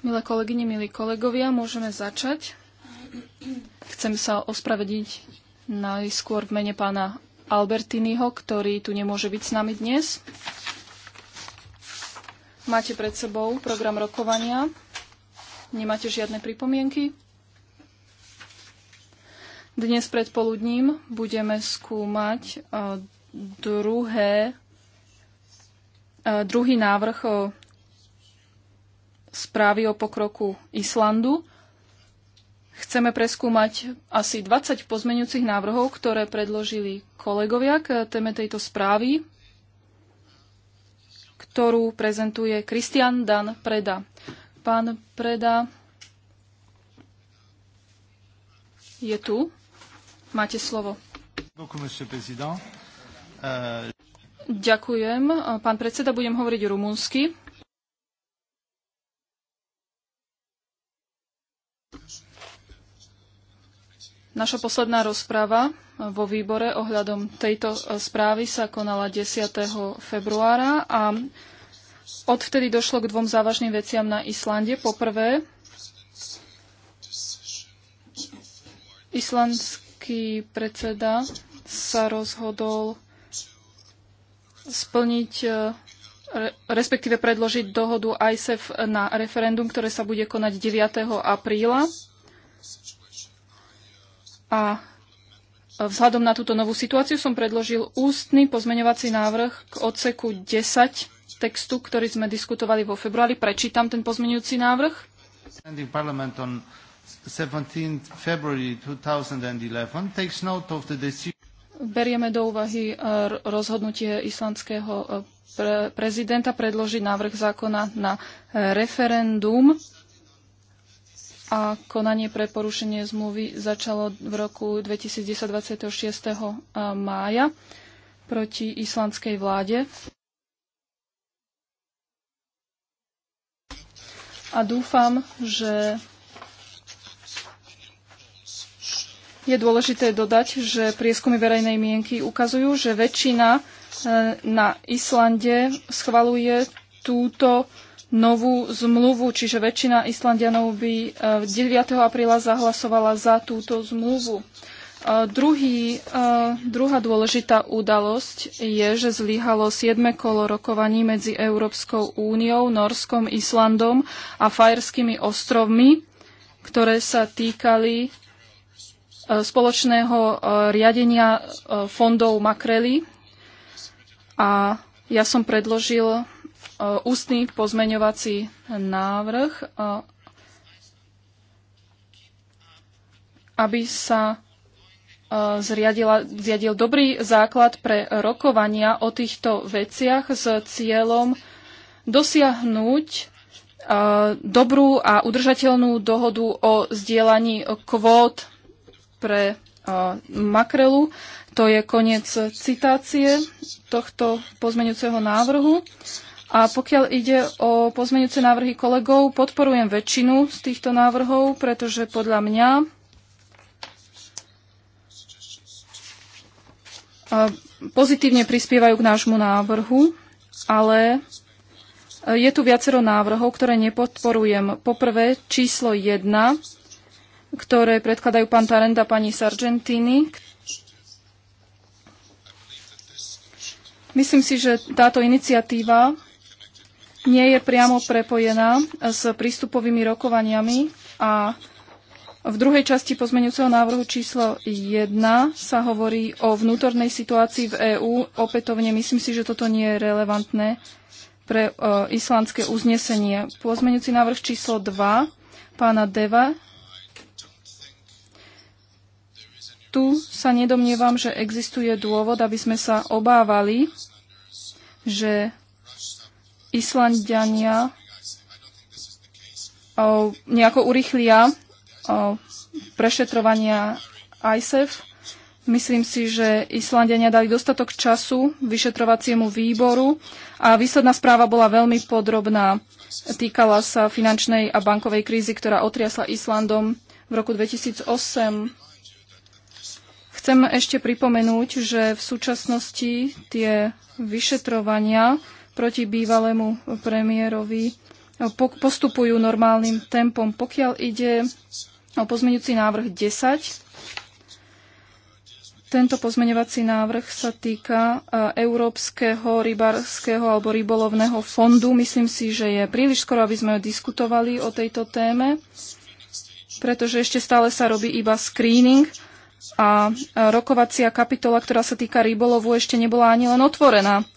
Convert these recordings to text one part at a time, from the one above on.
Milé kolegyne, milí kolegovia, môžeme začať. Chcem sa ospravediť najskôr v mene pána Albertiniho, ktorý tu nemôže byť s nami dnes. Máte pred sebou program rokovania. Nemáte žiadne pripomienky? Dnes predpoludním budeme skúmať eh, druhé E, druhý návrh e, správy o pokroku Islandu. Chceme preskúmať asi 20 pozmeňujúcich návrhov, ktoré predložili kolegovia k téme tejto správy, ktorú prezentuje Kristian Dan Preda. Pán Preda je tu. Máte slovo. Ďakujem. Pán predseda, budem hovoriť rumúnsky. Naša posledná rozprava vo výbore ohľadom tejto správy sa konala 10. februára a odvtedy došlo k dvom závažným veciam na Islande. Poprvé, islandský predseda sa rozhodol splniť, e, respektíve predložiť dohodu ISEF na referendum, ktoré sa bude konať 9. apríla. A vzhľadom na túto novú situáciu som predložil ústny pozmeňovací návrh k odseku 10 textu, ktorý sme diskutovali vo februári. Prečítam ten pozmeňujúci návrh. 17 February 2011 takes note of the decision berieme do úvahy e, rozhodnutie islandského e, prezidenta predložiť návrh zákona na e, referendum a konanie pre porušenie zmluvy začalo v roku 2010 26. mája proti islandskej vláde. A dúfam, že Je dôležité dodať, že prieskumy verejnej mienky ukazujú, že väčšina e, na Islande schvaluje túto novú zmluvu, čiže väčšina Islandianov by 9. E, apríla zahlasovala za túto zmluvu. E, druhý, druhá dôležitá udalosť je, že zlyhalo 7. kolo rokovaní medzi Európskou úniou, Norskom, Islandom a Fajerskými ostrovmi, ktoré sa týkali E, spoločného e, riadenia e, fondov Makrely a ja som predložil ústny pozmeňovací návrh, aby sa zriadil dobrý základ pre rokovania o týchto veciach s cieľom dosiahnuť dobrú a udržateľnú dohodu o zdieľaní kvót pre makrelu. To je koniec citácie tohto pozmeňujúceho návrhu. A pokiaľ ide o pozmeňujúce návrhy kolegov, podporujem väčšinu z týchto návrhov, pretože podľa mňa pozitívne prispievajú k nášmu návrhu, ale e, je tu viacero návrhov, ktoré nepodporujem. Poprvé, číslo 1 ktoré predkladajú pán Tarenda a pani Sargentini. Myslím si, že táto iniciatíva nie je priamo prepojená s prístupovými rokovaniami a v druhej časti pozmeňujúceho návrhu číslo 1 sa hovorí o vnútornej situácii v EÚ. Opätovne myslím si, že toto nie je relevantné pre e, islandské uznesenie. Pozmeňujúci návrh číslo 2 pána Deva tu sa nedomnievam, že existuje dôvod, aby sme sa obávali, že Islandiania nejako urychlia prešetrovania ISEF. Myslím si, že Islandiania dali dostatok času vyšetrovaciemu výboru a výsledná správa bola veľmi podrobná. Týkala sa finančnej a bankovej krízy, ktorá otriasla Islandom v roku 2008 Chcem ešte pripomenúť, že v súčasnosti tie vyšetrovania proti bývalému premiérovi e, postupujú normálnym tempom. Pokiaľ ide o pozmeňujúci návrh 10, tento pozmeňovací návrh sa týka e, Európskeho rybárskeho alebo rybolovného fondu. Myslím si, že je príliš skoro, aby sme diskutovali o tejto téme, pretože ešte stále sa robí iba screening a rokovacia kapitola, ktorá sa týka rybolovu, ešte nebola ani len otvorená.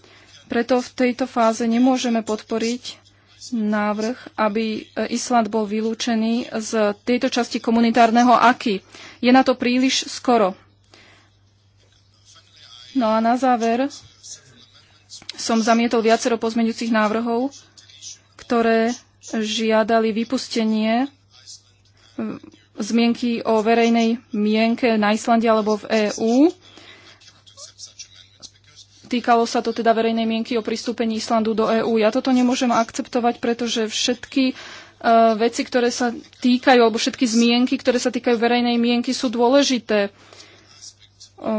Preto v tejto fáze nemôžeme podporiť návrh, aby Island bol vylúčený z tejto časti komunitárneho AKI. Je na to príliš skoro. No a na záver som zamietol viacero pozmeňujúcich návrhov, ktoré žiadali vypustenie zmienky o verejnej mienke na Islande alebo v EÚ. Týkalo sa to teda verejnej mienky o pristúpení Islandu do EÚ. Ja toto nemôžem akceptovať, pretože všetky uh, veci, ktoré sa týkajú, alebo všetky zmienky, ktoré sa týkajú verejnej mienky, sú dôležité. E,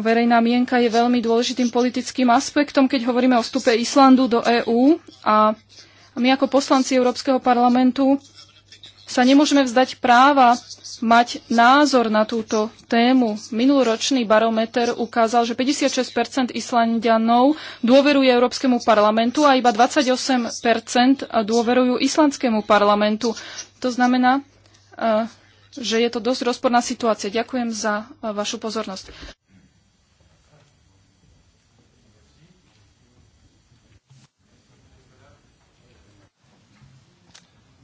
verejná mienka je veľmi dôležitým politickým aspektom, keď hovoríme o vstupe Islandu do EÚ a my ako poslanci Európskeho parlamentu sa nemôžeme vzdať práva mať názor na túto tému. Minuloročný barometer ukázal, že 56 Islandianov dôveruje Európskemu parlamentu a iba 28 dôverujú Islandskému parlamentu. To znamená, eh, že je to dosť rozporná situácia. Ďakujem za eh, vašu pozornosť.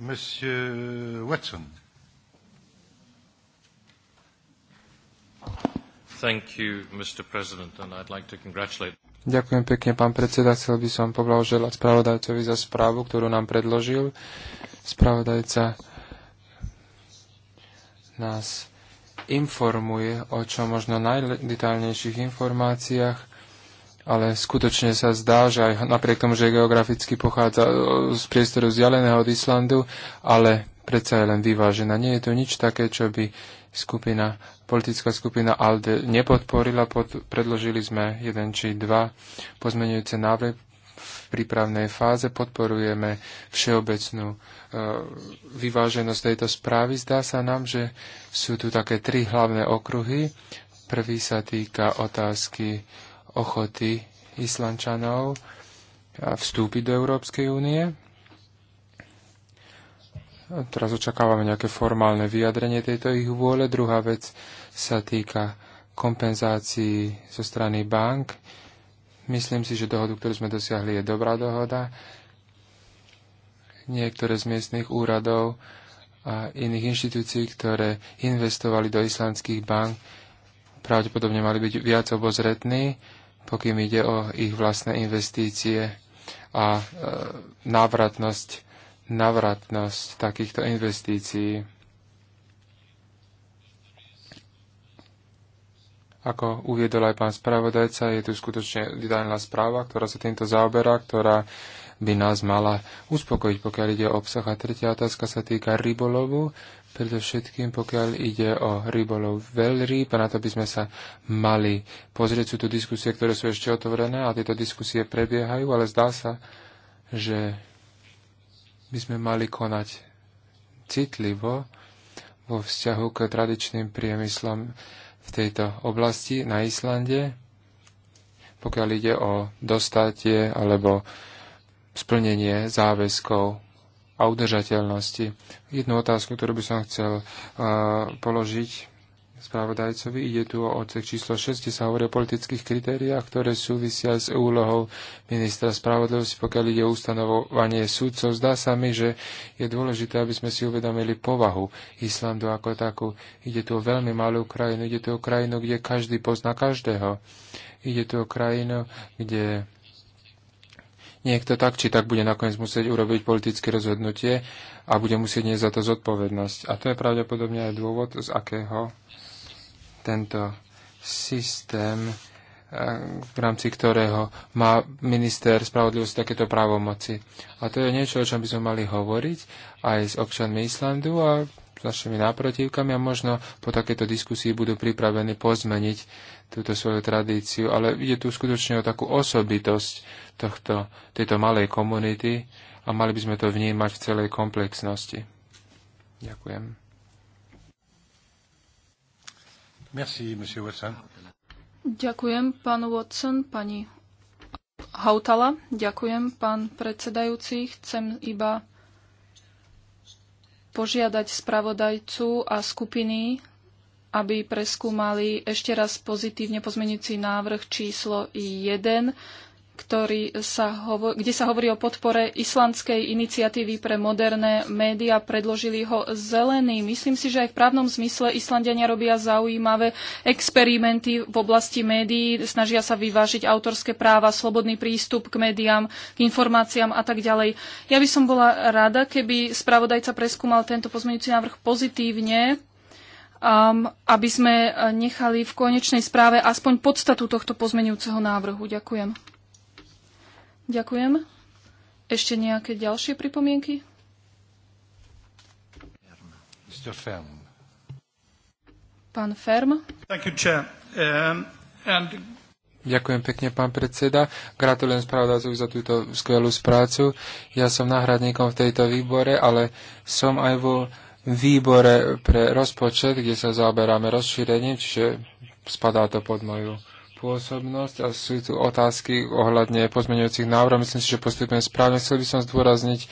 Monsieur Watson. You, like Ďakujem pekne, pán predseda. Chcel by som poblahoželať spravodajcovi za správu, ktorú nám predložil. Spravodajca nás informuje o čo možno najdetálnejších informáciách, ale skutočne sa zdá, že aj napriek tomu, že geograficky pochádza e, z priestoru vzdialeného od Islandu, ale predsa je len vyvážená. Nie je to nič také, čo by skupina politická skupina ALDE nepodporila, pod, predložili sme jeden či dva pozmenujúce návrhy v prípravnej fáze, podporujeme všeobecnú e, vyváženosť tejto správy. Zdá sa nám, že sú tu také tri hlavné okruhy. Prvý sa týka otázky ochoty Islančanov vstúpiť do Európskej únie. Teraz očakávame nejaké formálne vyjadrenie tejto ich vôle. Druhá vec sa týka kompenzácií zo strany bank. Myslím si, že dohodu, ktorú sme dosiahli, je dobrá dohoda. Niektoré z miestnych úradov a iných inštitúcií, ktoré investovali do islandských bank, pravdepodobne mali byť viac obozretní, pokým ide o ich vlastné investície a e, návratnosť navratnosť takýchto investícií. Ako uviedol aj pán spravodajca, je tu skutočne detailná správa, ktorá sa týmto zaoberá, ktorá by nás mala uspokojiť, pokiaľ ide o obsah. A tretia otázka sa týka rybolovu, predovšetkým pokiaľ ide o rybolov veľrýb, a na to by sme sa mali pozrieť. Sú tu diskusie, ktoré sú ešte otvorené a tieto diskusie prebiehajú, ale zdá sa, že by sme mali konať citlivo vo vzťahu k tradičným priemyslom v tejto oblasti na Islande, pokiaľ ide o dostatie alebo splnenie záväzkov a udržateľnosti. Jednu otázku, ktorú by som chcel uh, položiť, spravodajcovi. Ide tu o odsek číslo 6, kde sa hovorí o politických kritériách, ktoré súvisia s úlohou ministra spravodlivosti, pokiaľ ide o ustanovovanie súdcov. Zdá sa mi, že je dôležité, aby sme si uvedomili povahu Islandu ako takú. Ide tu o veľmi malú krajinu, ide tu o krajinu, kde každý pozná každého. Ide tu o krajinu, kde niekto tak či tak bude nakoniec musieť urobiť politické rozhodnutie a bude musieť nieť za to zodpovednosť. A to je pravdepodobne aj dôvod, z akého tento systém, e, v rámci ktorého má minister spravodlivosti takéto právomoci. A to je niečo, o čom by sme mali hovoriť aj s občanmi Islandu a s našimi náprotivkami a možno po takéto diskusii budú pripravení pozmeniť túto svoju tradíciu. Ale ide tu skutočne o takú osobitosť tohto, tejto malej komunity a mali by sme to vnímať v celej komplexnosti. Ďakujem. Merci, monsieur Watson. Ďakujem, pán Watson, pani Hautala. Ďakujem, pán predsedajúci. Chcem iba požiadať spravodajcu a skupiny, aby preskúmali ešte raz pozitívne pozmenujúci návrh číslo 1 ktorý sa hovo- kde sa hovorí o podpore islandskej iniciatívy pre moderné médiá. Predložili ho zelený. Myslím si, že aj v právnom zmysle Islandiania robia zaujímavé experimenty v oblasti médií. Snažia sa vyvážiť autorské práva, slobodný prístup k médiám, k informáciám a tak ďalej. Ja by som bola rada, keby spravodajca preskúmal tento pozmeňujúci návrh pozitívne, um, aby sme nechali v konečnej správe aspoň podstatu tohto pozmeňujúceho návrhu. Ďakujem. Ďakujem. Ešte nejaké ďalšie pripomienky? Pán Ferm. Um, Ďakujem pekne, pán predseda. Gratulujem spravodajcu za túto skvelú sprácu. Ja som náhradníkom v tejto výbore, ale som aj vo výbore pre rozpočet, kde sa zaoberáme rozšírením, čiže spadá to pod moju pôsobnosť a sú tu otázky ohľadne pozmeňujúcich návrhov. Myslím si, že postupujem správne. Chcel by som zdôrazniť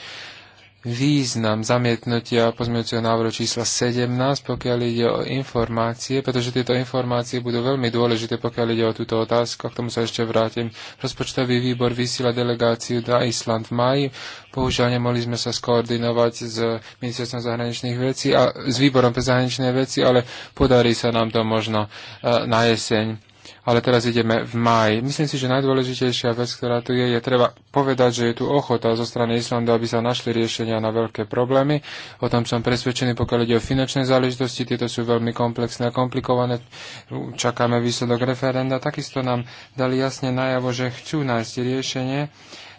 význam zamietnutia pozmeňujúceho návrhu čísla 17, pokiaľ ide o informácie, pretože tieto informácie budú veľmi dôležité, pokiaľ ide o túto otázku. k tomu sa ešte vrátim. Rozpočtový výbor vysiela delegáciu na Island v maji. Bohužiaľ nemohli sme sa skoordinovať s ministerstvom zahraničných vecí a s výborom pre zahraničné veci, ale podarí sa nám to možno eh, na jeseň ale teraz ideme v maji. Myslím si, že najdôležitejšia vec, ktorá tu je, je treba povedať, že je tu ochota zo strany Islandu, aby sa našli riešenia na veľké problémy. O tom som presvedčený, pokiaľ ide o finančné záležitosti, tieto sú veľmi komplexné a komplikované. Čakáme výsledok referenda. Takisto nám dali jasne najavo, že chcú nájsť riešenie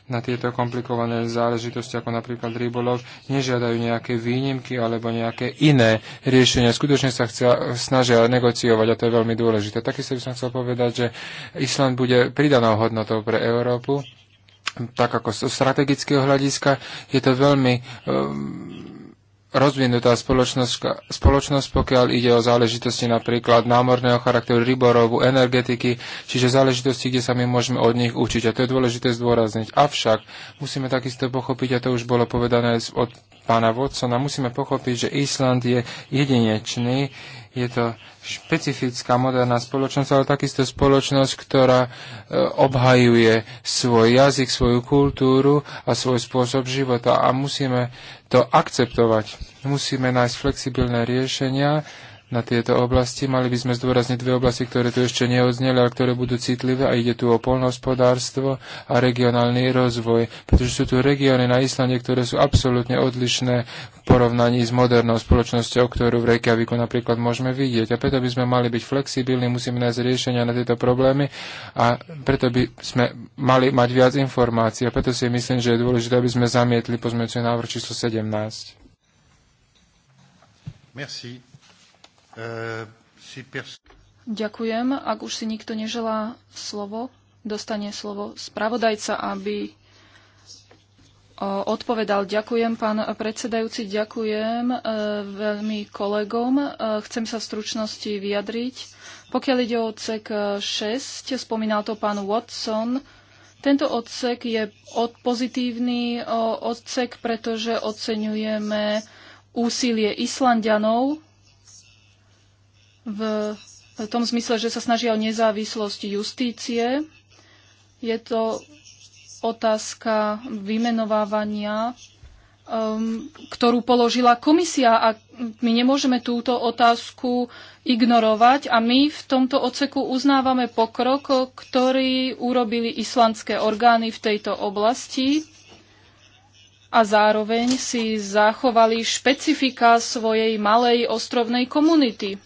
na tieto komplikované záležitosti, ako napríklad rybolov, nežiadajú nejaké výnimky alebo nejaké iné riešenia. Skutočne sa chcia, snažia negociovať a to je veľmi dôležité. Takisto by som chcel povedať, že Island bude pridanou hodnotou pre Európu tak ako z strategického hľadiska, je to veľmi um, rozvinutá spoločnosť, spoločnosť, pokiaľ ide o záležitosti napríklad námorného charakteru, ryborovu, energetiky, čiže záležitosti, kde sa my môžeme od nich učiť. A to je dôležité zdôrazniť. Avšak musíme takisto pochopiť, a to už bolo povedané od pána Watsona, musíme pochopiť, že Island je jedinečný, je to špecifická moderná spoločnosť, ale takisto spoločnosť, ktorá e, obhajuje svoj jazyk, svoju kultúru a svoj spôsob života. A musíme to akceptovať. Musíme nájsť flexibilné riešenia, na tieto oblasti. Mali by sme zdôrazniť dve oblasti, ktoré tu ešte neodzneli, ale ktoré budú citlivé a ide tu o polnohospodárstvo a regionálny rozvoj, pretože sú tu regióny na Islande, ktoré sú absolútne odlišné v porovnaní s modernou spoločnosťou, ktorú v Reykjaviku napríklad môžeme vidieť. A preto by sme mali byť flexibilní, musíme nájsť riešenia na tieto problémy a preto by sme mali mať viac informácií. A preto si myslím, že je dôležité, aby sme zamietli pozmeňujúci návrh číslo 17. Merci. Ďakujem. Ak už si nikto neželá slovo, dostane slovo spravodajca, aby odpovedal. Ďakujem, pán predsedajúci, ďakujem e, veľmi kolegom. E, chcem sa v stručnosti vyjadriť. Pokiaľ ide o odsek 6, e, spomínal to pán Watson, tento odsek je pozitívny odsek, pretože oceňujeme úsilie Islandianov v tom zmysle, že sa snažia o nezávislosť justície. Je to otázka vymenovávania, um, ktorú položila komisia a my nemôžeme túto otázku ignorovať a my v tomto odseku uznávame pokrok, ktorý urobili islandské orgány v tejto oblasti a zároveň si zachovali špecifika svojej malej ostrovnej komunity.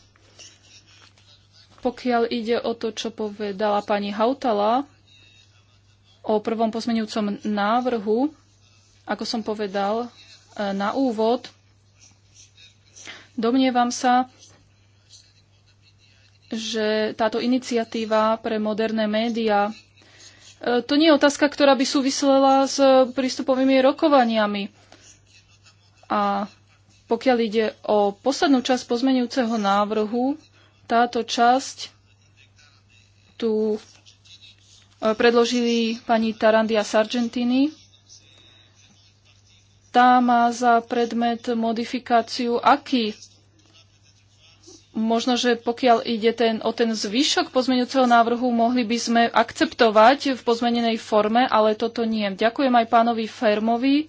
Pokiaľ ide o to, čo povedala pani Hautala o prvom posmenujúcom návrhu, ako som povedal e, na úvod, domnievam sa, že táto iniciatíva pre moderné médiá e, to nie je otázka, ktorá by súvislela s prístupovými rokovaniami. A pokiaľ ide o poslednú časť pozmenujúceho návrhu, táto časť tu e, predložili pani Tarandia Sargentini. Tá má za predmet modifikáciu aký možno, že pokiaľ ide ten, o ten zvyšok pozmeňujúceho návrhu, mohli by sme akceptovať v pozmenenej forme, ale toto nie. Ďakujem aj pánovi Fermovi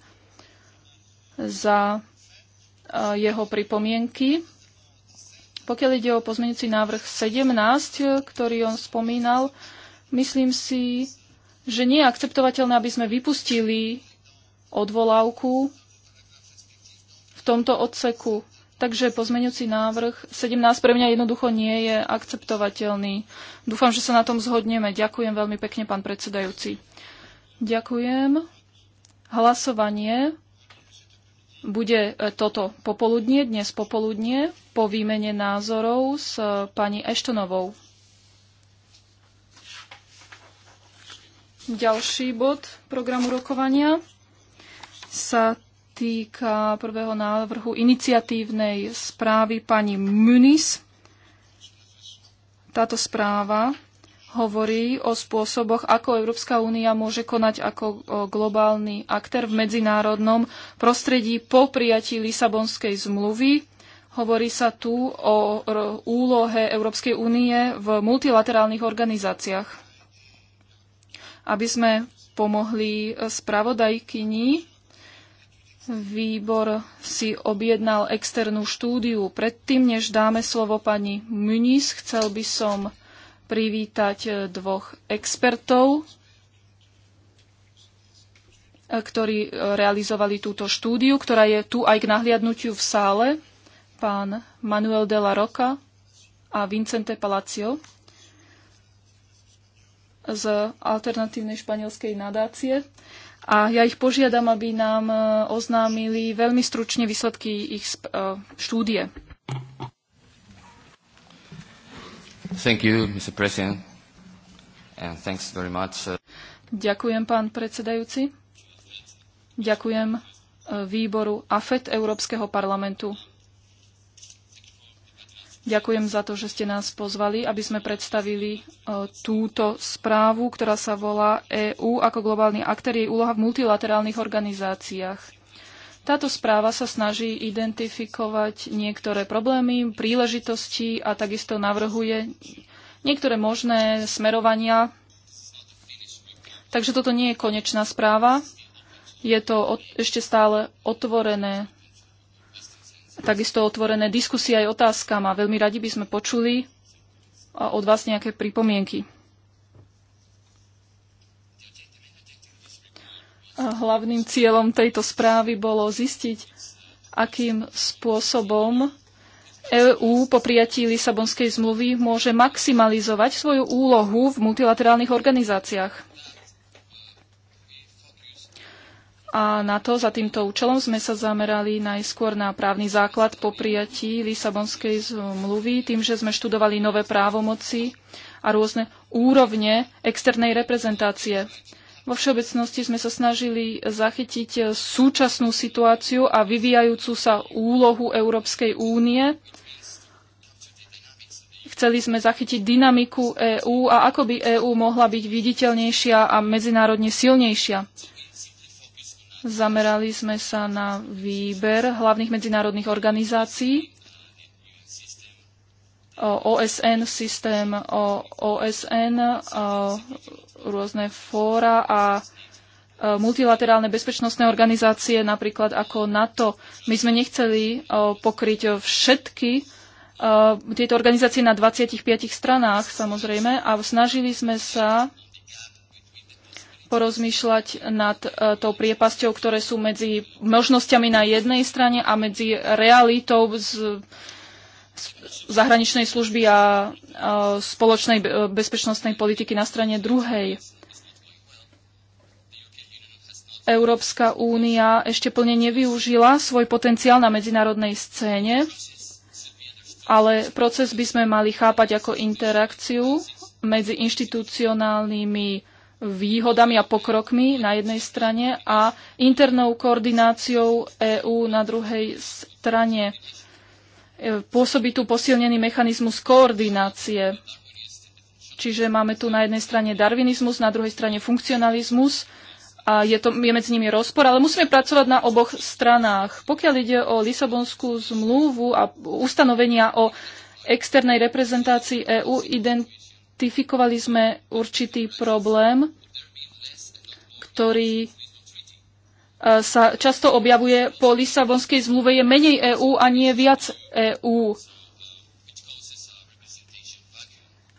za e, jeho pripomienky. Pokiaľ ide o pozmeňujúci návrh 17, ktorý on spomínal, myslím si, že nie je akceptovateľné, aby sme vypustili odvolávku v tomto odseku. Takže pozmeňujúci návrh 17 pre mňa jednoducho nie je akceptovateľný. Dúfam, že sa na tom zhodneme. Ďakujem veľmi pekne, pán predsedajúci. Ďakujem. Hlasovanie bude e, toto popoludnie, dnes popoludnie, po výmene názorov s e, pani Eštonovou. Ďalší bod programu rokovania sa týka prvého návrhu iniciatívnej správy pani Muniz. Táto správa hovorí o spôsoboch, ako Európska únia môže konať ako globálny aktér v medzinárodnom prostredí po prijatí Lisabonskej zmluvy. Hovorí sa tu o úlohe Európskej únie v multilaterálnych organizáciách. Aby sme pomohli spravodajkyni, výbor si objednal externú štúdiu. Predtým, než dáme slovo pani Muniz, chcel by som privítať e, dvoch expertov, e, ktorí e, realizovali túto štúdiu, ktorá je tu aj k nahliadnutiu v sále, pán Manuel de la Roca a Vincente Palacio z Alternatívnej španielskej nadácie. A ja ich požiadam, aby nám oznámili veľmi stručne výsledky ich štúdie. Thank you, Mr. President. And thanks very much. Uh, Ďakujem, pán predsedajúci. Ďakujem uh, výboru AFET Európskeho parlamentu. Ďakujem za to, že ste nás pozvali, aby sme predstavili uh, túto správu, ktorá sa volá EÚ ako globálny aktér, jej úloha v multilaterálnych organizáciách. Táto správa sa snaží identifikovať niektoré problémy, príležitosti a takisto navrhuje niektoré možné smerovania. Takže toto nie je konečná správa. Je to od, ešte stále otvorené. Takisto otvorené diskusie aj otázkam a veľmi radi by sme počuli od vás nejaké pripomienky. Hlavným cieľom tejto správy bolo zistiť, akým spôsobom EÚ po prijatí Lisabonskej zmluvy môže maximalizovať svoju úlohu v multilaterálnych organizáciách. A na to za týmto účelom sme sa zamerali najskôr na právny základ po prijatí Lisabonskej zmluvy, tým, že sme študovali nové právomoci a rôzne úrovne externej reprezentácie. Vo všeobecnosti sme sa snažili zachytiť eh, súčasnú situáciu a vyvíjajúcu sa úlohu Európskej únie. Chceli sme zachytiť dynamiku EÚ a ako by EÚ mohla byť viditeľnejšia a medzinárodne silnejšia. Zamerali sme sa na výber hlavných medzinárodných organizácií, OSN, systém OSN, rôzne fóra a multilaterálne bezpečnostné organizácie, napríklad ako NATO. My sme nechceli pokryť všetky tieto organizácie na 25 stranách, samozrejme, a snažili sme sa porozmýšľať nad e, tou priepasťou, ktoré sú medzi možnosťami na jednej strane a medzi realitou z zahraničnej služby a spoločnej bezpečnostnej politiky na strane druhej. Európska únia ešte plne nevyužila svoj potenciál na medzinárodnej scéne, ale proces by sme mali chápať ako interakciu medzi inštitucionálnymi výhodami a pokrokmi na jednej strane a internou koordináciou EÚ na druhej strane pôsobí tu posilnený mechanizmus koordinácie. Čiže máme tu na jednej strane darvinizmus, na druhej strane funkcionalizmus a je, to, je medzi nimi rozpor, ale musíme pracovať na oboch stranách. Pokiaľ ide o Lisabonskú zmluvu a ustanovenia o externej reprezentácii EÚ, identifikovali sme určitý problém, ktorý E, sa často objavuje po Lisabonskej zmluve, je menej EÚ a nie viac EÚ.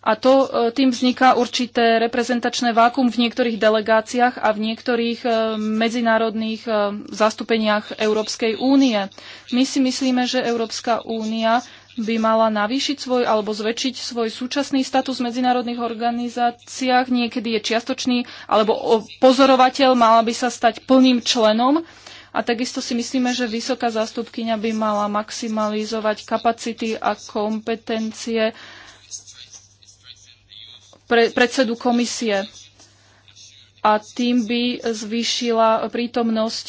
A to e, tým vzniká určité reprezentačné vákum v niektorých delegáciách a v niektorých e, medzinárodných zastúpeniach Európskej únie. My si myslíme, že Európska únia by mala navýšiť svoj alebo zväčšiť svoj súčasný status v medzinárodných organizáciách. Niekedy je čiastočný alebo pozorovateľ mala by sa stať plným členom. A takisto si myslíme, že vysoká zástupkynia by mala maximalizovať kapacity a kompetencie pre, predsedu komisie a tým by zvýšila prítomnosť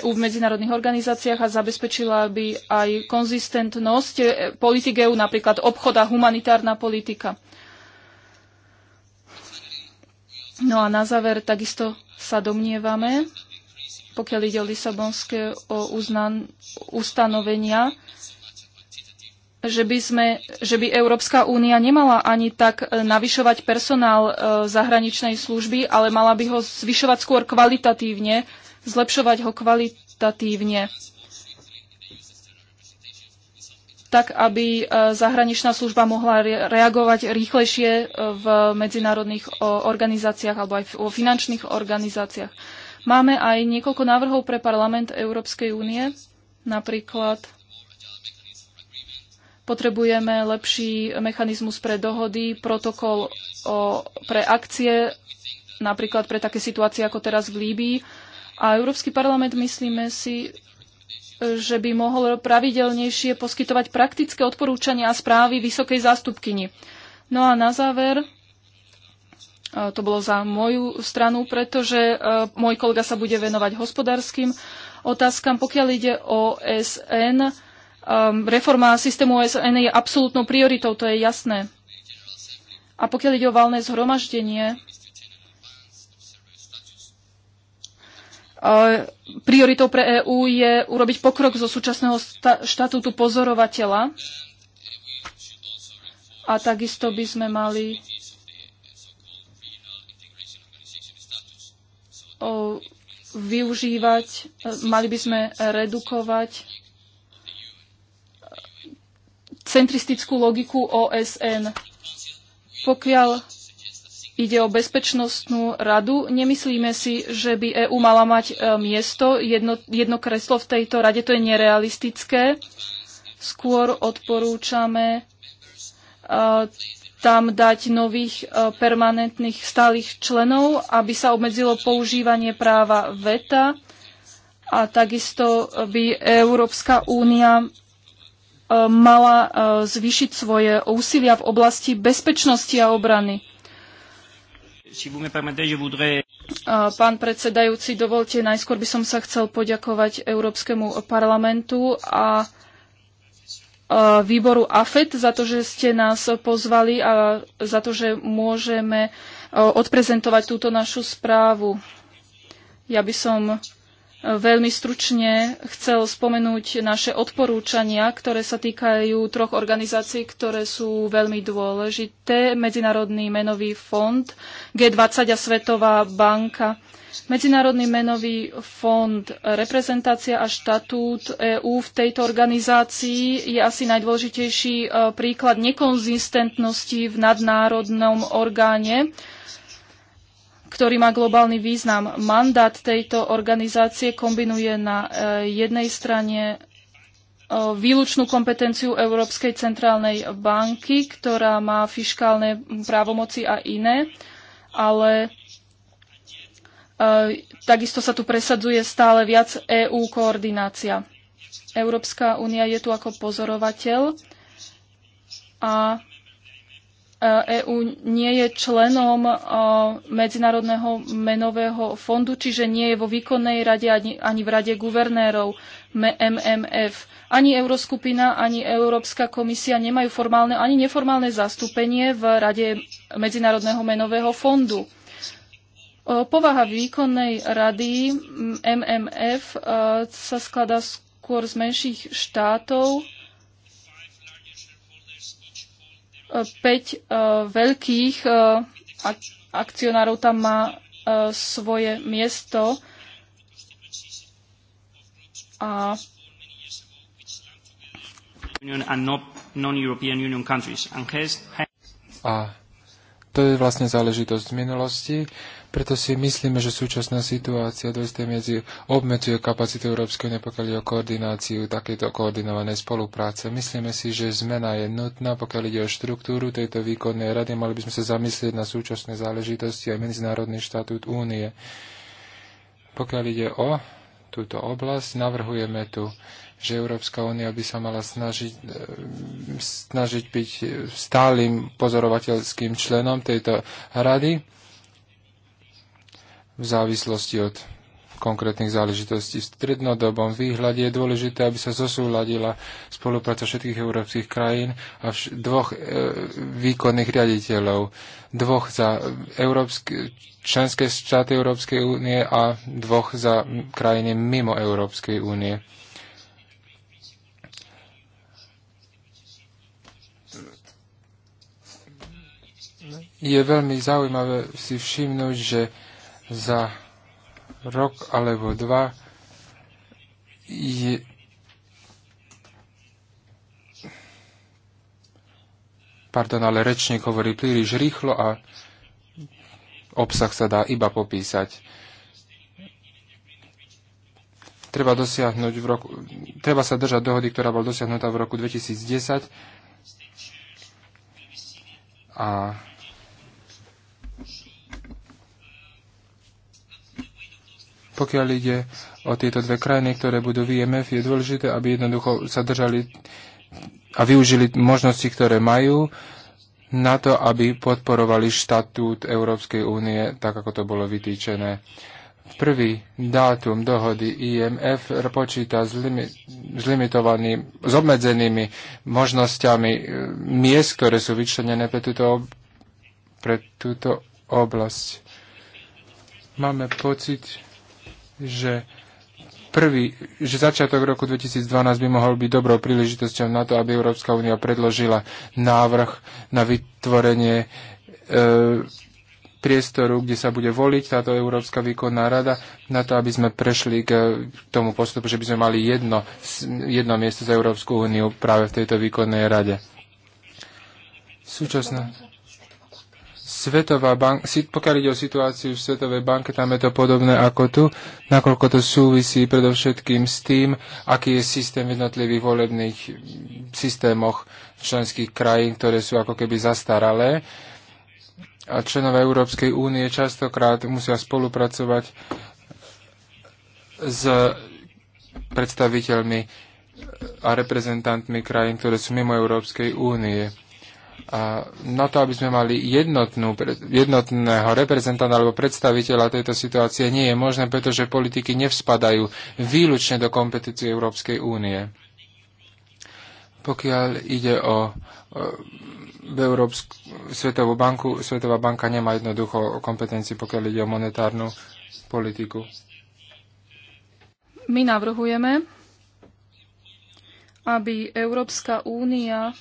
EÚ e v medzinárodných organizáciách a zabezpečila by aj konzistentnosť e, politik EÚ, napríklad obchod a humanitárna politika. No a na záver takisto sa domnievame, pokiaľ ide o Lisabonské o uznan- ustanovenia, že by, sme, že by Európska únia nemala ani tak e, navyšovať personál e, zahraničnej služby, ale mala by ho zvyšovať skôr kvalitatívne, zlepšovať ho kvalitatívne. Tak, aby e, zahraničná služba mohla reagovať rýchlejšie v medzinárodných organizáciách alebo aj vo finančných organizáciách. Máme aj niekoľko návrhov pre parlament Európskej únie, napríklad Potrebujeme lepší mechanizmus pre dohody, protokol o, pre akcie, napríklad pre také situácie ako teraz v Líbii. A Európsky parlament, myslíme si, že by mohol pravidelnejšie poskytovať praktické odporúčania a správy vysokej zástupkyni. No a na záver, to bolo za moju stranu, pretože e, môj kolega sa bude venovať hospodárskym otázkam. Pokiaľ ide o SN, Ehm, reforma systému OSN je absolútnou prioritou, to je jasné. A pokiaľ ide o valné zhromaždenie, ehm, prioritou pre EÚ je urobiť pokrok zo súčasného štatútu pozorovateľa a takisto by sme mali využívať, mali by sme redukovať centristickú logiku OSN. Pokiaľ ide o bezpečnostnú radu, nemyslíme si, že by EÚ mala mať e, miesto, jedno, jedno kreslo v tejto rade, to je nerealistické. Skôr odporúčame e, tam dať nových e, permanentných stálych členov, aby sa obmedzilo používanie práva VETA a takisto by Európska únia E, mala e, zvýšiť svoje úsilia v oblasti bezpečnosti a obrany. E, pán predsedajúci, dovolte, najskôr by som sa chcel poďakovať Európskemu parlamentu a výboru AFET za to, že ste nás pozvali a za to, že môžeme odprezentovať túto našu správu. Ja by som Veľmi stručne chcel spomenúť naše odporúčania, ktoré sa týkajú troch organizácií, ktoré sú veľmi dôležité. Medzinárodný menový fond, G20 a Svetová banka. Medzinárodný menový fond, reprezentácia a štatút EÚ v tejto organizácii je asi najdôležitejší e, príklad nekonzistentnosti v nadnárodnom orgáne ktorý má globálny význam. Mandát tejto organizácie kombinuje na e, jednej strane e, výlučnú kompetenciu Európskej centrálnej banky, ktorá má fiškálne právomoci a iné, ale e, takisto sa tu presadzuje stále viac EÚ koordinácia. Európska únia je tu ako pozorovateľ a EÚ e nie je členom e, Medzinárodného menového fondu, čiže nie je vo výkonnej rade ani, ani v rade guvernérov MMF. Ani Euroskupina, ani Európska komisia nemajú formálne ani neformálne zastúpenie v rade Medzinárodného menového fondu. E, povaha výkonnej rady MMF sa skladá skôr z menších štátov, 5 e, veľkých e, akcionárov tam má e, svoje miesto a a to je vlastne záležitosť z minulosti preto si myslíme, že súčasná situácia do istej medzi obmedzuje kapacitu Európskej únie, pokiaľ ide o koordináciu takéto koordinovanej spolupráce. Myslíme si, že zmena je nutná, pokiaľ ide o štruktúru tejto výkonnej rady. Mali by sme sa zamyslieť na súčasné záležitosti aj Medzinárodný štatút únie. Pokiaľ ide o túto oblasť, navrhujeme tu že Európska únia by sa mala snažiť, eh, snažiť byť stálym pozorovateľským členom tejto rady v závislosti od konkrétnych záležitostí. V strednodobom výhľade je dôležité, aby sa zosúladila spolupráca všetkých európskych krajín a vš- dvoch e, výkonných riaditeľov. Dvoch za európske, členské štáty Európskej únie a dvoch za krajiny mimo Európskej únie. Je veľmi zaujímavé si všimnúť, že za rok alebo dva je Pardon, ale rečník hovorí príliš rýchlo a obsah sa dá iba popísať. Treba, dosiahnuť v roku, treba sa držať dohody, ktorá bola dosiahnutá v roku 2010 a Pokiaľ ide o tieto dve krajiny, ktoré budú v IMF, je dôležité, aby jednoducho sa držali a využili možnosti, ktoré majú na to, aby podporovali štatút Európskej únie, tak ako to bolo vytýčené. Prvý dátum dohody IMF počíta s, limi- s limitovaným, s obmedzenými možnosťami e, miest, ktoré sú vyčlenené pre túto, pre túto oblasť. Máme pocit, že prvý, že začiatok roku 2012 by mohol byť dobrou príležitosťou na to, aby Európska únia predložila návrh na vytvorenie e, priestoru, kde sa bude voliť táto Európska výkonná rada, na to, aby sme prešli k tomu postupu, že by sme mali jedno, jedno miesto za Európsku úniu práve v tejto výkonnej rade. Súčasná. Svetová banka, pokiaľ ide o situáciu v Svetovej banke, tam je to podobné ako tu, nakoľko to súvisí predovšetkým s tým, aký je systém v jednotlivých volebných systémoch členských krajín, ktoré sú ako keby zastaralé. A členové Európskej únie častokrát musia spolupracovať s predstaviteľmi a reprezentantmi krajín, ktoré sú mimo Európskej únie a na to, aby sme mali jednotnú, jednotného reprezentanta alebo predstaviteľa tejto situácie, nie je možné, pretože politiky nevspadajú výlučne do kompetície Európskej únie. Pokiaľ ide o, o Európsku, Svetovú banku, Svetová banka nemá jednoducho kompetencii, pokiaľ ide o monetárnu politiku. My navrhujeme, aby Európska únia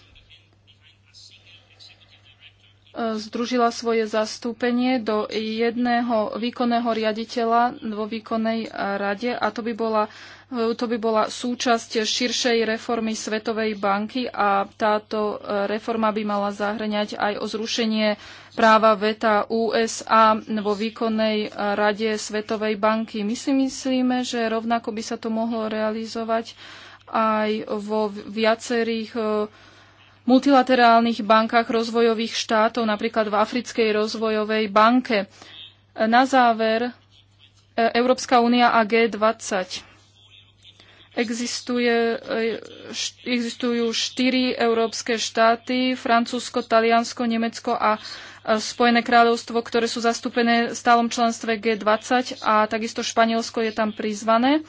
združila svoje zastúpenie do jedného výkonného riaditeľa vo výkonnej rade a to by bola, to by bola súčasť širšej reformy Svetovej banky a táto reforma by mala zahrňať aj o zrušenie práva veta USA vo výkonnej rade Svetovej banky. My si myslíme, že rovnako by sa to mohlo realizovať aj vo viacerých multilaterálnych bankách rozvojových štátov, napríklad v Africkej rozvojovej banke. Na záver e, Európska únia a G20. Existuje, e, existujú štyri európske štáty, Francúzsko, Taliansko, Nemecko a Spojené kráľovstvo, ktoré sú zastúpené v stálom členstve G20 a takisto Španielsko je tam prizvané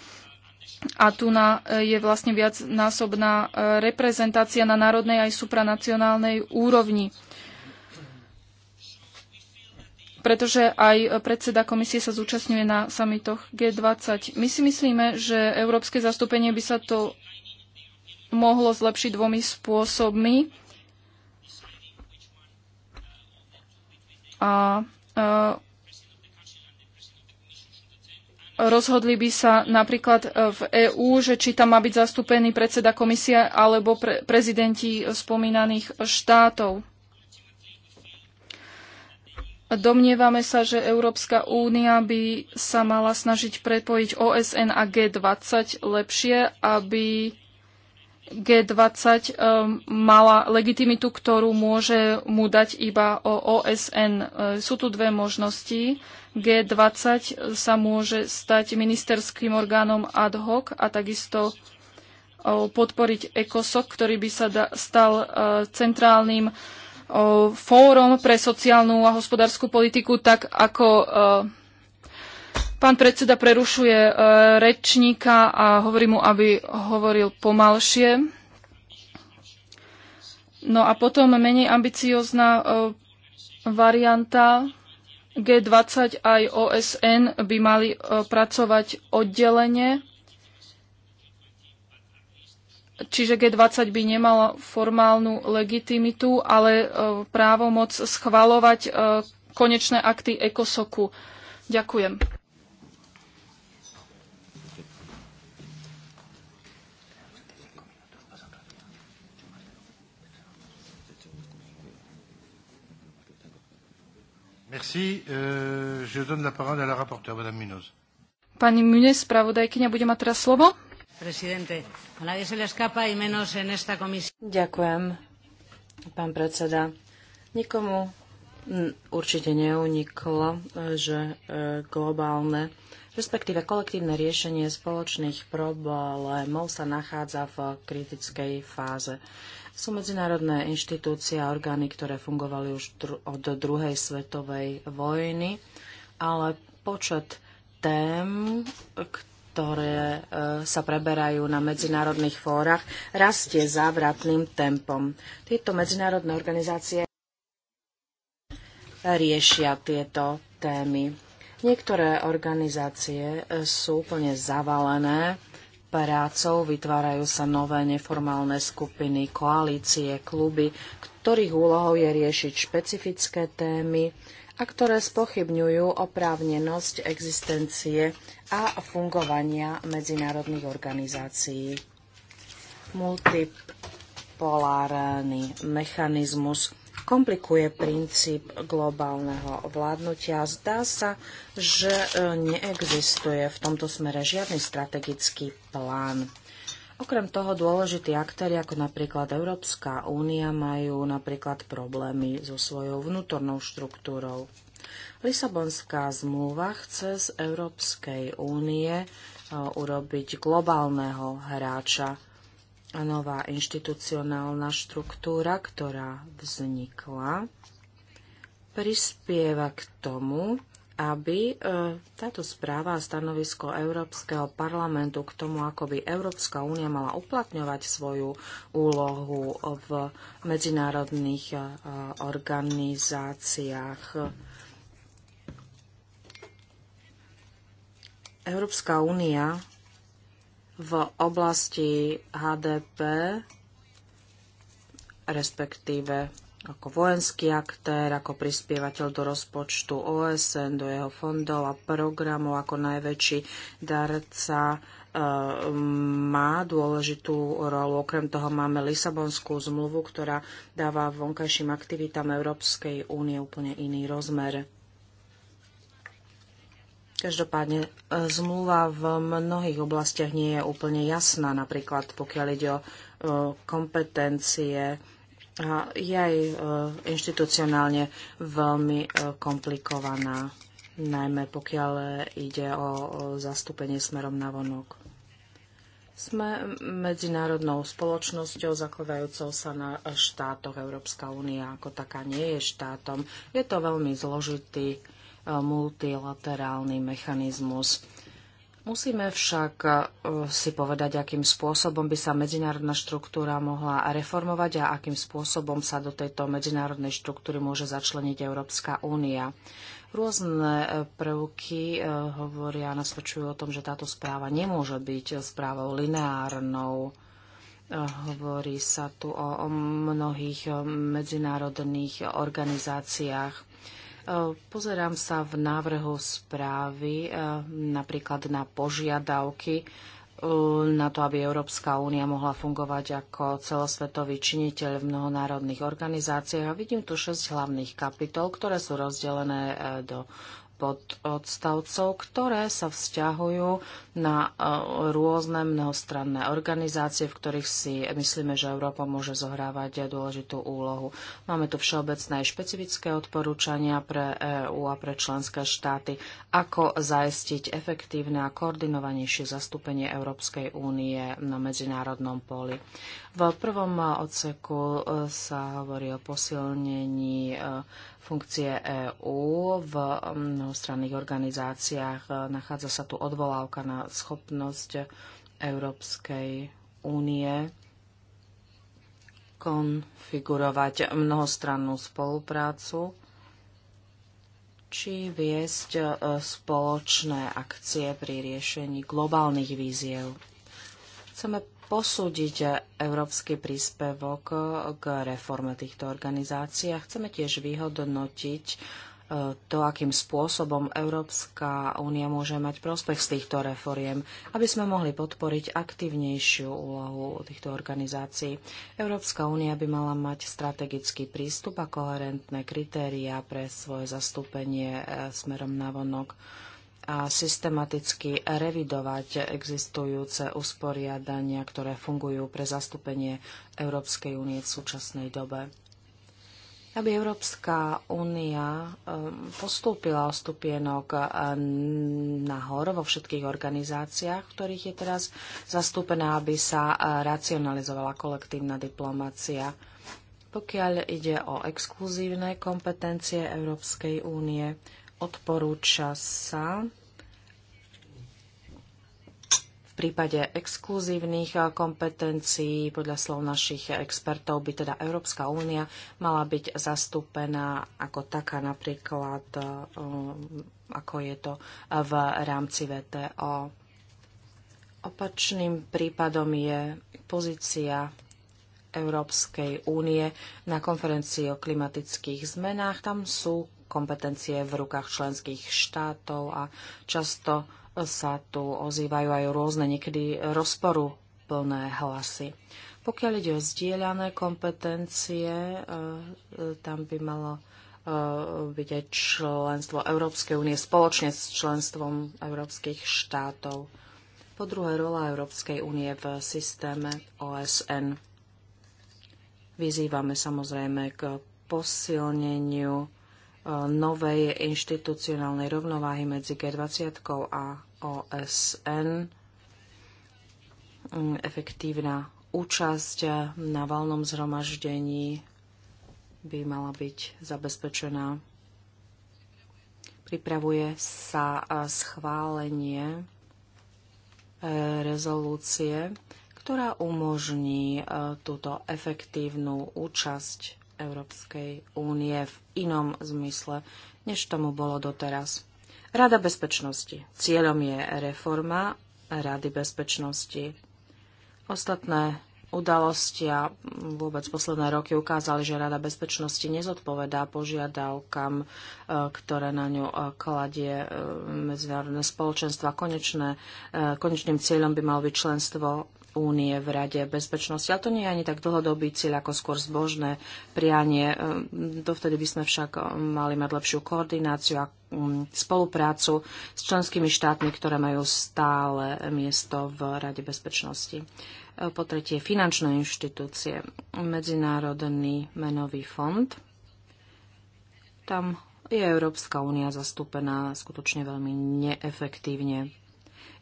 a tu na, e, je vlastne viacnásobná e, reprezentácia na národnej aj supranacionálnej úrovni. Pretože aj predseda komisie sa zúčastňuje na samitoch G20. My si myslíme, že európske zastúpenie by sa to mohlo zlepšiť dvomi spôsobmi. A, a e, rozhodli by sa napríklad e, v EÚ, že či tam má byť zastúpený predseda komisie alebo pre, prezidenti spomínaných štátov. Domnievame sa, že Európska únia by sa mala snažiť prepojiť OSN a G20 lepšie, aby G20 um, mala legitimitu, ktorú môže mu dať iba OSN. Uh, sú tu dve možnosti. G20 sa môže stať ministerským orgánom ad hoc a takisto uh, podporiť ECOSOC, ktorý by sa stal uh, centrálnym fórom pre sociálnu a hospodárskú politiku, tak ako Pán predseda prerušuje e, rečníka a hovorí mu, aby hovoril pomalšie. No a potom menej ambiciózna e, varianta G20 aj OSN by mali e, pracovať oddelenie. Čiže G20 by nemala formálnu legitimitu, ale právomoc schvalovať konečné akty ECOSOKu. Ďakujem. Merci. Euh, je donne la parole à la rapporteure, Madame Munoz. Pani Munoz, spravodajkyňa, bude mať teraz slovo. Presidente, a nadie se le escapa y menos en esta comisión. Ďakujem, pán predseda. Nikomu určite neuniklo, že e, globálne respektíve kolektívne riešenie spoločných problémov sa nachádza v kritickej fáze. Sú medzinárodné inštitúcie a orgány, ktoré fungovali už od druhej svetovej vojny, ale počet tém, ktoré e, sa preberajú na medzinárodných fórach, rastie závratným tempom. Tieto medzinárodné organizácie riešia tieto témy. Niektoré organizácie e, sú úplne zavalené prácou vytvárajú sa nové neformálne skupiny, koalície, kluby, ktorých úlohou je riešiť špecifické témy a ktoré spochybňujú oprávnenosť existencie a fungovania medzinárodných organizácií. Multipolárny mechanizmus komplikuje princíp globálneho vládnutia. Zdá sa, že e, neexistuje v tomto smere žiadny strategický plán. Okrem toho dôležití aktéry ako napríklad Európska únia majú napríklad problémy so svojou vnútornou štruktúrou. Lisabonská zmluva chce z Európskej únie e, urobiť globálneho hráča nová inštitucionálna štruktúra, ktorá vznikla, prispieva k tomu, aby e, táto správa a stanovisko Európskeho parlamentu k tomu, ako by Európska únia mala uplatňovať svoju úlohu v medzinárodných e, organizáciách. Európska únia v oblasti HDP, respektíve ako vojenský aktér, ako prispievateľ do rozpočtu OSN, do jeho fondov a programov, ako najväčší darca e, má dôležitú rolu. Okrem toho máme Lisabonskú zmluvu, ktorá dáva vonkajším aktivitám Európskej únie úplne iný rozmer. Každopádne e, zmluva v mnohých oblastiach nie je úplne jasná, napríklad pokiaľ ide o e, kompetencie. A je aj e, inštitucionálne veľmi komplikovaná, najmä pokiaľ ide o zastúpenie smerom na vonok. Sme medzinárodnou spoločnosťou zakladajúcou sa na štátoch. Európska únia ako taká nie je štátom. Je to veľmi zložitý multilaterálny mechanizmus. Musíme však e, si povedať, akým spôsobom by sa medzinárodná štruktúra mohla reformovať a akým spôsobom sa do tejto medzinárodnej štruktúry môže začleniť Európska únia. Rôzne e, prvky e, hovoria a nasvedčujú o tom, že táto správa nemôže byť správou lineárnou. Hovorí sa tu o mnohých medzinárodných organizáciách E, pozerám sa v návrhu správy e, napríklad na požiadavky e, na to, aby Európska únia mohla fungovať ako celosvetový činiteľ v mnohonárodných organizáciách. A vidím tu šesť hlavných kapitol, ktoré sú rozdelené do pododstavcov, ktoré sa vzťahujú na e, rôzne mnohostranné organizácie, v ktorých si myslíme, že Európa môže zohrávať dôležitú úlohu. Máme tu všeobecné aj špecifické odporúčania pre EÚ a pre členské štáty, ako zaistiť efektívne a koordinovanejšie zastúpenie Európskej únie na medzinárodnom poli. V prvom odseku e, sa hovorí o posilnení e, funkcie EÚ v mnohostranných organizáciách. E, nachádza sa tu odvolávka na schopnosť Európskej únie konfigurovať mnohostrannú spoluprácu či viesť e, spoločné akcie pri riešení globálnych víziev. Chceme posúdiť európsky príspevok k reforme týchto organizácií a chceme tiež vyhodnotiť e, to, akým spôsobom Európska únia môže mať prospech z týchto reforiem, aby sme mohli podporiť aktívnejšiu úlohu týchto organizácií. Európska únia by mala mať strategický prístup a koherentné kritériá pre svoje zastúpenie e, smerom na vonok a systematicky revidovať existujúce usporiadania, ktoré fungujú pre zastúpenie Európskej únie v súčasnej dobe. Aby Európska únia um, postúpila o stupienok um, nahor vo všetkých organizáciách, v ktorých je teraz zastúpená, aby sa uh, racionalizovala kolektívna diplomácia. Pokiaľ ide o exkluzívne kompetencie Európskej únie, Odporúča sa v prípade exkluzívnych eh, kompetencií podľa slov našich expertov by teda Európska únia mala byť zastúpená ako taká napríklad, eh, eh, ako je to v rámci VTO. Opačným prípadom je pozícia Európskej únie na konferencii o klimatických zmenách. Tam sú kompetencie v rukách členských štátov a často sa tu ozývajú aj rôzne niekedy rozporu plné hlasy. Pokiaľ ide o zdieľané kompetencie, e, tam by malo e, byť aj členstvo Európskej únie spoločne s členstvom európskych štátov. Po druhé, rola Európskej únie v systéme OSN. Vyzývame samozrejme k posilneniu novej inštitucionálnej rovnováhy medzi G20 a OSN, mm, efektívna účasť na valnom zhromaždení by mala byť zabezpečená. Pripravuje sa schválenie e, rezolúcie, ktorá umožní e, túto efektívnu účasť Európskej únie v inom zmysle, než tomu bolo doteraz. Rada bezpečnosti. Cieľom je reforma Rady bezpečnosti. Ostatné udalosti a vôbec posledné roky ukázali, že Rada bezpečnosti nezodpovedá požiadavkám, e, ktoré na ňu e, kladie e, medzinárodné spoločenstva. konečné, konečným cieľom by malo byť členstvo únie v Rade bezpečnosti. Ale to nie je ani tak dlhodobý cieľ, ako skôr zbožné prianie. E, dovtedy by sme však e, mali mať lepšiu koordináciu a mm, spoluprácu s členskými štátmi, ktoré majú stále miesto v Rade bezpečnosti. E, po tretie, finančné inštitúcie. Medzinárodný menový fond. Tam je Európska únia zastúpená skutočne veľmi neefektívne.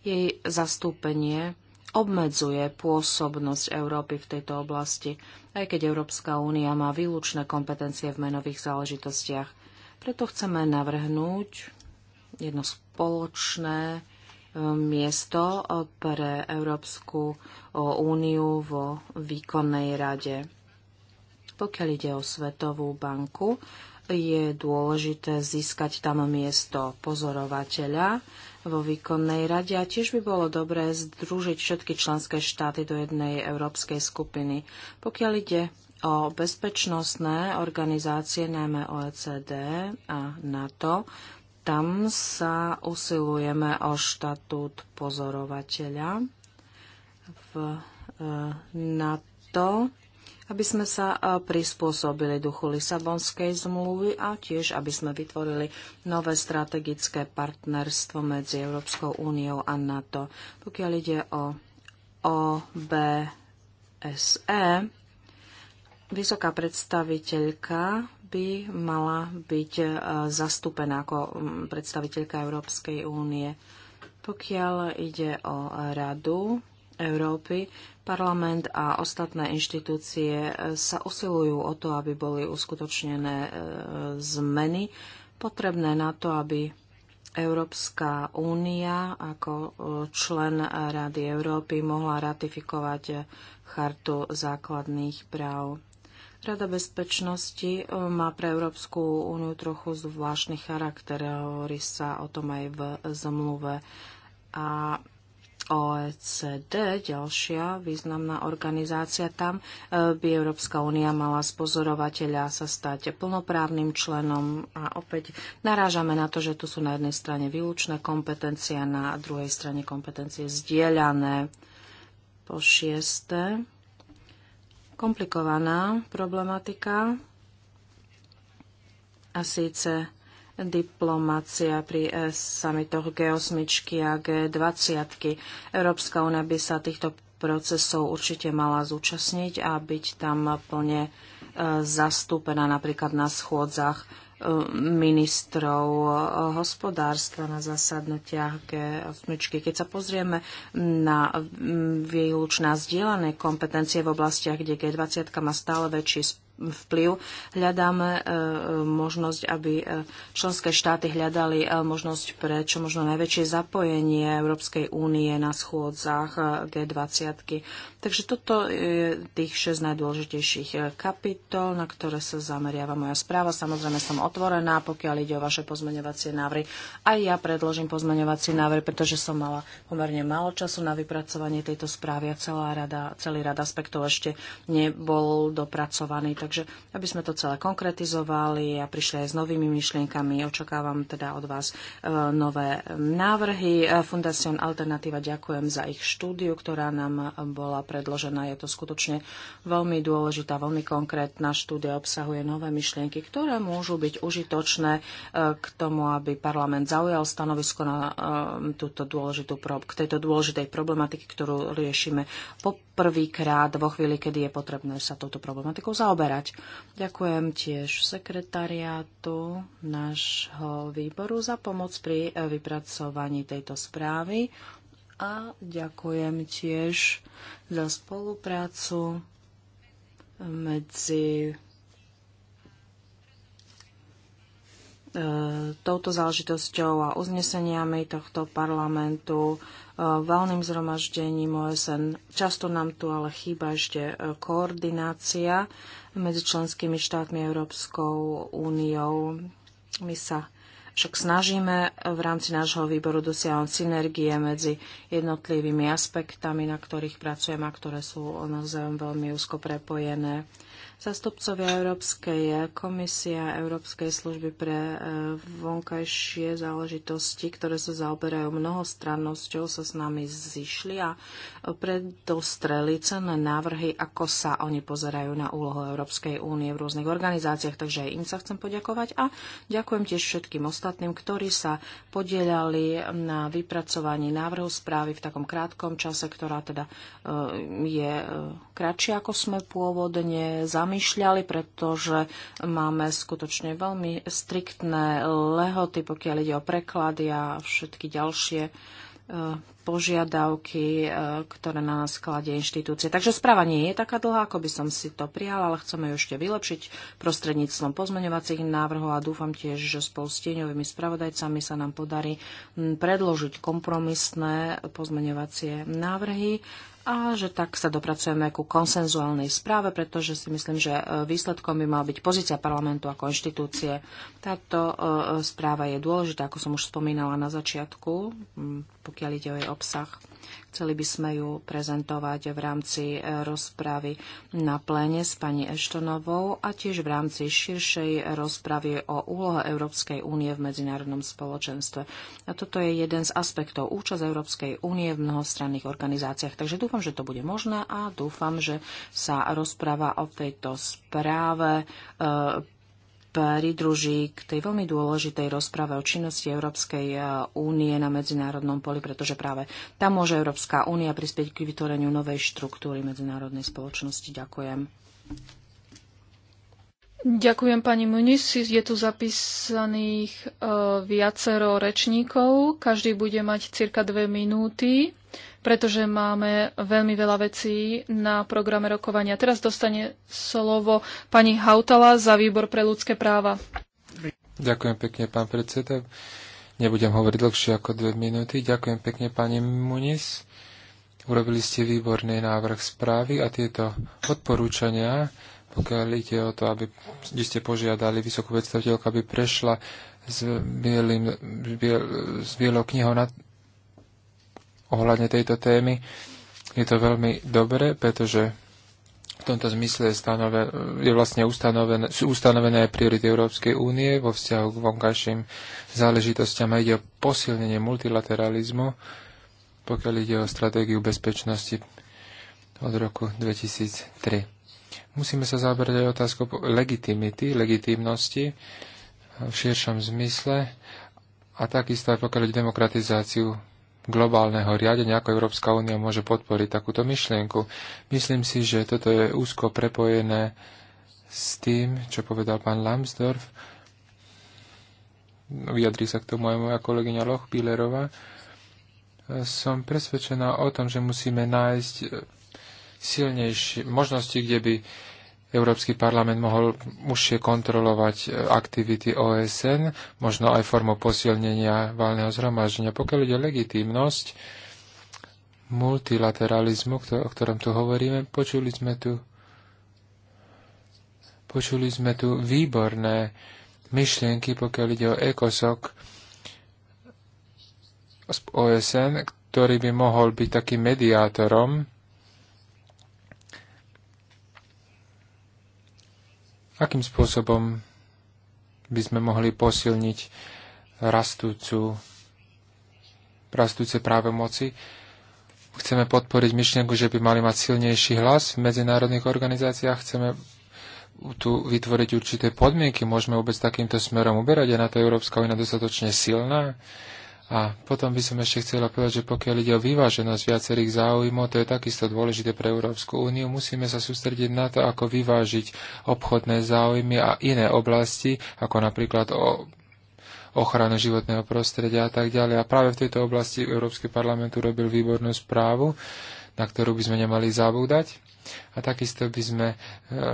Jej zastúpenie obmedzuje pôsobnosť Európy v tejto oblasti, aj keď Európska únia má výlučné kompetencie v menových záležitostiach. Preto chceme navrhnúť jedno spoločné e, miesto pre Európsku e, úniu vo výkonnej rade. Pokiaľ ide o Svetovú banku, je dôležité získať tam miesto pozorovateľa, vo výkonnej rade a tiež by bolo dobré združiť všetky členské štáty do jednej európskej skupiny. Pokiaľ ide o bezpečnostné organizácie, najmä OECD a NATO, tam sa usilujeme o štatút pozorovateľa v e, NATO aby sme sa e, prispôsobili duchu Lisabonskej zmluvy a tiež, aby sme vytvorili nové strategické partnerstvo medzi Európskou úniou a NATO. Pokiaľ ide o OBSE, vysoká predstaviteľka by mala byť e, zastúpená ako predstaviteľka Európskej únie. Pokiaľ ide o radu, Európy, parlament a ostatné inštitúcie e, sa usilujú o to, aby boli uskutočnené e, zmeny potrebné na to, aby Európska únia ako e, člen Rady Európy mohla ratifikovať Chartu základných práv. Rada bezpečnosti má pre Európsku úniu trochu zvláštny charakter, hovorí sa o tom aj v zmluve. A OECD, ďalšia významná organizácia, tam e, by Európska únia mala z pozorovateľa sa stať plnoprávnym členom a opäť narážame na to, že tu sú na jednej strane výlučné kompetencie a na druhej strane kompetencie zdieľané. Po šieste, komplikovaná problematika a síce diplomácia pri e, samitoch G8 a G20. Európska únia by sa týchto procesov určite mala zúčastniť a byť tam plne e, zastúpená napríklad na schôdzach e, ministrov hospodárstva na zasadnutiach G8. Keď sa pozrieme na výlučná zdieľané kompetencie v oblastiach, kde G20 má stále väčší vplyv. Hľadáme e, možnosť, aby e, členské štáty hľadali e, možnosť pre čo možno najväčšie zapojenie Európskej únie na schôdzach G20. Takže toto je tých 6 najdôležitejších eh, kapitol, na ktoré sa zameriava moja správa. Samozrejme som otvorená, pokiaľ ide o vaše pozmeňovacie návrhy. Aj ja predložím pozmeňovací návrh, pretože som mala pomerne málo času na vypracovanie tejto správy a celá rada, celý rad aspektov ešte nebol dopracovaný. Takže aby sme to celé konkretizovali a prišli aj s novými myšlienkami, očakávam teda od vás eh, nové návrhy. Eh, Fundación Alternativa ďakujem za ich štúdiu, ktorá nám bola predložená. Je to skutočne veľmi dôležitá, veľmi konkrétna štúdia, obsahuje nové myšlienky, ktoré môžu byť užitočné e, k tomu, aby parlament zaujal stanovisko na e, túto dôležitú, k tejto dôležitej problematiky, ktorú riešime po prvýkrát vo chvíli, kedy je potrebné sa touto problematikou zaoberať. Ďakujem tiež sekretariátu nášho výboru za pomoc pri e, vypracovaní tejto správy a ďakujem tiež za spoluprácu medzi e, touto záležitosťou a uzneseniami tohto parlamentu, e, valným zhromaždením OSN. Často nám tu ale chýba ešte e, koordinácia medzi členskými štátmi Európskou úniou. My sa však snažíme v rámci nášho výboru dosiahnuť synergie medzi jednotlivými aspektami, na ktorých pracujeme a ktoré sú naozaj veľmi úzko prepojené. Zastupcovia Európskej komisie a Európskej služby pre e, vonkajšie záležitosti, ktoré sa zaoberajú mnohostrannosťou, sa s nami zišli a predostreli cenné návrhy, ako sa oni pozerajú na úlohu Európskej únie v rôznych organizáciách. Takže aj im sa chcem poďakovať a ďakujem tiež všetkým ostatným, ktorí sa podielali na vypracovaní návrhu správy v takom krátkom čase, ktorá teda e, je e, kratšia, ako sme pôvodne zamýšľali zamýšľali, pretože máme skutočne veľmi striktné lehoty, pokiaľ ide o preklady a všetky ďalšie e, požiadavky, e, ktoré na nás kladie inštitúcie. Takže správa nie je taká dlhá, ako by som si to prijala, ale chceme ju ešte vylepšiť prostredníctvom pozmeňovacích návrhov a dúfam tiež, že spolu s tieňovými spravodajcami sa nám podarí predložiť kompromisné pozmeňovacie návrhy a že tak sa dopracujeme ku konsenzuálnej správe, pretože si myslím, že e, výsledkom by mala byť pozícia parlamentu ako inštitúcie. Táto e, správa je dôležitá, ako som už spomínala na začiatku, pokiaľ ide o jej obsah. Chceli by sme ju prezentovať v rámci e, rozpravy na pléne s pani Eštonovou a tiež v rámci širšej rozpravy o úlohe Európskej únie v medzinárodnom spoločenstve. A toto je jeden z aspektov účasť Európskej únie v mnohostranných organizáciách. Takže dúfam, že to bude možné a dúfam, že sa rozpráva o tejto správe e, pridruží k tej veľmi dôležitej rozprave o činnosti Európskej eh, únie na medzinárodnom poli, pretože práve tam môže Európska únia prispieť k vytvoreniu novej štruktúry medzinárodnej spoločnosti. Ďakujem. Ďakujem pani Muniz. Je tu zapísaných e, viacero rečníkov. Každý bude mať cirka dve minúty pretože máme veľmi veľa vecí na programe rokovania. Teraz dostane slovo pani Hautala za výbor pre ľudské práva. Ďakujem pekne, pán predseda. Nebudem hovoriť dlhšie ako dve minúty. Ďakujem pekne, pani Munis. Urobili ste výborný návrh správy a tieto odporúčania, pokiaľ ide o to, aby kde ste požiadali vysokú predstaviteľku, aby prešla s, bielým, biel, s bielou knihou na ohľadne tejto témy. Je to veľmi dobré, pretože v tomto zmysle je, stanoven, je vlastne ustanovené, sú ustanovené priority Európskej únie vo vzťahu k vonkajším záležitostiam a ide o posilnenie multilateralizmu, pokiaľ ide o stratégiu bezpečnosti od roku 2003. Musíme sa zabrať aj otázku legitimity, legitimnosti v širšom zmysle a takisto aj pokiaľ demokratizáciu globálneho riadenia, ako Európska únia môže podporiť takúto myšlienku. Myslím si, že toto je úzko prepojené s tým, čo povedal pán Lambsdorff. Vyjadrí sa k tomu aj moja kolegyňa Lochbílerová. Som presvedčená o tom, že musíme nájsť silnejšie možnosti, kde by Európsky parlament mohol užšie kontrolovať e, aktivity OSN, možno aj formou posilnenia valného zhromaždenia. Pokiaľ ide legitímnosť multilateralizmu, o ktorom tu hovoríme, počuli sme tu, počuli sme tu výborné myšlienky, pokiaľ ide o ECOSOC OSN, ktorý by mohol byť takým mediátorom Akým spôsobom by sme mohli posilniť rastúcu, rastúce právomoci? Chceme podporiť myšlienku, že by mali mať silnejší hlas v medzinárodných organizáciách. Chceme tu vytvoriť určité podmienky. Môžeme vôbec takýmto smerom uberať. Je na to Európska únia dostatočne silná? A potom by som ešte chcela povedať, že pokiaľ ide o vyváženosť viacerých záujmov, to je takisto dôležité pre Európsku úniu. Musíme sa sústrediť na to, ako vyvážiť obchodné záujmy a iné oblasti, ako napríklad o ochranu životného prostredia a tak ďalej. A práve v tejto oblasti Európsky parlament urobil výbornú správu na ktorú by sme nemali zabúdať. A takisto by sme e,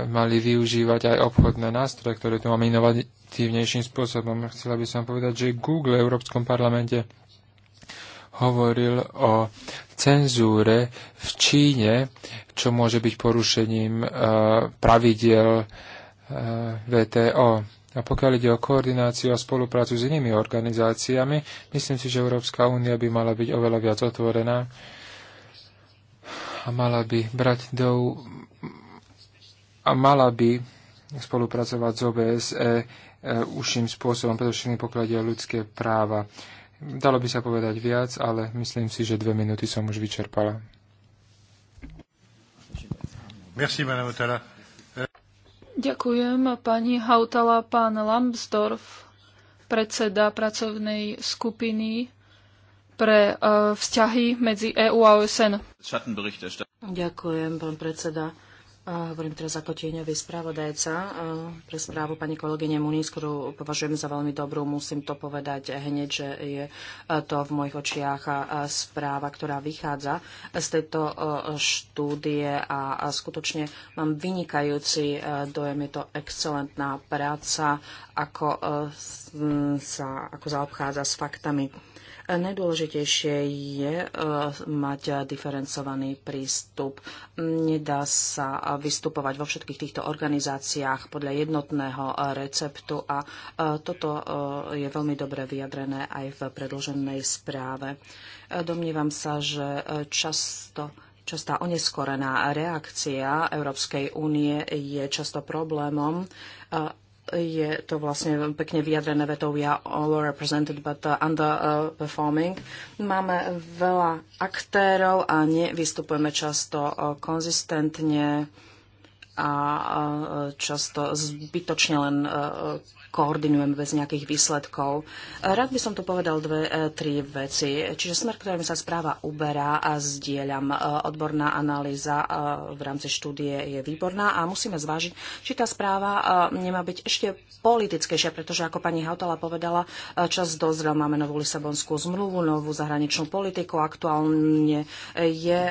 mali využívať aj obchodné nástroje, ktoré tu máme inovatívnejším spôsobom. Chcela by som povedať, že Google v Európskom parlamente hovoril o cenzúre v Číne, čo môže byť porušením e, pravidiel e, VTO. A pokiaľ ide o koordináciu a spoluprácu s inými organizáciami, myslím si, že Európska únia by mala byť oveľa viac otvorená a mala by brať do a mala by spolupracovať s OBSE e, užším spôsobom, pretože pokiaľ o ľudské práva. Dalo by sa povedať viac, ale myslím si, že dve minúty som už vyčerpala. Merci, Ďakujem pani Hautala, pán Lambsdorff, predseda pracovnej skupiny pre e, vzťahy medzi EÚ a OSN. Ďakujem, pán predseda. Hovorím teraz ako tieňový spravodajca e, pre správu pani kolegyne Muniz, ktorú považujem za veľmi dobrú. Musím to povedať hneď, že je e, to v mojich očiach správa, ktorá vychádza z tejto štúdie a skutočne mám vynikajúci dojem. Je to excelentná práca, ako sa ako zaobchádza s faktami. Najdôležitejšie je e, mať diferencovaný prístup. Nedá sa vystupovať vo všetkých týchto organizáciách podľa jednotného receptu a e, toto e, je veľmi dobre vyjadrené aj v predloženej správe. Domnívam sa, že často Častá oneskorená reakcia Európskej únie je často problémom je to vlastne pekne vyjadrené vetou we are all represented but uh, underperforming. Máme veľa aktérov a nevystupujeme často uh, konzistentne a uh, často zbytočne len koordinujeme bez nejakých výsledkov. E, Rád by som tu povedal dve, e, tri veci. Čiže smer, ktorým sa správa uberá a zdieľam. E, odborná analýza v rámci štúdie je výborná a musíme zvážiť, či tá správa nemá byť ešte politickejšia, pretože ako pani Hautala povedala, čas dozrel. Máme novú Lisabonskú zmluvu, novú zahraničnú politiku. Aktuálne je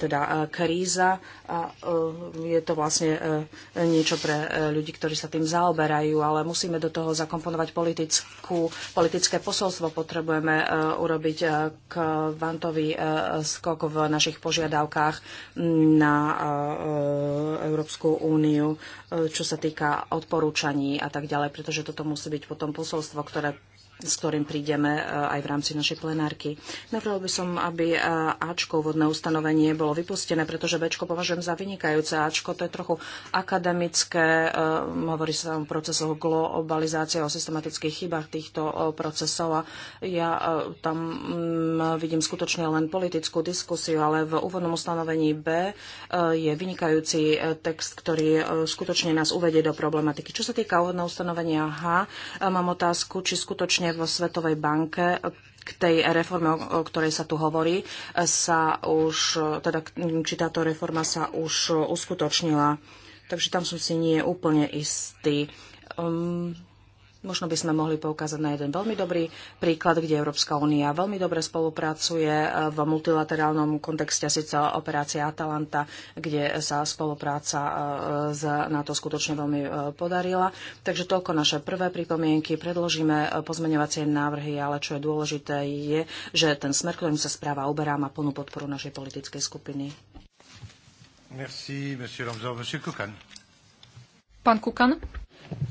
teda kríza a je to vlastne niečo pre ľudí, ktorí sa tým zaoberajú, ale musíme do do toho zakomponovať politickú, politické posolstvo. Potrebujeme e, urobiť e, kvantový e, skok v našich požiadavkách na Európsku úniu, čo sa týka odporúčaní a tak ďalej, pretože toto musí byť potom posolstvo, ktoré s ktorým prídeme e, aj v rámci našej plenárky. Navrhol by som, aby e, Ačko vodné ustanovenie bolo vypustené, pretože Bčko považujem za vynikajúce. Ačko to je trochu akademické, e, hovorí sa o procesoch globalizácie, o systematických chybách týchto procesov a ja tam mm, vidím skutočne len politickú diskusiu, ale v úvodnom ustanovení B je vynikajúci text, ktorý skutočne nás uvedie do problematiky. Čo sa týka úvodného ustanovenia H, mám otázku, či skutočne vlastne vo Svetovej banke k tej reforme, o ktorej sa tu hovorí, sa už, teda, či táto reforma sa už uskutočnila. Takže tam som si nie úplne istý. Um, Možno by sme mohli poukázať na jeden veľmi dobrý príklad, kde Európska únia veľmi dobre spolupracuje e, v multilaterálnom kontexte, síce operácia Atalanta, kde sa spolupráca z e, NATO skutočne veľmi e, podarila. Takže toľko naše prvé pripomienky. Predložíme pozmeňovacie návrhy, ale čo je dôležité je, že ten smer, ktorým sa správa uberá, má plnú podporu našej politickej skupiny. Merci, monsieur Lomzor. Monsieur Kukan. Pán Kukan.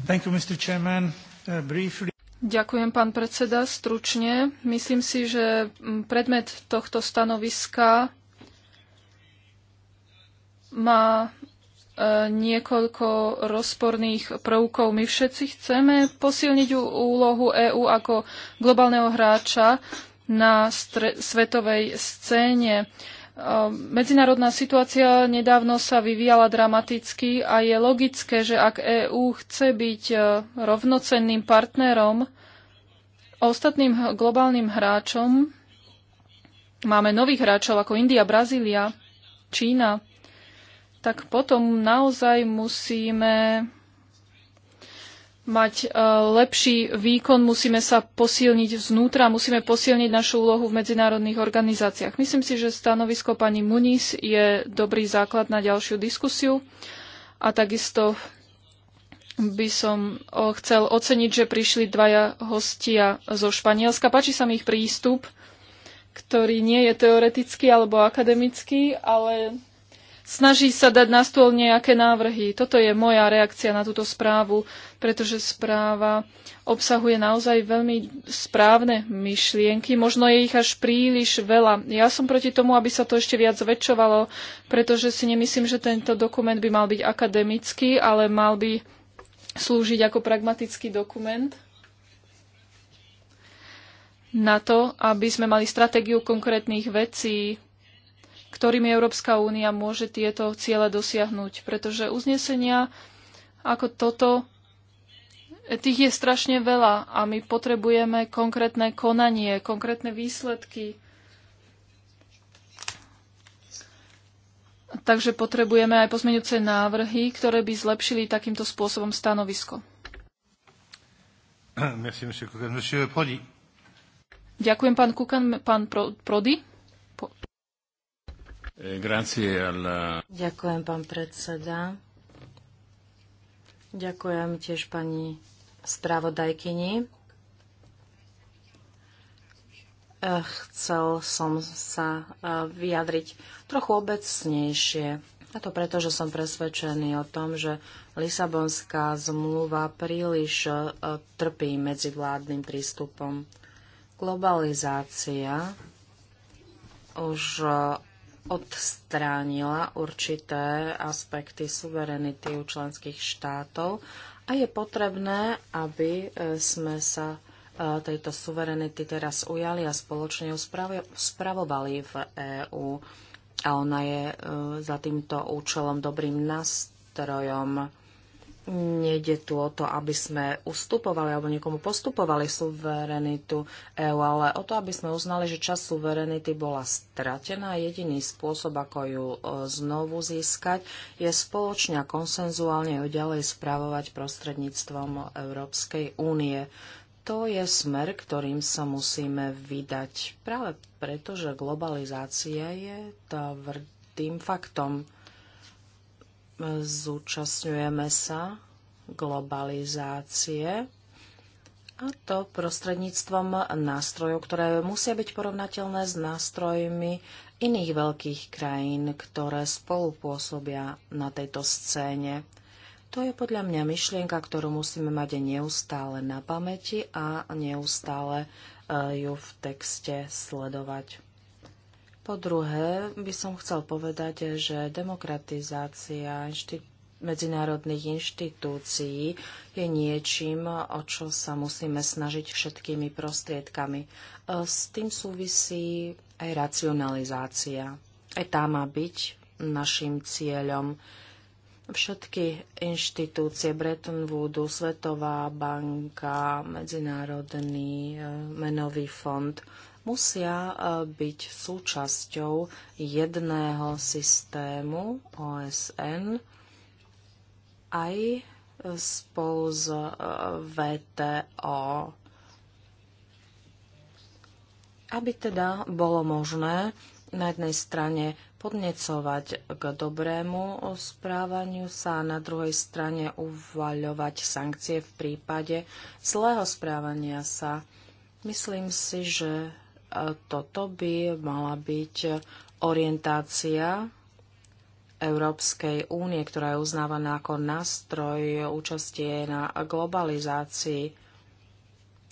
Thank you, Mr. Chairman. Ďakujem, pán predseda, stručne. Myslím si, že predmet tohto stanoviska má e, niekoľko rozporných prvkov. My všetci chceme posilniť úlohu EÚ ako globálneho hráča na svetovej scéne. Ehm, medzinárodná situácia nedávno sa vyvíjala dramaticky a je logické, že ak EÚ chce byť e, rovnocenným partnerom ostatným globálnym hráčom, máme nových hráčov ako India, Brazília, Čína, tak potom naozaj musíme mať e, lepší výkon, musíme sa posilniť vnútra, musíme posilniť našu úlohu v medzinárodných organizáciách. Myslím si, že stanovisko pani Muniz je dobrý základ na ďalšiu diskusiu a takisto by som e, chcel oceniť, že prišli dvaja hostia zo Španielska. Páči sa mi ich prístup, ktorý nie je teoretický alebo akademický, ale snaží sa dať na stôl nejaké návrhy. Toto je moja reakcia na túto správu, pretože správa obsahuje naozaj veľmi správne myšlienky. Možno je ich až príliš veľa. Ja som proti tomu, aby sa to ešte viac zväčšovalo, pretože si nemyslím, že tento dokument by mal byť akademický, ale mal by slúžiť ako pragmatický dokument na to, aby sme mali stratégiu konkrétnych vecí, ktorými Európska únia môže tieto ciele dosiahnuť. Pretože uznesenia ako toto, tých je strašne veľa a my potrebujeme konkrétne konanie, konkrétne výsledky. Takže potrebujeme aj pozmeňujúce návrhy, ktoré by zlepšili takýmto spôsobom stanovisko. Ďakujem, pán Kukan. Pán Prody? Eh, Ďakujem, pán predseda. Ďakujem tiež pani spravodajkyni. Eh, chcel som sa eh, vyjadriť trochu obecnejšie. A to preto, že som presvedčený o tom, že Lisabonská zmluva príliš trpí medzivládnym prístupom. Globalizácia už odstránila určité aspekty suverenity u členských štátov a je potrebné, aby e, sme sa e, tejto suverenity teraz ujali a spoločne ju spravovali v EÚ. A ona je e, za týmto účelom dobrým nástrojom. Nejde tu o to, aby sme ustupovali alebo niekomu postupovali suverenitu EÚ, ale o to, aby sme uznali, že čas suverenity bola stratená. Jediný spôsob, ako ju e, znovu získať, je spoločne a konsenzuálne ju ďalej spravovať prostredníctvom Európskej únie. To je smer, ktorým sa musíme vydať práve preto, že globalizácia je tvrdým faktom zúčastňujeme sa globalizácie a to prostredníctvom nástrojov, ktoré musia byť porovnateľné s nástrojmi iných veľkých krajín, ktoré spolupôsobia na tejto scéne. To je podľa mňa myšlienka, ktorú musíme mať neustále na pamäti a neustále e, ju v texte sledovať. Po druhé, by som chcel povedať, že demokratizácia medzinárodných inštitúcií je niečím, o čo sa musíme snažiť všetkými prostriedkami. E, s tým súvisí aj racionalizácia. Aj tá má byť našim cieľom. Všetky inštitúcie Bretton Woodu, Svetová banka, Medzinárodný e, menový fond, musia e, byť súčasťou jedného systému OSN aj spolu s e, VTO. Aby teda bolo možné na jednej strane podnecovať k dobrému správaniu sa a na druhej strane uvaľovať sankcie v prípade zlého správania sa. Myslím si, že toto by mala byť orientácia Európskej únie, ktorá je uznávaná ako nástroj účastie na globalizácii,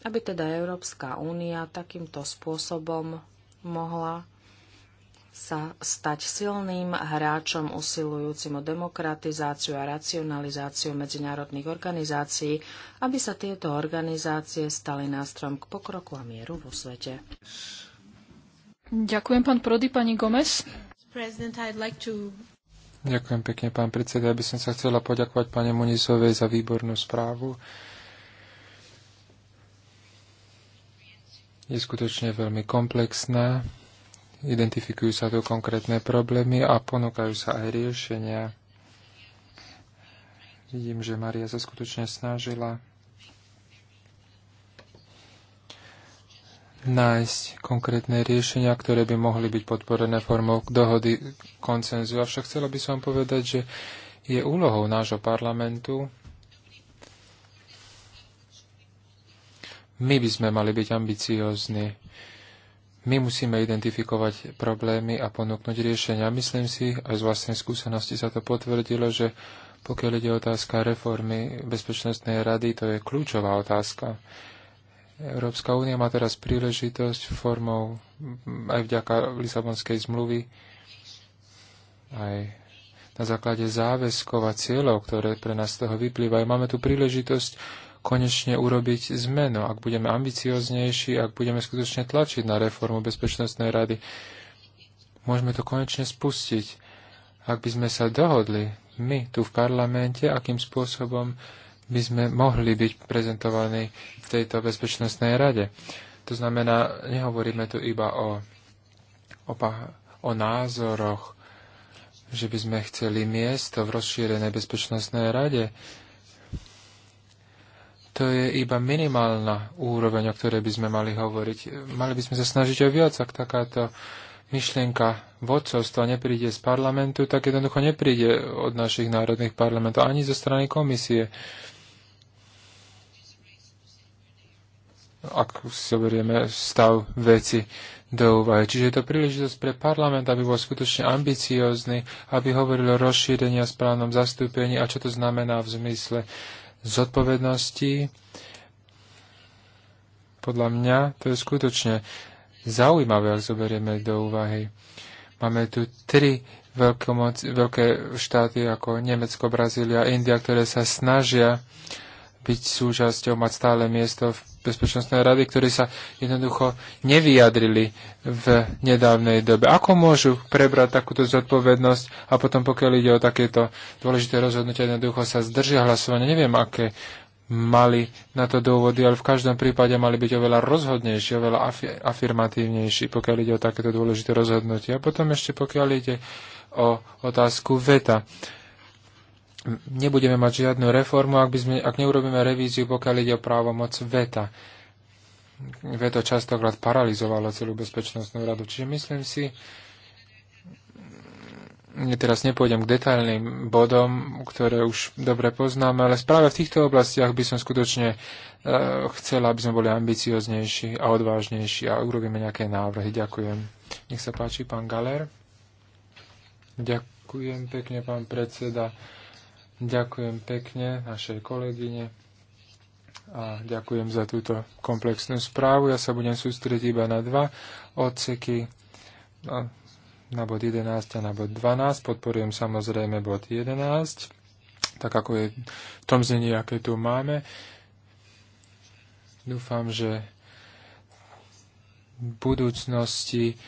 aby teda Európska únia takýmto spôsobom mohla sa stať silným hráčom usilujúcim o demokratizáciu a racionalizáciu medzinárodných organizácií, aby sa tieto organizácie stali nástrom k pokroku a mieru vo svete. Ďakujem, pán Prody, pani Gomez. Ďakujem pekne, pán predseda. Ja by som sa chcela poďakovať pani Munisovej za výbornú správu. Je skutočne veľmi komplexná, identifikujú sa tu konkrétne problémy a ponúkajú sa aj riešenia. Vidím, že Maria sa skutočne snažila nájsť konkrétne riešenia, ktoré by mohli byť podporené formou dohody koncenzu. Avšak chcela by som povedať, že je úlohou nášho parlamentu my by sme mali byť ambiciózni my musíme identifikovať problémy a ponúknuť riešenia. Myslím si, aj z vlastnej skúsenosti sa to potvrdilo, že pokiaľ ide otázka reformy Bezpečnostnej rady, to je kľúčová otázka. Európska únia má teraz príležitosť formou aj vďaka Lisabonskej zmluvy, aj na základe záväzkov a cieľov, ktoré pre nás z toho vyplývajú. Máme tu príležitosť konečne urobiť zmenu, ak budeme ambicioznejší, ak budeme skutočne tlačiť na reformu Bezpečnostnej rady. Môžeme to konečne spustiť. Ak by sme sa dohodli, my tu v parlamente, akým spôsobom by sme mohli byť prezentovaní v tejto bezpečnostnej rade. To znamená, nehovoríme tu iba o, o, o názoroch, že by sme chceli miesto v rozšírenej bezpečnostnej rade to je iba minimálna úroveň, o ktorej by sme mali hovoriť. Mali by sme sa snažiť o viac, ak takáto myšlienka vodcovstva nepríde z parlamentu, tak jednoducho nepríde od našich národných parlamentov ani zo strany komisie. Ak zoberieme stav veci do úvahy. Čiže je to príležitosť pre parlament, aby bol skutočne ambiciózny, aby hovoril o rozšírení a správnom zastúpení a čo to znamená v zmysle zodpovednosti. Podľa mňa to je skutočne zaujímavé, ak zoberieme do úvahy. Máme tu tri veľké štáty ako Nemecko, Brazília a India, ktoré sa snažia byť súčasťou, mať stále miesto v Bezpečnostnej rady, ktorí sa jednoducho nevyjadrili v nedávnej dobe. Ako môžu prebrať takúto zodpovednosť a potom, pokiaľ ide o takéto dôležité rozhodnutia, jednoducho sa zdržia hlasovanie. Neviem, aké mali na to dôvody, ale v každom prípade mali byť oveľa rozhodnejší, oveľa afi- afirmatívnejší, pokiaľ ide o takéto dôležité rozhodnutie. A potom ešte pokiaľ ide o otázku VETA. Uh, nebudeme mať žiadnu reformu, ak, by sme, ak neurobíme revíziu, pokiaľ ide o právo moc VETA. VETO častokrát paralizovalo celú bezpečnostnú radu. Čiže myslím si, teraz nepôjdem k detailným bodom, ktoré už dobre poznáme, ale práve v týchto oblastiach by som skutočne uh, e, chcela, aby sme boli ambicioznejší a odvážnejší a urobíme nejaké návrhy. Ďakujem. Nech sa páči, pán Galer. Ďakujem pekne, pán predseda. Ďakujem pekne našej kolegyne a ďakujem za túto komplexnú správu. Ja sa budem sústrediť iba na dva odseky, na bod 11 a na bod 12. Podporujem samozrejme bod 11, tak ako je v tom znení, aké tu máme. Dúfam, že v budúcnosti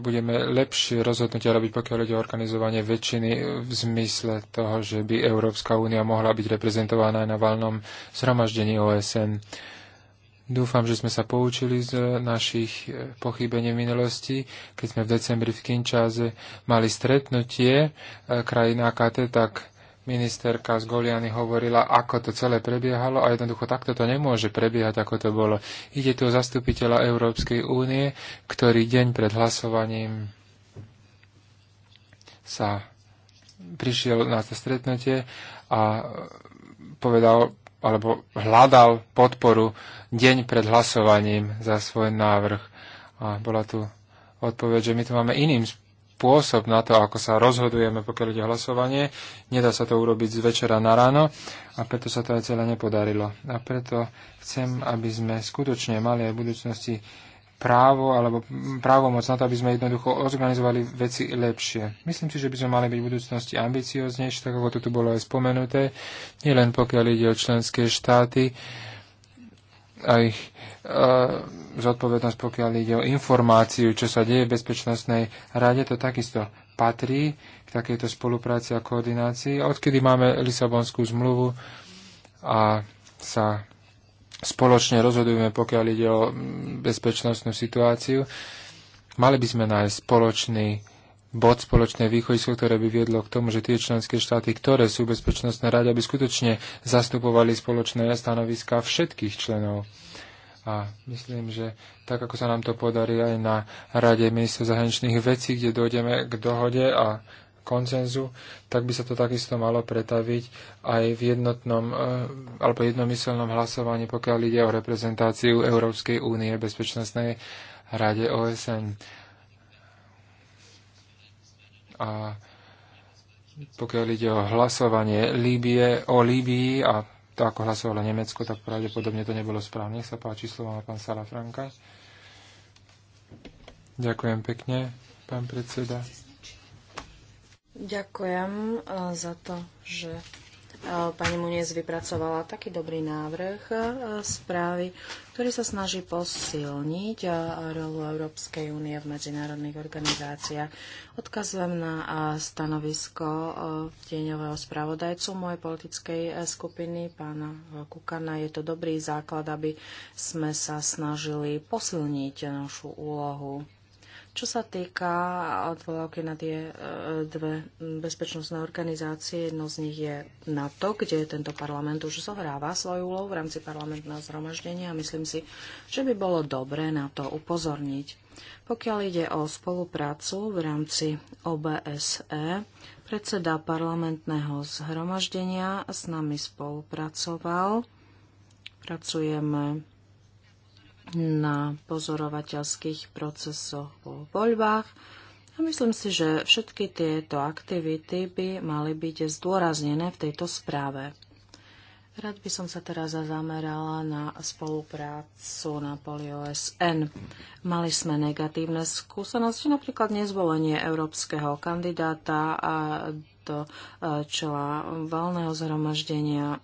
budeme lepšie rozhodnutia robiť, pokiaľ ide o organizovanie väčšiny v zmysle toho, že by Európska únia mohla byť reprezentovaná aj na valnom zhromaždení OSN. Dúfam, že sme sa poučili z našich e, pochybení v minulosti, keď sme v decembri v Kinčáze mali stretnutie e, krajina AKT, tak ministerka z Goliany hovorila, ako to celé prebiehalo a jednoducho takto to nemôže prebiehať, ako to bolo. Ide tu o zastupiteľa Európskej únie, ktorý deň pred hlasovaním sa prišiel na to stretnutie a povedal, alebo hľadal podporu deň pred hlasovaním za svoj návrh. A bola tu odpoveď, že my tu máme iným, spôsob na to, ako sa rozhodujeme, pokiaľ ide hlasovanie. Nedá sa to urobiť z večera na ráno a preto sa to aj celé nepodarilo. A preto chcem, aby sme skutočne mali aj v budúcnosti právo alebo právomoc na to, aby sme jednoducho organizovali veci lepšie. Myslím si, že by sme mali byť v budúcnosti ambicioznejšie, tak ako to tu bolo aj spomenuté, nielen pokiaľ ide o členské štáty, aj ich zodpovednosť, pokiaľ ide o informáciu, čo sa deje v Bezpečnostnej rade, to takisto patrí k takejto spolupráci a koordinácii. Odkedy máme Lisabonskú zmluvu a sa spoločne rozhodujeme, pokiaľ ide o bezpečnostnú situáciu, mali by sme nájsť spoločný bod spoločné východisko, ktoré by viedlo k tomu, že tie členské štáty, ktoré sú bezpečnostné rade, aby skutočne zastupovali spoločné stanoviská všetkých členov. A myslím, že tak, ako sa nám to podarí aj na Rade ministrov zahraničných vecí, kde dojdeme k dohode a koncenzu, tak by sa to takisto malo pretaviť aj v jednotnom e, alebo jednomyselnom hlasovaní, pokiaľ ide o reprezentáciu Európskej únie Bezpečnostnej rade OSN a pokiaľ ide o hlasovanie Líbie, o Líbii a to, ako hlasovalo Nemecko, tak pravdepodobne to nebolo správne. Nech sa páči, slovo na pán Salafranka. Ďakujem pekne, pán predseda. Ďakujem eh, za to, že pani Munies vypracovala taký dobrý návrh e, správy, ktorý sa snaží posilniť e, rolu Európskej únie v medzinárodných organizáciách. Odkazujem na e, stanovisko tieňového spravodajcu mojej politickej skupiny, pána Kukana. Je to dobrý základ, aby sme sa snažili posilniť našu úlohu čo sa týka odvolávky na tie e, dve bezpečnostné organizácie, jedno z nich je NATO, kde tento parlament už zohráva svoju úlohu v rámci parlamentného zhromaždenia a myslím si, že by bolo dobré na to upozorniť. Pokiaľ ide o spoluprácu v rámci OBSE, predseda parlamentného zhromaždenia s nami spolupracoval. Pracujeme na pozorovateľských procesoch vo voľbách. A myslím si, že všetky tieto aktivity by mali byť zdôraznené v tejto správe. Rád by som sa teraz zamerala na spoluprácu na poli OSN. Mali sme negatívne skúsenosti, napríklad nezvolenie európskeho kandidáta a do eh, čela valného zhromaždenia,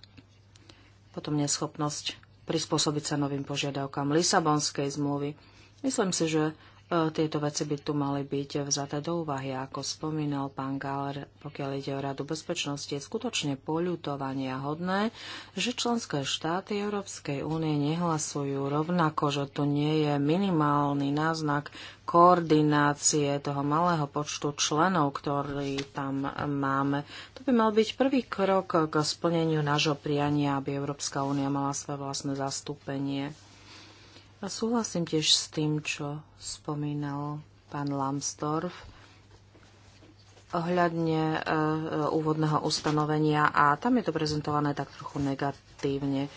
potom neschopnosť prispôsobiť sa novým požiadavkám Lisabonskej zmluvy. Myslím si, že E, tieto veci by tu mali byť vzaté do úvahy, ako spomínal pán Galer, pokiaľ ide o Radu bezpečnosti, je skutočne poľutovania hodné, že členské štáty Európskej únie nehlasujú rovnako, že tu nie je minimálny náznak koordinácie toho malého počtu členov, ktorý tam máme. To by mal byť prvý krok k splneniu nášho priania, aby Európska únia mala svoje vlastné zastúpenie. A súhlasím tiež s tým, čo spomínal pán Lambsdorff ohľadne e, e, úvodného ustanovenia a tam je to prezentované tak trochu negatívne.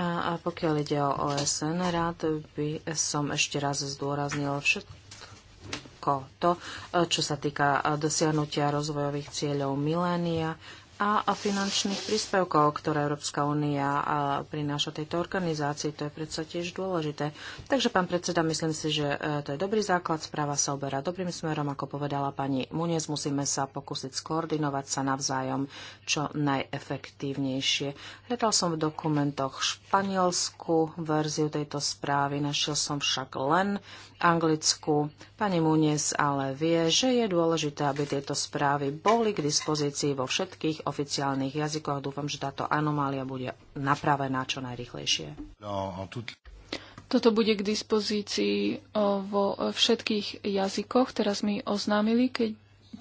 A pokiaľ ide o OSN, rád by som ešte raz zdôraznil všetko to, e, čo sa týka dosiahnutia rozvojových cieľov milénia, a o finančných príspevkov, ktoré Európska únia prináša tejto organizácii. To je predsa tiež dôležité. Takže, pán predseda, myslím si, že e, to je dobrý základ. Správa sa oberá dobrým smerom, ako povedala pani Munies. Musíme sa pokúsiť skoordinovať sa navzájom čo najefektívnejšie. Hľadal som v dokumentoch španielsku verziu tejto správy, našiel som však len anglickú. Pani Munies ale vie, že je dôležité, aby tieto správy boli k dispozícii vo všetkých oficiálnych jazykoch. Dúfam, že táto anomália bude napravená čo najrychlejšie. Toto bude k dispozícii vo všetkých jazykoch. Teraz mi oznámili, keď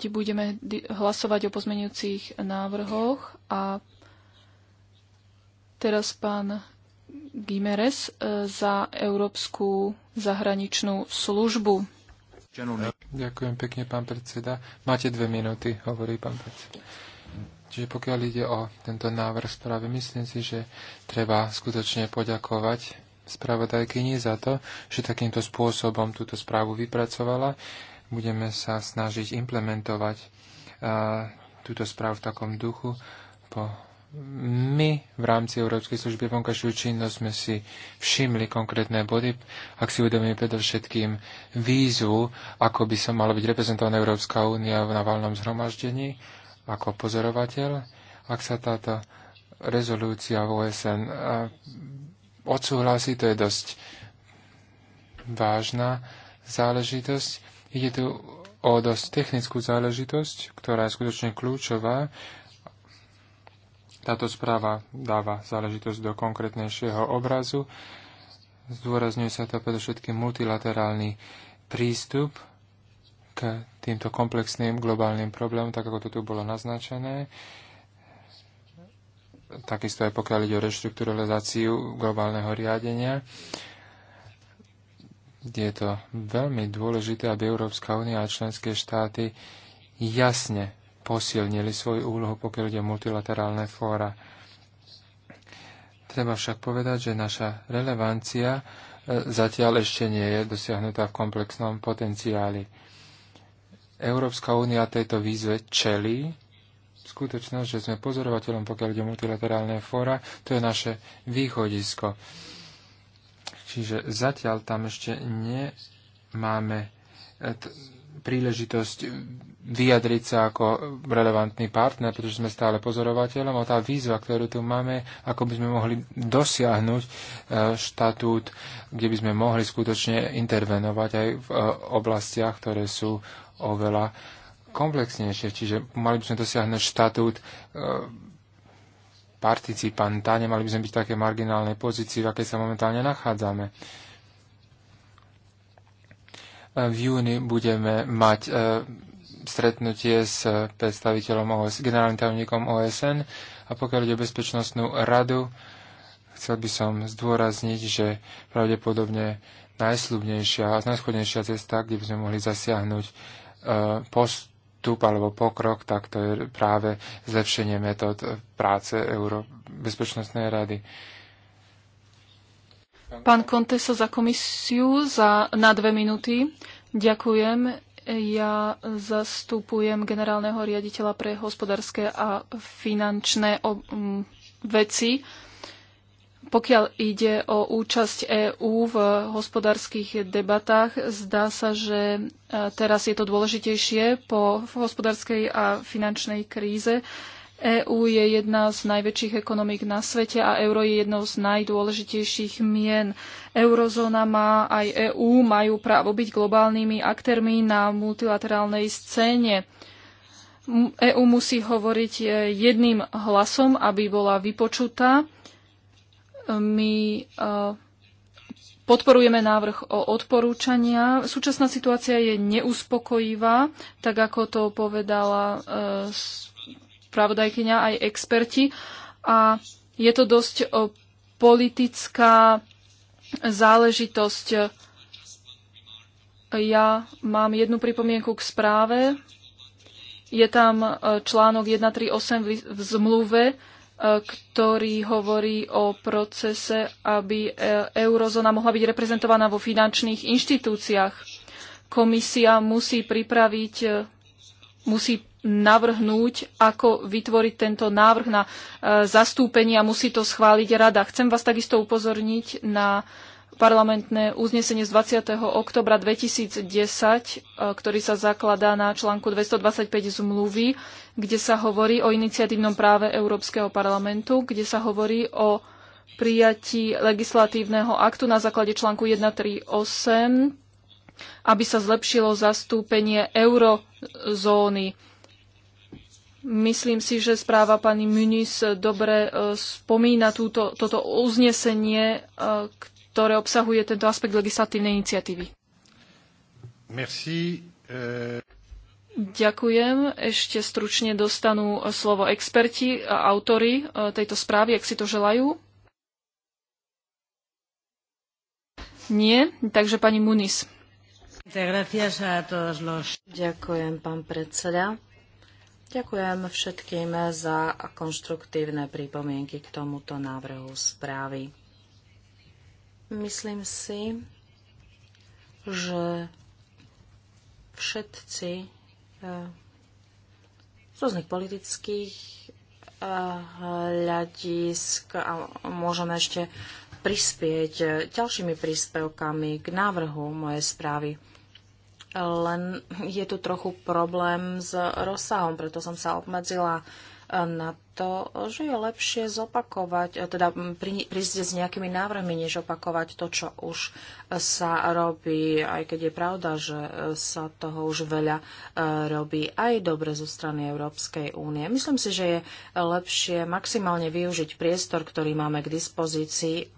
budeme hlasovať o pozmenujúcich návrhoch a teraz pán Gimeres e, za Európsku zahraničnú službu. Ďakujem pekne, pán predseda. Máte dve minúty, hovorí pán predseda. Čiže pokiaľ ide o tento návrh správy, myslím si, že treba skutočne poďakovať spravodajkyni za to, že takýmto spôsobom túto správu vypracovala. Budeme sa snažiť implementovať a, túto správu v takom duchu. Po my v rámci Európskej služby vonkašiu činnosť sme si všimli konkrétne body, ak si uvedomíme predovšetkým výzvu, ako by sa mala byť reprezentovaná Európska únia na valnom zhromaždení ako pozorovateľ, ak sa táto rezolúcia v OSN odsúhlasí, to je dosť vážna záležitosť. Ide tu o dosť technickú záležitosť, ktorá je skutočne kľúčová. Táto správa dáva záležitosť do konkrétnejšieho obrazu. Zdôrazňuje sa to predovšetkým multilaterálny prístup k týmto komplexným globálnym problémom, tak ako to tu bolo naznačené. Takisto aj pokiaľ ide o reštrukturalizáciu globálneho riadenia. Je to veľmi dôležité, aby Európska únia a členské štáty jasne posilnili svoju úlohu, pokiaľ ide o multilaterálne fóra. Treba však povedať, že naša relevancia e, zatiaľ ešte nie je dosiahnutá v komplexnom potenciáli. Európska únia tejto výzve čelí. Skutočnosť, že sme pozorovateľom, pokiaľ ide multilaterálne fóra, to je naše východisko. Čiže zatiaľ tam ešte nemáme e, príležitosť vyjadriť sa ako relevantný partner, pretože sme stále pozorovateľom a tá výzva, ktorú tu máme, ako by sme mohli dosiahnuť e, štatút, kde by sme mohli skutočne intervenovať aj v e, oblastiach, ktoré sú oveľa komplexnejšie, čiže mali by sme dosiahnuť štatút e, participanta, nemali by sme byť v také marginálnej pozícii, v akej sa momentálne nachádzame. E, v júni budeme mať e, stretnutie s predstaviteľom OS, generálnym tajomníkom OSN a pokiaľ ide o bezpečnostnú radu, chcel by som zdôrazniť, že pravdepodobne najslubnejšia a najschodnejšia cesta, kde by sme mohli zasiahnuť postup alebo pokrok, tak to je práve zlepšenie metód práce Euro bezpečnostnej rady. Pán Kontesa za komisiu za, na dve minúty. Ďakujem. Ja zastupujem generálneho riaditeľa pre hospodárske a finančné veci pokiaľ ide o účasť EÚ v hospodárskych debatách, zdá sa, že e, teraz je to dôležitejšie po hospodárskej a finančnej kríze. EÚ je jedna z najväčších ekonomík na svete a euro je jednou z najdôležitejších mien. Eurozóna má aj EÚ majú právo byť globálnymi aktérmi na multilaterálnej scéne. EÚ musí hovoriť e, jedným hlasom, aby bola vypočutá my e, podporujeme návrh o odporúčania. Súčasná situácia je neuspokojivá, tak ako to povedala e, pravodajkyňa aj experti. A je to dosť e, politická záležitosť. Ja mám jednu pripomienku k správe. Je tam článok 138 v zmluve, ktorý hovorí o procese, aby e, eurozóna mohla byť reprezentovaná vo finančných inštitúciách. Komisia musí pripraviť, e, musí navrhnúť, ako vytvoriť tento návrh na e, zastúpenie a musí to schváliť rada. Chcem vás takisto upozorniť na parlamentné uznesenie z 20. oktobra 2010, ktorý sa zakladá na článku 225 zmluvy kde sa hovorí o iniciatívnom práve Európskeho parlamentu, kde sa hovorí o prijatí legislatívneho aktu na základe článku 138, aby sa zlepšilo zastúpenie eurozóny. Myslím si, že správa pani Muniz dobre e, spomína túto, toto uznesenie, e, ktoré obsahuje tento aspekt legislatívnej iniciatívy. Merci. Uh... Ďakujem. Ešte stručne dostanú slovo experti a autory e, tejto správy, ak si to želajú. Nie, takže pani Muniz. Ďakujem, pán predseda. Ďakujem všetkým za konštruktívne pripomienky k tomuto návrhu správy. Myslím si, že všetci z rôznych politických eh, hľadisk a môžeme ešte prispieť eh, ďalšími príspevkami k návrhu mojej správy. Len je tu trochu problém s rozsahom, preto som sa obmedzila eh, na to, že je lepšie zopakovať, teda prísť s nejakými návrhmi, než opakovať to, čo už sa robí, aj keď je pravda, že sa toho už veľa e, robí aj dobre zo strany Európskej únie. Myslím si, že je lepšie maximálne využiť priestor, ktorý máme k dispozícii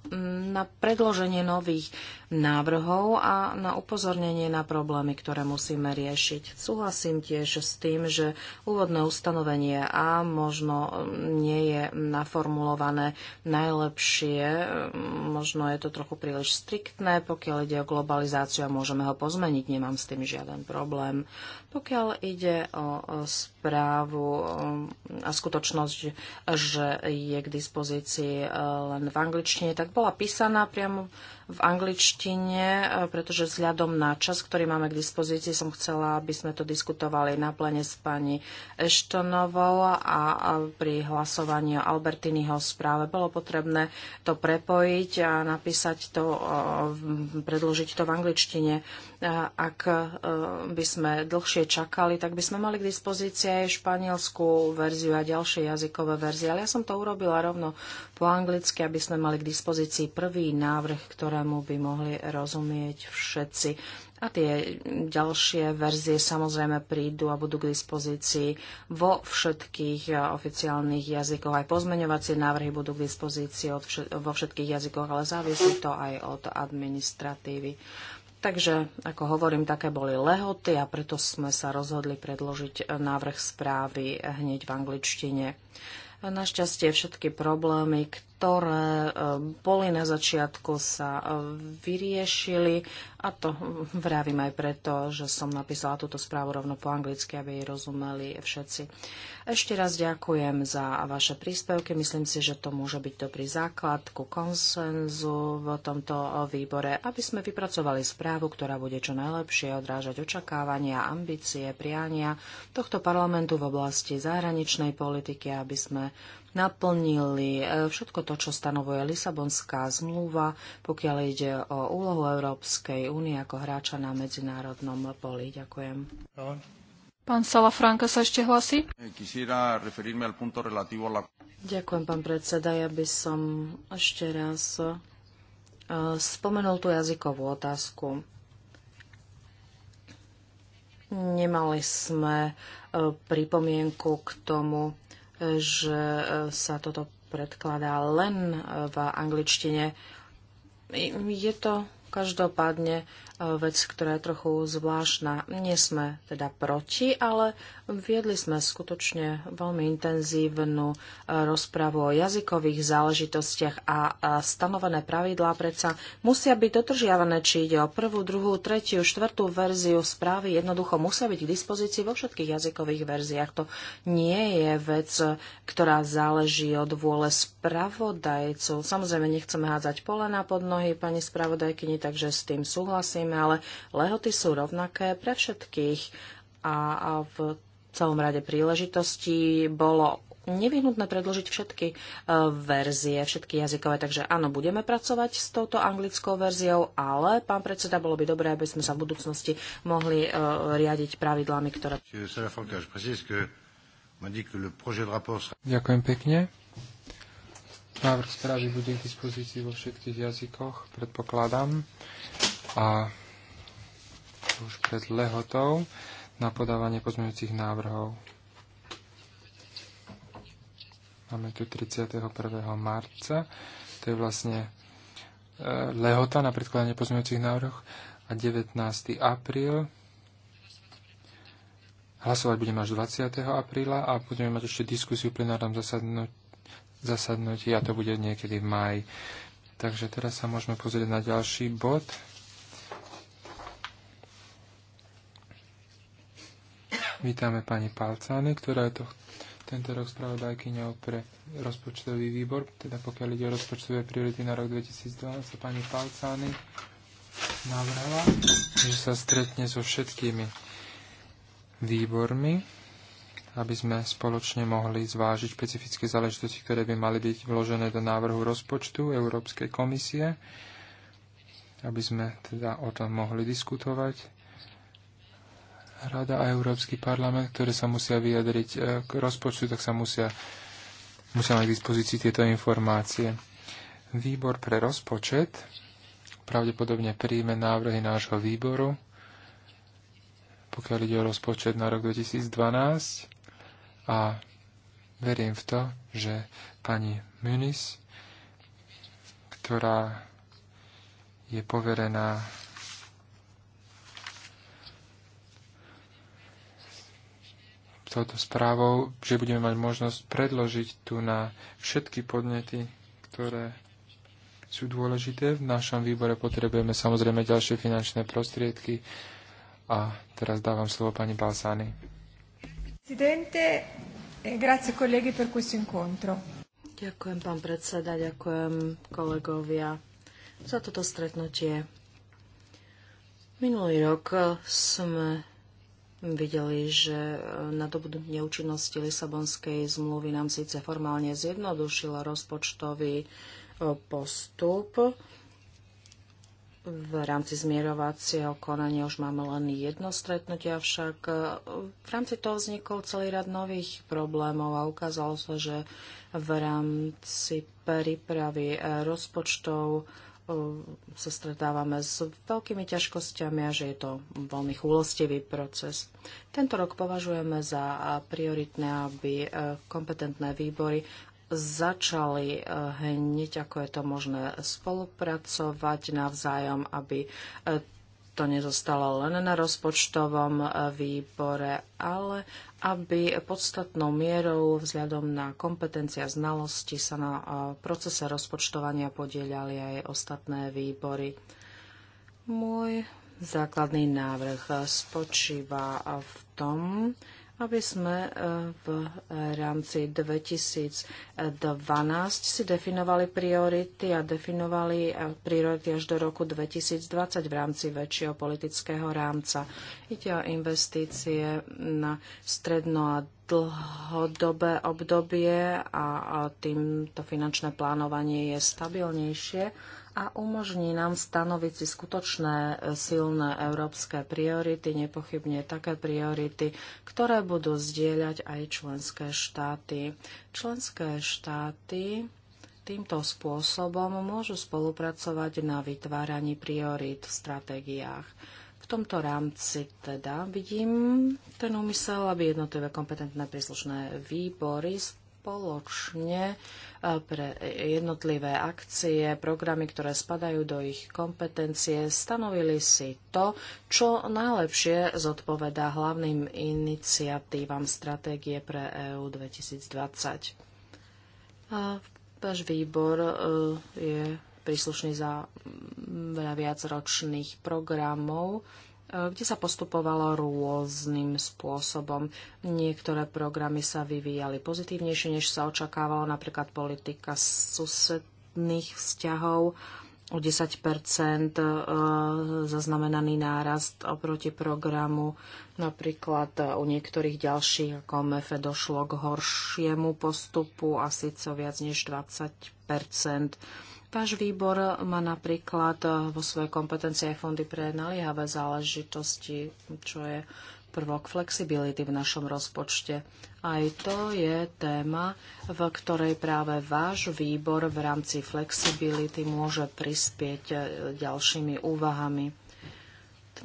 na predloženie nových návrhov a na upozornenie na problémy, ktoré musíme riešiť. Súhlasím tiež s tým, že úvodné ustanovenie A možno nie je naformulované najlepšie. Možno je to trochu príliš striktné, pokiaľ ide o globalizáciu a môžeme ho pozmeniť, nemám s tým žiaden problém. Pokiaľ ide o, o právu um, a skutočnosť, že je k dispozícii uh, len v angličtine, tak bola písaná priamo v angličtine, uh, pretože vzhľadom na čas, ktorý máme k dispozícii, som chcela, aby sme to diskutovali na plene s pani Eštonovou a pri hlasovaní o Albertiniho správe bolo potrebné to prepojiť a napísať to, uh, predložiť to v angličtine. Ak e, by sme dlhšie čakali, tak by sme mali k dispozícii aj španielskú verziu a ďalšie jazykové verzie. Ale ja som to urobila rovno po anglicky, aby sme mali k dispozícii prvý návrh, ktorému by mohli rozumieť všetci. A tie ďalšie verzie samozrejme prídu a budú k dispozícii vo všetkých e, oficiálnych jazykoch. Aj pozmeňovacie návrhy budú k dispozícii od všet- vo všetkých jazykoch, ale závisí to aj od administratívy. Takže, ako hovorím, také boli lehoty a preto sme sa rozhodli predložiť návrh správy hneď v angličtine. Našťastie všetky problémy, ktoré ktoré boli na začiatku, sa vyriešili a to vravím aj preto, že som napísala túto správu rovno po anglicky, aby jej rozumeli všetci. Ešte raz ďakujem za vaše príspevky. Myslím si, že to môže byť dobrý základ ku konsenzu v tomto výbore, aby sme vypracovali správu, ktorá bude čo najlepšie odrážať očakávania, ambície, priania tohto parlamentu v oblasti zahraničnej politiky, aby sme naplnili e, všetko to, čo stanovuje Lisabonská zmluva, pokiaľ ide o úlohu Európskej únie ako hráča na medzinárodnom poli. Ďakujem. Pán Franka sa ešte hlasí. Eh, Ďakujem, pán predseda. Ja by som ešte raz e, spomenul tú jazykovú otázku. Nemali sme e, pripomienku k tomu, že e, sa toto predkladá len v angličtine. Je to každopádne Eh, vec, ktorá je trochu zvláštna. Nie sme teda proti, ale viedli sme skutočne veľmi intenzívnu eh, rozpravu o jazykových záležitostiach a stanovené pravidlá predsa musia byť dotržiavané, či ide o prvú, druhú, tretiu, štvrtú verziu správy. Jednoducho musia byť k dispozícii vo všetkých jazykových verziách. To nie je vec, ktorá záleží od vôle spravodajcov. Samozrejme, nechceme hádzať polena pod nohy pani spravodajkyni, takže s tým súhlasíme samozrejme, ale lehoty sú rovnaké pre všetkých a, a v celom rade príležitostí bolo nevyhnutné predložiť všetky e, verzie, všetky jazykové. Takže áno, budeme pracovať s touto anglickou verziou, ale, pán predseda, bolo by dobré, aby sme sa v budúcnosti mohli e, riadiť pravidlami, ktoré... Ďakujem pekne. Návrh správy bude k dispozícii vo všetkých jazykoch, predpokladám. A už pred lehotou na podávanie pozmeňujúcich návrhov. Máme tu 31. marca, to je vlastne e, lehota na predkladanie pozmeňujúcich návrhov a 19. apríl. Hlasovať budeme až 20. apríla a budeme mať ešte diskusiu v plenárnom zasadnutí a to bude niekedy v máji. Takže teraz sa môžeme pozrieť na ďalší bod. Vítame pani Palcány, ktorá je to, tento rok spravodajkyňou pre rozpočtový výbor, teda pokiaľ ide o rozpočtové priority na rok 2012, sa pani Palcány navrhla, že sa stretne so všetkými výbormi, aby sme spoločne mohli zvážiť špecifické záležitosti, ktoré by mali byť vložené do návrhu rozpočtu Európskej komisie, aby sme teda o tom mohli diskutovať Rada a Európsky parlament, ktoré sa musia vyjadriť e, k rozpočtu, tak sa musia, musia mať k dispozícii tieto informácie. Výbor pre rozpočet pravdepodobne príjme návrhy nášho výboru, pokiaľ ide o rozpočet na rok 2012 a verím v to, že pani Munis, ktorá je poverená touto správou, že budeme mať možnosť predložiť tu na všetky podnety, ktoré sú dôležité. V našom výbore potrebujeme samozrejme ďalšie finančné prostriedky. A teraz dávam slovo pani Balsány. Presidente, e, grazie per questo incontro. Ďakujem, pán predseda, ďakujem kolegovia za toto stretnutie. Minulý rok e, sme videli, že e, na budú účinnosti Lisabonskej zmluvy nám síce formálne zjednodušila rozpočtový e, postup, v rámci zmierovacieho konania už máme len jedno stretnutie, avšak e, v rámci toho vznikol celý rad nových problémov a ukázalo sa, že v rámci prípravy rozpočtov Eh, sa stretávame s veľkými ťažkosťami a že je to veľmi chulostivý proces. Tento rok považujeme za prioritné, aby eh, kompetentné výbory začali eh, hneď, ako je to možné, spolupracovať navzájom, aby to nezostalo len na rozpočtovom e, výbore, ale aby podstatnou mierou vzhľadom na kompetencia znalosti sa na e, procese rozpočtovania podielali aj ostatné výbory. Môj základný návrh e, spočíva v tom, aby sme e, v rámci 2012 si definovali priority a definovali e, priority až do roku 2020 v rámci väčšieho politického rámca. Ide o investície na stredno a dlhodobé obdobie a týmto finančné plánovanie je stabilnejšie a umožní nám stanoviť si skutočné e, silné európske priority, nepochybne také priority, ktoré budú zdieľať aj členské štáty. Členské štáty týmto spôsobom môžu spolupracovať na vytváraní priorít v stratégiách. V tomto rámci teda vidím ten úmysel, aby jednotlivé kompetentné príslušné výbory spoločne e, pre jednotlivé akcie, programy, ktoré spadajú do ich kompetencie, stanovili si to, čo najlepšie zodpovedá hlavným iniciatívam stratégie pre EU 2020. váš výbor e, je príslušný za veľa viacročných programov Eh, kde sa postupovalo rôznym spôsobom. Niektoré programy sa vyvíjali pozitívnejšie, než sa očakávalo, napríklad politika susedných vzťahov o 10 eh, zaznamenaný nárast oproti programu. Napríklad eh, u niektorých ďalších ako MEFE došlo k horšiemu postupu a síce viac než 20 Váš výbor má napríklad eh, vo svojej kompetencii aj fondy pre naliehavé záležitosti, čo je prvok flexibility v našom rozpočte. Aj to je téma, v ktorej práve váš výbor v rámci flexibility môže prispieť eh, ďalšími úvahami.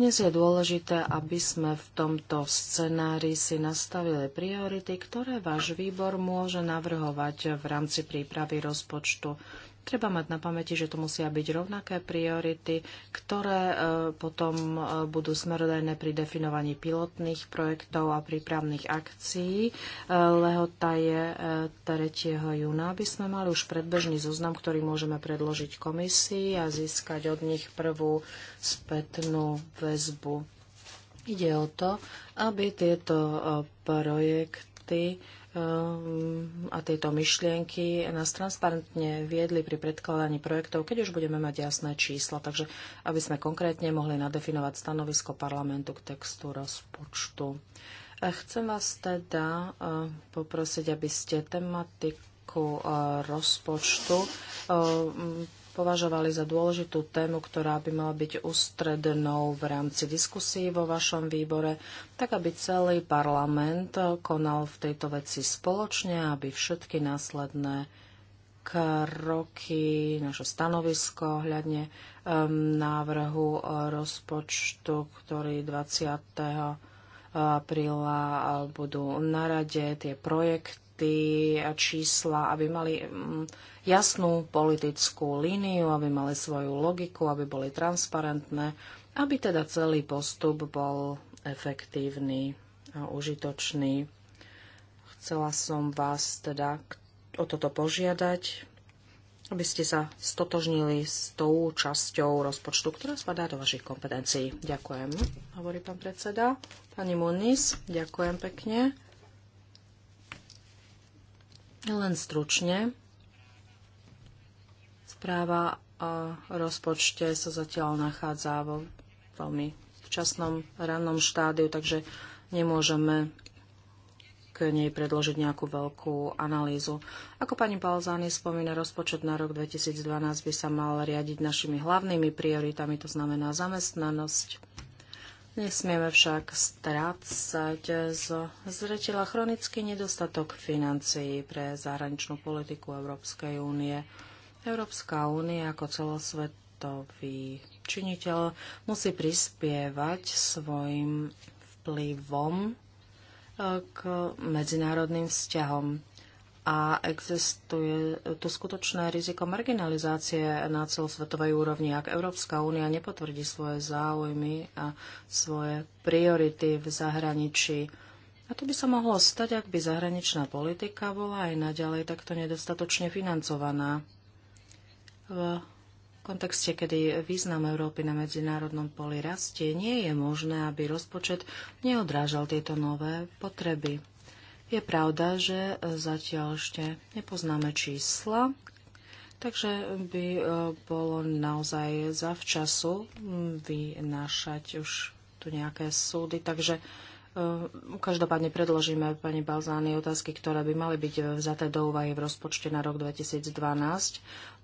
Dnes je dôležité, aby sme v tomto scenári si nastavili priority, ktoré váš výbor môže navrhovať v rámci prípravy rozpočtu. Treba mať na pamäti, že to musia byť rovnaké priority, ktoré e, potom e, budú smerodajné pri definovaní pilotných projektov a prípravných akcií. E, lehota je 3. júna, aby sme mali už predbežný zoznam, ktorý môžeme predložiť komisii a získať od nich prvú spätnú väzbu. Ide o to, aby tieto projekty Ehm, a tieto myšlienky nás transparentne viedli pri predkladaní projektov, keď už budeme mať jasné čísla. Takže aby sme konkrétne mohli nadefinovať stanovisko parlamentu k textu rozpočtu. Chcem vás teda eh, poprosiť, aby ste tematiku eh, rozpočtu eh, považovali za dôležitú tému, ktorá by mala byť ústrednou v rámci diskusí vo vašom výbore, tak aby celý parlament konal v tejto veci spoločne, aby všetky následné kroky, naše stanovisko hľadne um, návrhu rozpočtu, ktorý 20 eh, apríla eh, budú na rade tie projekty, fakty čísla, aby mali mm, jasnú politickú líniu, aby mali svoju logiku, aby boli transparentné, aby teda celý postup bol efektívny a užitočný. Chcela som vás teda o toto požiadať, aby ste sa stotožnili s tou časťou rozpočtu, ktorá spadá do vašich kompetencií. Ďakujem, hovorí pán predseda. Pani Munis, ďakujem pekne. Len stručne. Správa o rozpočte sa zatiaľ nachádza vo veľmi včasnom rannom štádiu, takže nemôžeme k nej predložiť nejakú veľkú analýzu. Ako pani Balzány spomína, rozpočet na rok 2012 by sa mal riadiť našimi hlavnými prioritami, to znamená zamestnanosť, Nesmieme však strácať z zretela chronický nedostatok financií pre zahraničnú politiku Európskej únie. Európska únia ako celosvetový činiteľ musí prispievať svojim vplyvom eh, k medzinárodným vzťahom a existuje tu skutočné riziko marginalizácie na celosvetovej úrovni, ak Európska únia nepotvrdí svoje záujmy a svoje priority v zahraničí. A to by sa mohlo stať, ak by zahraničná politika bola aj naďalej takto nedostatočne financovaná. V kontexte, kedy význam Európy na medzinárodnom poli rastie, nie je možné, aby rozpočet neodrážal tieto nové potreby. Je pravda, že zatiaľ ešte nepoznáme čísla, takže by e, bolo naozaj za včasu vynášať už tu nejaké súdy. Takže e, Každopádne predložíme pani Balzány otázky, ktoré by mali byť vzaté do úvahy v rozpočte na rok 2012.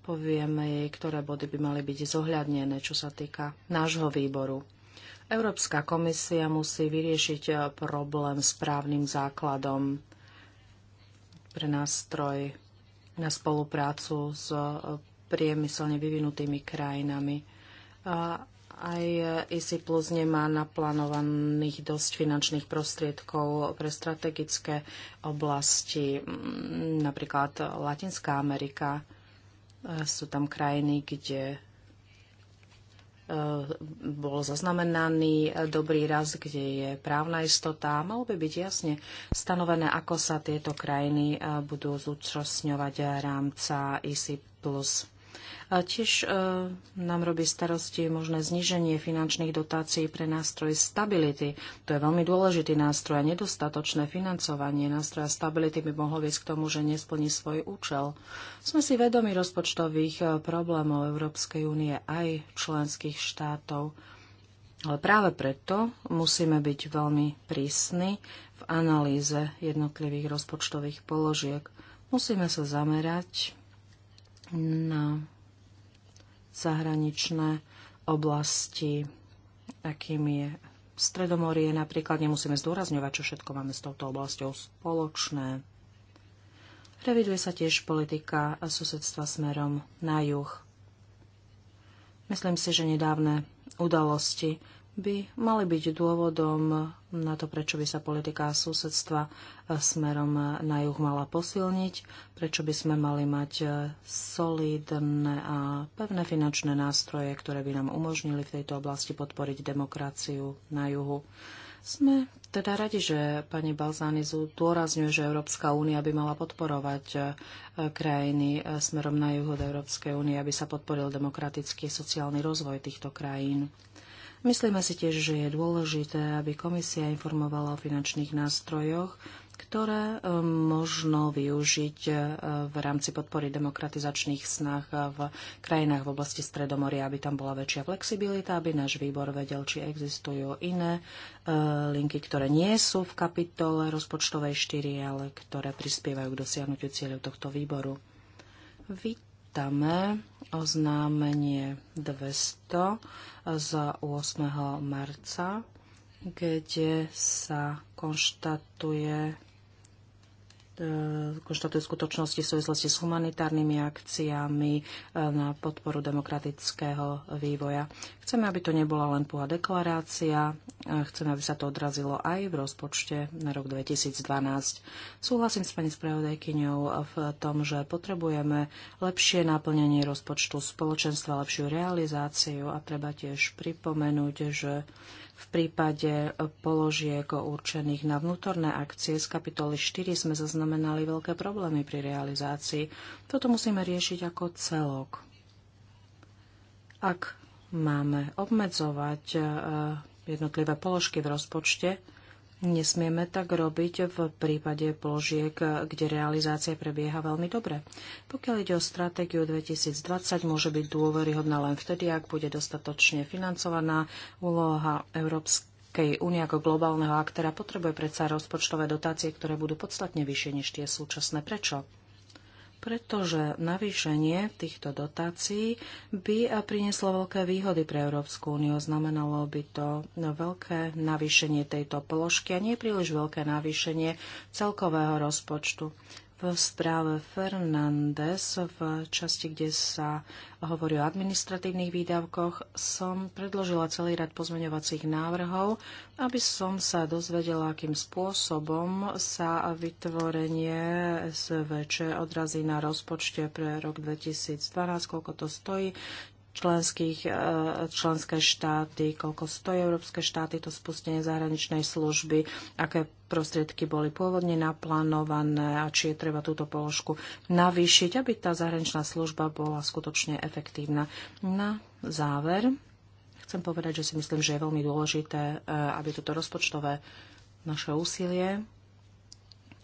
Povieme jej, ktoré body by mali byť zohľadnené, čo sa týka nášho výboru. Európska komisia musí vyriešiť eh, problém s právnym základom pre nástroj na spoluprácu s eh, priemyselne vyvinutými krajinami. A aj EC eh, Plus nemá naplánovaných dosť finančných prostriedkov pre strategické oblasti, mm, napríklad Latinská Amerika. Sú tam krajiny, kde Eh, bol zaznamenaný dobrý raz, kde je právna istota. Malo by byť jasne stanovené, ako sa tieto krajiny eh, budú zúčastňovať rámca EC plus. A tiež e, nám robí starosti možné zníženie finančných dotácií pre nástroj stability. To je veľmi dôležitý nástroj a nedostatočné financovanie nástroja stability by mohlo viesť k tomu, že nesplní svoj účel. Sme si vedomi rozpočtových e, problémov Európskej únie aj členských štátov. Ale práve preto musíme byť veľmi prísni v analýze jednotlivých rozpočtových položiek. Musíme sa zamerať na zahraničné oblasti, akým je Stredomorie napríklad. Nemusíme zdôrazňovať, čo všetko máme s touto oblasťou spoločné. Reviduje sa tiež politika a susedstva smerom na juh. Myslím si, že nedávne udalosti by mali byť dôvodom na to, prečo by sa politika susedstva e, smerom na juh mala posilniť, prečo by sme mali mať e, solidné a pevné finančné nástroje, ktoré by nám umožnili v tejto oblasti podporiť demokraciu na juhu. Sme teda radi, že pani Balzány zdôrazňuje, že Európska únia by mala podporovať e, krajiny smerom na juh od Európskej únie, aby sa podporil demokratický sociálny rozvoj týchto krajín. Myslíme si tiež, že je dôležité, aby komisia informovala o finančných nástrojoch, ktoré um, možno využiť uh, v rámci podpory demokratizačných snah v krajinách v oblasti Stredomoria, aby tam bola väčšia flexibilita, aby náš výbor vedel, či existujú iné uh, linky, ktoré nie sú v kapitole rozpočtovej 4, ale ktoré prispievajú k dosiahnutiu cieľov tohto výboru. Vít čítame oznámenie 200 z 8. marca, kde sa konštatuje E, konštatujú skutočnosti v súvislosti s humanitárnymi akciami e, na podporu demokratického vývoja. Chceme, aby to nebola len púha deklarácia, e, chceme, aby sa to odrazilo aj v rozpočte na rok 2012. Súhlasím s pani spravodajkyňou v tom, že potrebujeme lepšie naplnenie rozpočtu spoločenstva, lepšiu realizáciu a treba tiež pripomenúť, že v prípade položiek určených na vnútorné akcie z kapitoly 4 sme zaznamenali veľké problémy pri realizácii. Toto musíme riešiť ako celok. Ak máme obmedzovať eh, jednotlivé položky v rozpočte, Nesmieme tak robiť v prípade položiek, kde realizácia prebieha veľmi dobre. Pokiaľ ide o stratégiu 2020, môže byť dôveryhodná len vtedy, ak bude dostatočne financovaná úloha Európskej únie ako globálneho aktéra. Potrebuje predsa rozpočtové dotácie, ktoré budú podstatne vyššie než tie súčasné. Prečo? pretože navýšenie týchto dotácií by prinieslo veľké výhody pre Európsku úniu. Znamenalo by to veľké navýšenie tejto položky a nie príliš veľké navýšenie celkového rozpočtu v správe Fernández v časti, kde sa hovorí o administratívnych výdavkoch, som predložila celý rad pozmeňovacích návrhov, aby som sa dozvedela, akým spôsobom sa vytvorenie SVČ odrazí na rozpočte pre rok 2012, koľko to stojí, členských, e, členské štáty, koľko stojí európske štáty to spustenie zahraničnej služby, aké prostriedky boli pôvodne naplánované a či je treba túto položku navýšiť, aby tá zahraničná služba bola skutočne efektívna. Na záver chcem povedať, že si myslím, že je veľmi dôležité, e, aby toto rozpočtové naše úsilie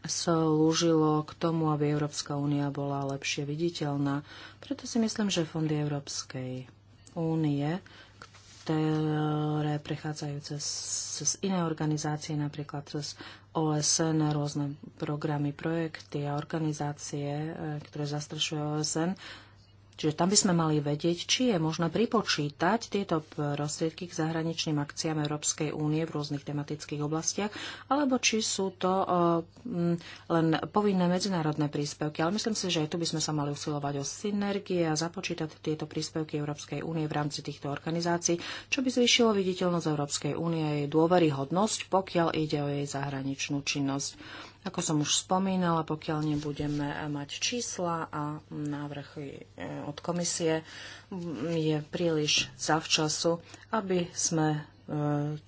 slúžilo k tomu, aby Európska únia bola lepšie viditeľná. Preto si myslím, že fondy Európskej únie, ktoré prechádzajú cez, cez iné organizácie, napríklad cez OSN, rôzne programy, projekty a organizácie, e, ktoré zastrešuje OSN, Čiže tam by sme mali vedieť, či je možné pripočítať tieto prostriedky k zahraničným akciám Európskej únie v rôznych tematických oblastiach, alebo či sú to eh, len povinné medzinárodné príspevky. Ale myslím si, že aj tu by sme sa mali usilovať o synergie a započítať tieto príspevky Európskej únie v rámci týchto organizácií, čo by zvýšilo viditeľnosť Európskej únie a jej dôveryhodnosť, pokiaľ ide o jej zahraničnú činnosť. Ako som už spomínala, pokiaľ nebudeme mať čísla a návrh e, od komisie, je príliš zavčasu, aby sme e,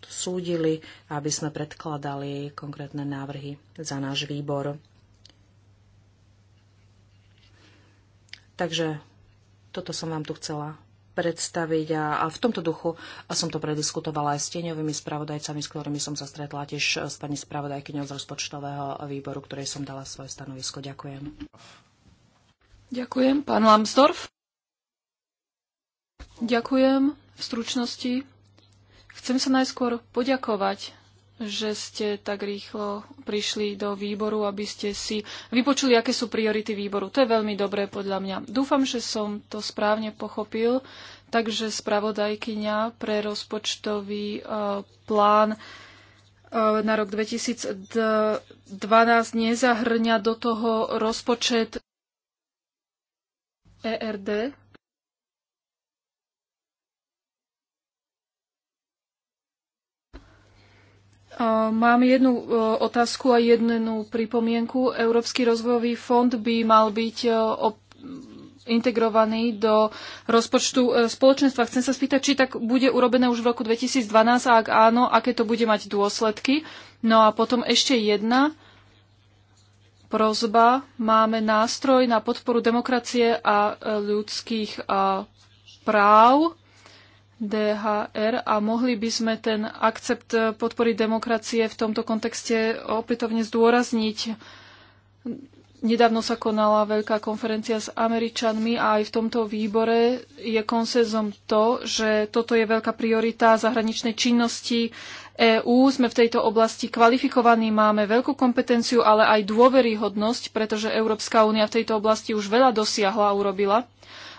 súdili, aby sme predkladali konkrétne návrhy za náš výbor. Takže toto som vám tu chcela predstaviť a, a v tomto duchu som to prediskutovala aj s tieňovými spravodajcami, s ktorými som sa stretla tiež s pani spravodajkyňou z rozpočtového výboru, ktorej som dala svoje stanovisko. Ďakujem. Ďakujem. Pán Lambsdorff? Ďakujem v stručnosti. Chcem sa najskôr poďakovať že ste tak rýchlo prišli do výboru, aby ste si vypočuli, aké sú priority výboru. To je veľmi dobré podľa mňa. Dúfam, že som to správne pochopil, takže spravodajkyňa pre rozpočtový uh, plán uh, na rok 2012 nezahrňa do toho rozpočet ERD, Mám jednu e, otázku a jednu pripomienku. Európsky rozvojový fond by mal byť e, integrovaný do rozpočtu e, spoločenstva. Chcem sa spýtať, či tak bude urobené už v roku 2012 a ak áno, aké to bude mať dôsledky. No a potom ešte jedna prozba. Máme nástroj na podporu demokracie a ľudských práv. DHR a mohli by sme ten akcept eh, podpory demokracie v tomto kontexte opätovne zdôrazniť. Nedávno sa konala veľká konferencia s Američanmi a aj v tomto výbore je konsenzom to, že toto je veľká priorita zahraničnej činnosti EÚ. Sme v tejto oblasti kvalifikovaní, máme veľkú kompetenciu, ale aj dôveryhodnosť, pretože Európska únia v tejto oblasti už veľa dosiahla a urobila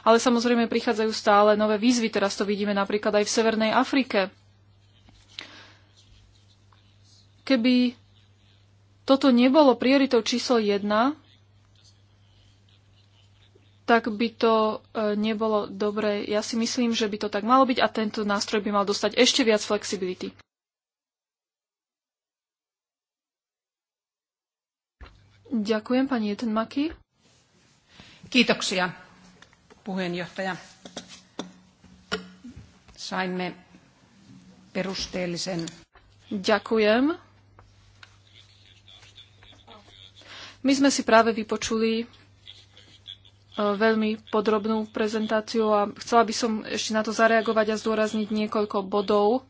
ale samozrejme prichádzajú stále nové výzvy. Teraz to vidíme napríklad aj v Severnej Afrike. Keby toto nebolo prioritou číslo 1, tak by to e, nebolo dobre. Ja si myslím, že by to tak malo byť a tento nástroj by mal dostať ešte viac flexibility. Ďakujem pani Jetenmaki. Kýtoksia puheenjohtaja. Saimme perusteellisen... Ďakujem. My sme si práve vypočuli e, veľmi podrobnú prezentáciu a chcela by som ešte na to zareagovať a zdôrazniť niekoľko bodov.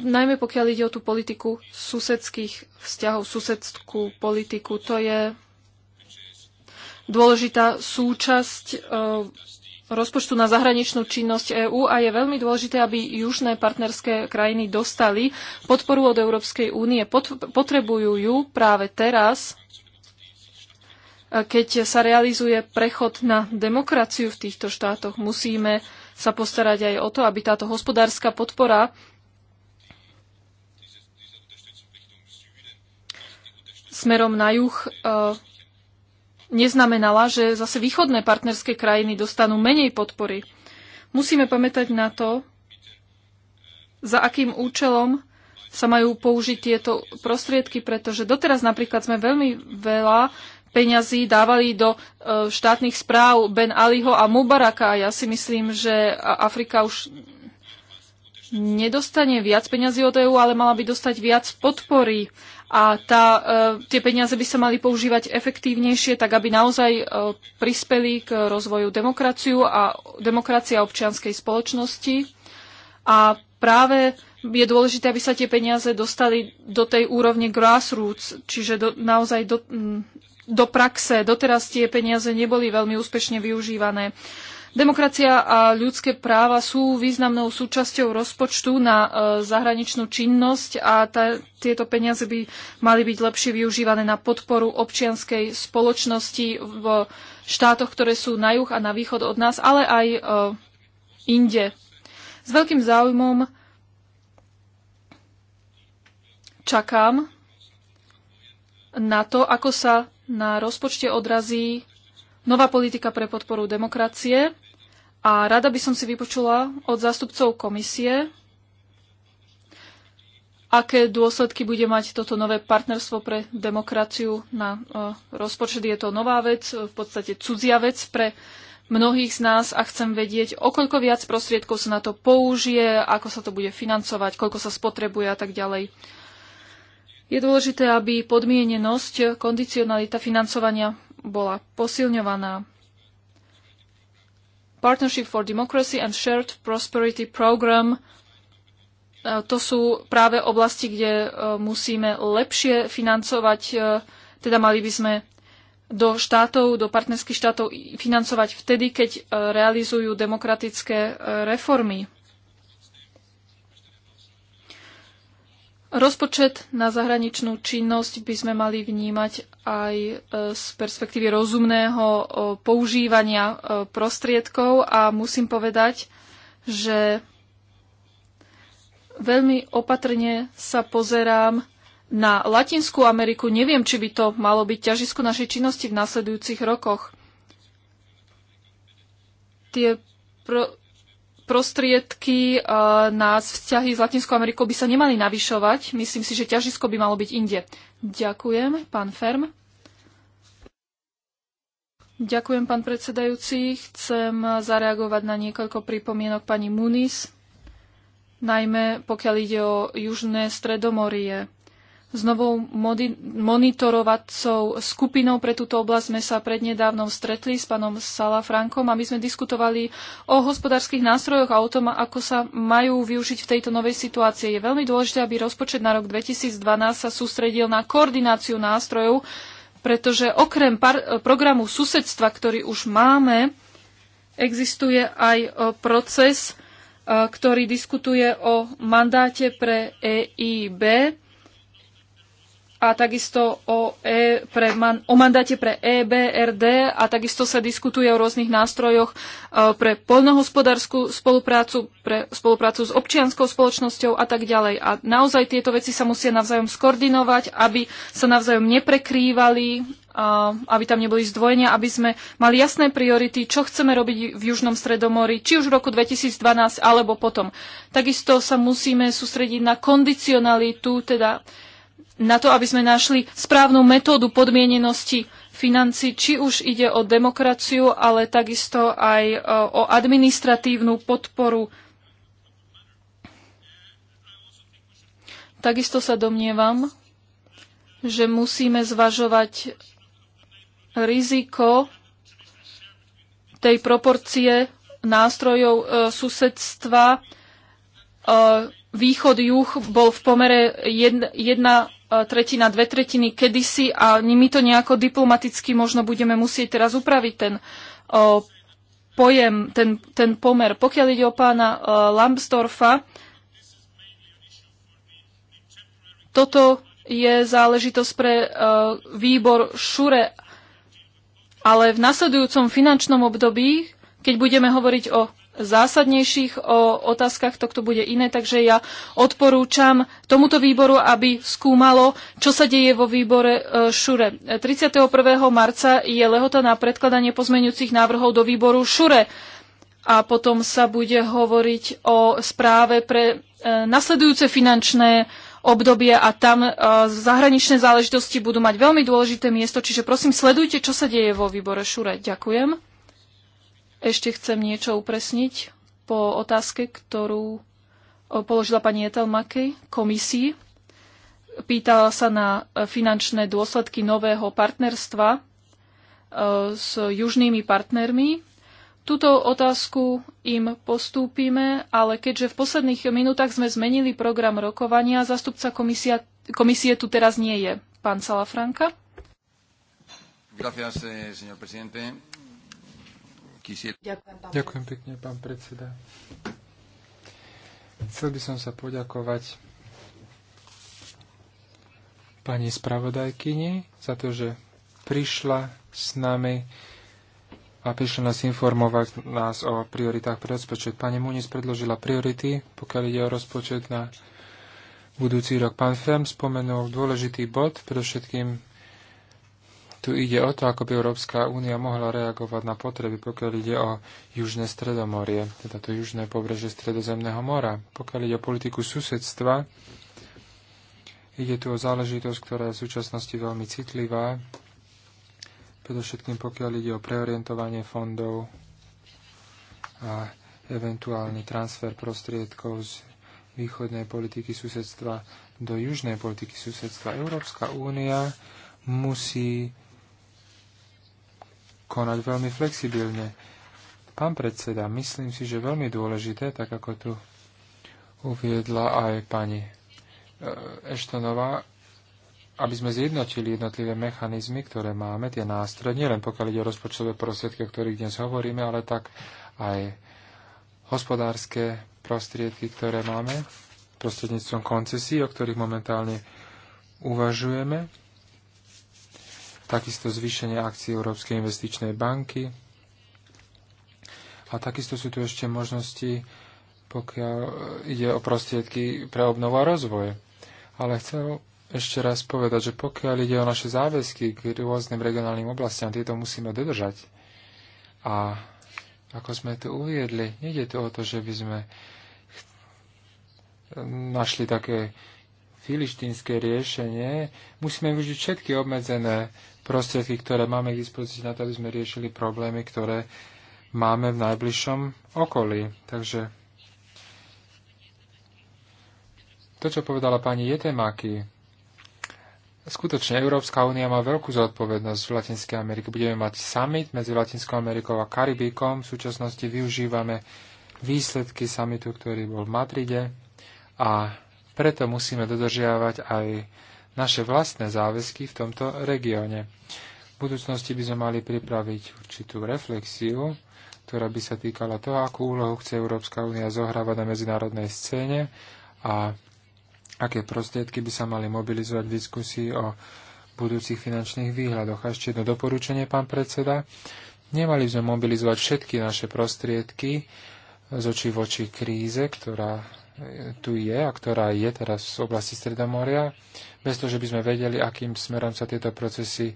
Najmä pokiaľ ide o tú politiku susedských vzťahov, susedskú politiku, to je dôležitá súčasť e, rozpočtu na zahraničnú činnosť EÚ a je veľmi dôležité, aby južné partnerské krajiny dostali podporu od Európskej únie. Potrebujú ju práve teraz, keď sa realizuje prechod na demokraciu v týchto štátoch. Musíme sa postarať aj o to, aby táto hospodárska podpora smerom na juh e, neznamenala, že zase východné partnerské krajiny dostanú menej podpory. Musíme pamätať na to, za akým účelom sa majú použiť tieto prostriedky, pretože doteraz napríklad sme veľmi veľa peňazí dávali do e, štátnych správ Ben Aliho a Mubaraka. Ja si myslím, že Afrika už nedostane viac peňazí od EÚ, ale mala by dostať viac podpory a tá, e, tie peniaze by sa mali používať efektívnejšie, tak aby naozaj e, prispeli k rozvoju demokraciu a demokracia občianskej spoločnosti. A práve je dôležité, aby sa tie peniaze dostali do tej úrovne grassroots, čiže do, naozaj do, do praxe. Doteraz tie peniaze neboli veľmi úspešne využívané. Demokracia a ľudské práva sú významnou súčasťou rozpočtu na e, zahraničnú činnosť a tieto peniaze by mali byť lepšie využívané na podporu občianskej spoločnosti v štátoch, ktoré sú na juh a na východ od nás, ale aj e, inde. S veľkým záujmom čakám na to, ako sa na rozpočte odrazí nová politika pre podporu demokracie a rada by som si vypočula od zástupcov komisie, aké dôsledky bude mať toto nové partnerstvo pre demokraciu na e, rozpočet. Je to nová vec, e, v podstate cudzia vec pre mnohých z nás a chcem vedieť, o koľko viac prostriedkov sa na to použije, ako sa to bude financovať, koľko sa spotrebuje a tak ďalej. Je dôležité, aby podmienenosť, kondicionalita financovania bola posilňovaná. Partnership for Democracy and Shared Prosperity Program e, to sú práve oblasti, kde e, musíme lepšie financovať, e, teda mali by sme do štátov, do partnerských štátov financovať vtedy, keď realizujú demokratické reformy. Rozpočet na zahraničnú činnosť by sme mali vnímať aj e, z perspektívy rozumného e, používania e, prostriedkov a musím povedať, že veľmi opatrne sa pozerám na Latinskú Ameriku. Neviem, či by to malo byť ťažisko našej činnosti v nasledujúcich rokoch. Tie pro- prostriedky eh, na vzťahy s Latinskou Amerikou by sa nemali navyšovať. Myslím si, že ťažisko by malo byť inde. Ďakujem, pán Ferm. Ďakujem, pán predsedajúci. Chcem zareagovať na niekoľko pripomienok pani Muniz, najmä pokiaľ ide o južné stredomorie s novou monitorovacou skupinou pre túto oblasť sme sa prednedávnom stretli s pánom Sala Frankom a my sme diskutovali o hospodárskych nástrojoch a o tom, ako sa majú využiť v tejto novej situácii. Je veľmi dôležité, aby rozpočet na rok 2012 sa sústredil na koordináciu nástrojov, pretože okrem programu susedstva, ktorý už máme, existuje aj e, proces, e, ktorý diskutuje o mandáte pre EIB a takisto o, e, pre man, o mandáte pre EBRD a takisto sa diskutuje o rôznych nástrojoch e, pre poľnohospodárskú spoluprácu, pre spoluprácu s občianskou spoločnosťou a tak ďalej. A naozaj tieto veci sa musia navzájom skoordinovať, aby sa navzájom neprekrývali, a, e, aby tam neboli zdvojenia, aby sme mali jasné priority, čo chceme robiť v Južnom Stredomori, či už v roku 2012 alebo potom. Takisto sa musíme sústrediť na kondicionalitu, teda na to, aby sme našli správnu metódu podmienenosti financí, či už ide o demokraciu, ale takisto aj e, o administratívnu podporu. Takisto sa domnievam, že musíme zvažovať riziko tej proporcie nástrojov e, susedstva. E, východ-juh bol v pomere 1 E, tretina, dve tretiny kedysi a my to nejako diplomaticky možno budeme musieť teraz upraviť ten e, pojem, ten, ten pomer. Pokiaľ ide o pána e, Lambsdorfa, toto je záležitosť pre výbor Šure, ale v nasledujúcom finančnom období, keď budeme hovoriť o zásadnejších o otázkach, to bude iné, takže ja odporúčam tomuto výboru, aby skúmalo, čo sa deje vo výbore e, Šure. 31. E, marca je lehota na predkladanie pozmeňujúcich návrhov do výboru Šure a potom sa bude hovoriť o správe pre e, nasledujúce finančné obdobie a tam zahraničné záležitosti budú mať veľmi dôležité miesto, čiže prosím sledujte, čo sa deje vo výbore Šure. Ďakujem. Ešte chcem niečo upresniť po otázke, ktorú eh, položila pani Makej komisii. Pýtala sa na eh, finančné dôsledky nového partnerstva eh, s južnými partnermi. Túto otázku im postúpime, ale keďže v posledných minútach sme zmenili program rokovania, zastupca komisia, komisie tu teraz nie je. Pán Salafranka. Gracias, señor presidente. Ďakujem, pán Ďakujem pekne, pán predseda. Chcel by som sa poďakovať pani spravodajkyni za to, že prišla s nami a prišla nás informovať nás o prioritách pre rozpočet. Pani Muniz predložila priority, pokiaľ ide o rozpočet na budúci rok. Pán Ferm spomenul dôležitý bod, predovšetkým tu ide o to, ako by Európska únia mohla reagovať na potreby, pokiaľ ide o južné stredomorie, teda to južné pobreže Stredozemného mora. Pokiaľ ide o politiku susedstva, ide tu o záležitosť, ktorá je v súčasnosti veľmi citlivá, predovšetkým pokiaľ ide o preorientovanie fondov a eventuálny transfer prostriedkov z východnej politiky susedstva do južnej politiky susedstva. Európska únia musí konať veľmi flexibilne. Pán predseda, myslím si, že veľmi dôležité, tak ako tu uviedla aj pani eh, Eštonová, aby sme zjednotili jednotlivé mechanizmy, ktoré máme, tie nástroje, nielen pokiaľ ide o rozpočtové prostriedky, o ktorých dnes hovoríme, ale tak aj hospodárske prostriedky, ktoré máme prostredníctvom koncesí, o ktorých momentálne uvažujeme takisto zvýšenie akcií Európskej investičnej banky a takisto sú tu ešte možnosti, pokiaľ ide o prostriedky pre obnovu a rozvoj. Ale chcel ešte raz povedať, že pokiaľ ide o naše záväzky k rôznym regionálnym oblastiam, tieto musíme dodržať. A ako sme tu uviedli, nejde tu o to, že by sme našli také filištínske riešenie, musíme využiť všetky obmedzené prostriedky, ktoré máme k dispozícii na to, aby sme riešili problémy, ktoré máme v najbližšom okolí. Takže to, čo povedala pani Jetemaki, skutočne Európska únia má veľkú zodpovednosť v Latinskej Amerike. Budeme mať summit medzi Latinskou Amerikou a Karibikom. V súčasnosti využívame výsledky summitu, ktorý bol v Madride a preto musíme dodržiavať aj naše vlastné záväzky v tomto regióne. V budúcnosti by sme mali pripraviť určitú reflexiu, ktorá by sa týkala toho, akú úlohu chce Európska únia zohrávať na medzinárodnej scéne a aké prostriedky by sa mali mobilizovať v diskusii o budúcich finančných výhľadoch. A ešte jedno doporučenie, pán predseda. Nemali by sme mobilizovať všetky naše prostriedky z očí voči kríze, ktorá tu je a ktorá je teraz v oblasti Stredomoria, bez toho, že by sme vedeli, akým smerom sa tieto procesy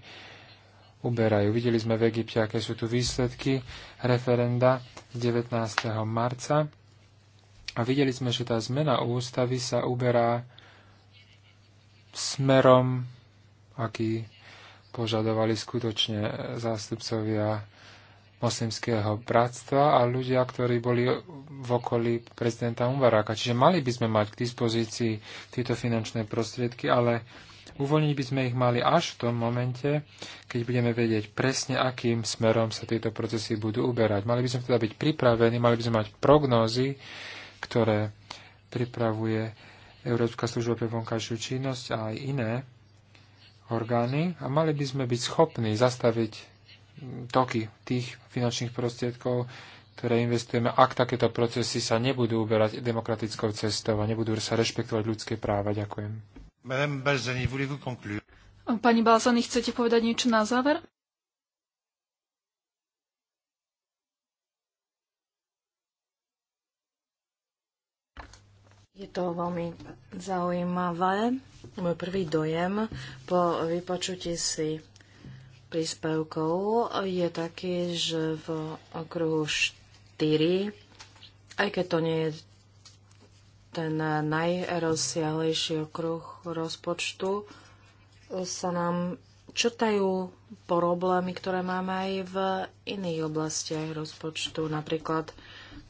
uberajú. Videli sme v Egypte, aké sú tu výsledky referenda 19. marca a videli sme, že tá zmena ústavy sa uberá smerom, aký požadovali skutočne zástupcovia moslimského bratstva a ľudia, ktorí boli v okolí prezidenta Umbaráka. Čiže mali by sme mať k dispozícii tieto finančné prostriedky, ale uvoľniť by sme ich mali až v tom momente, keď budeme vedieť presne, akým smerom sa tieto procesy budú uberať. Mali by sme teda byť pripravení, mali by sme mať prognózy, ktoré pripravuje Európska služba pre vonkajšiu činnosť a aj iné orgány a mali by sme byť schopní zastaviť toky tých finančných prostriedkov, ktoré investujeme, ak takéto procesy sa nebudú uberať demokratickou cestou a nebudú sa rešpektovať ľudské práva. Ďakujem. Pani Balzani, chcete povedať niečo na záver? Je to veľmi zaujímavé. Môj prvý dojem po vypočutí si príspevkov je taký, že v okruhu 4, aj keď to nie je ten najrozsiahlejší okruh rozpočtu, sa nám črtajú problémy, ktoré máme aj v iných oblastiach rozpočtu, napríklad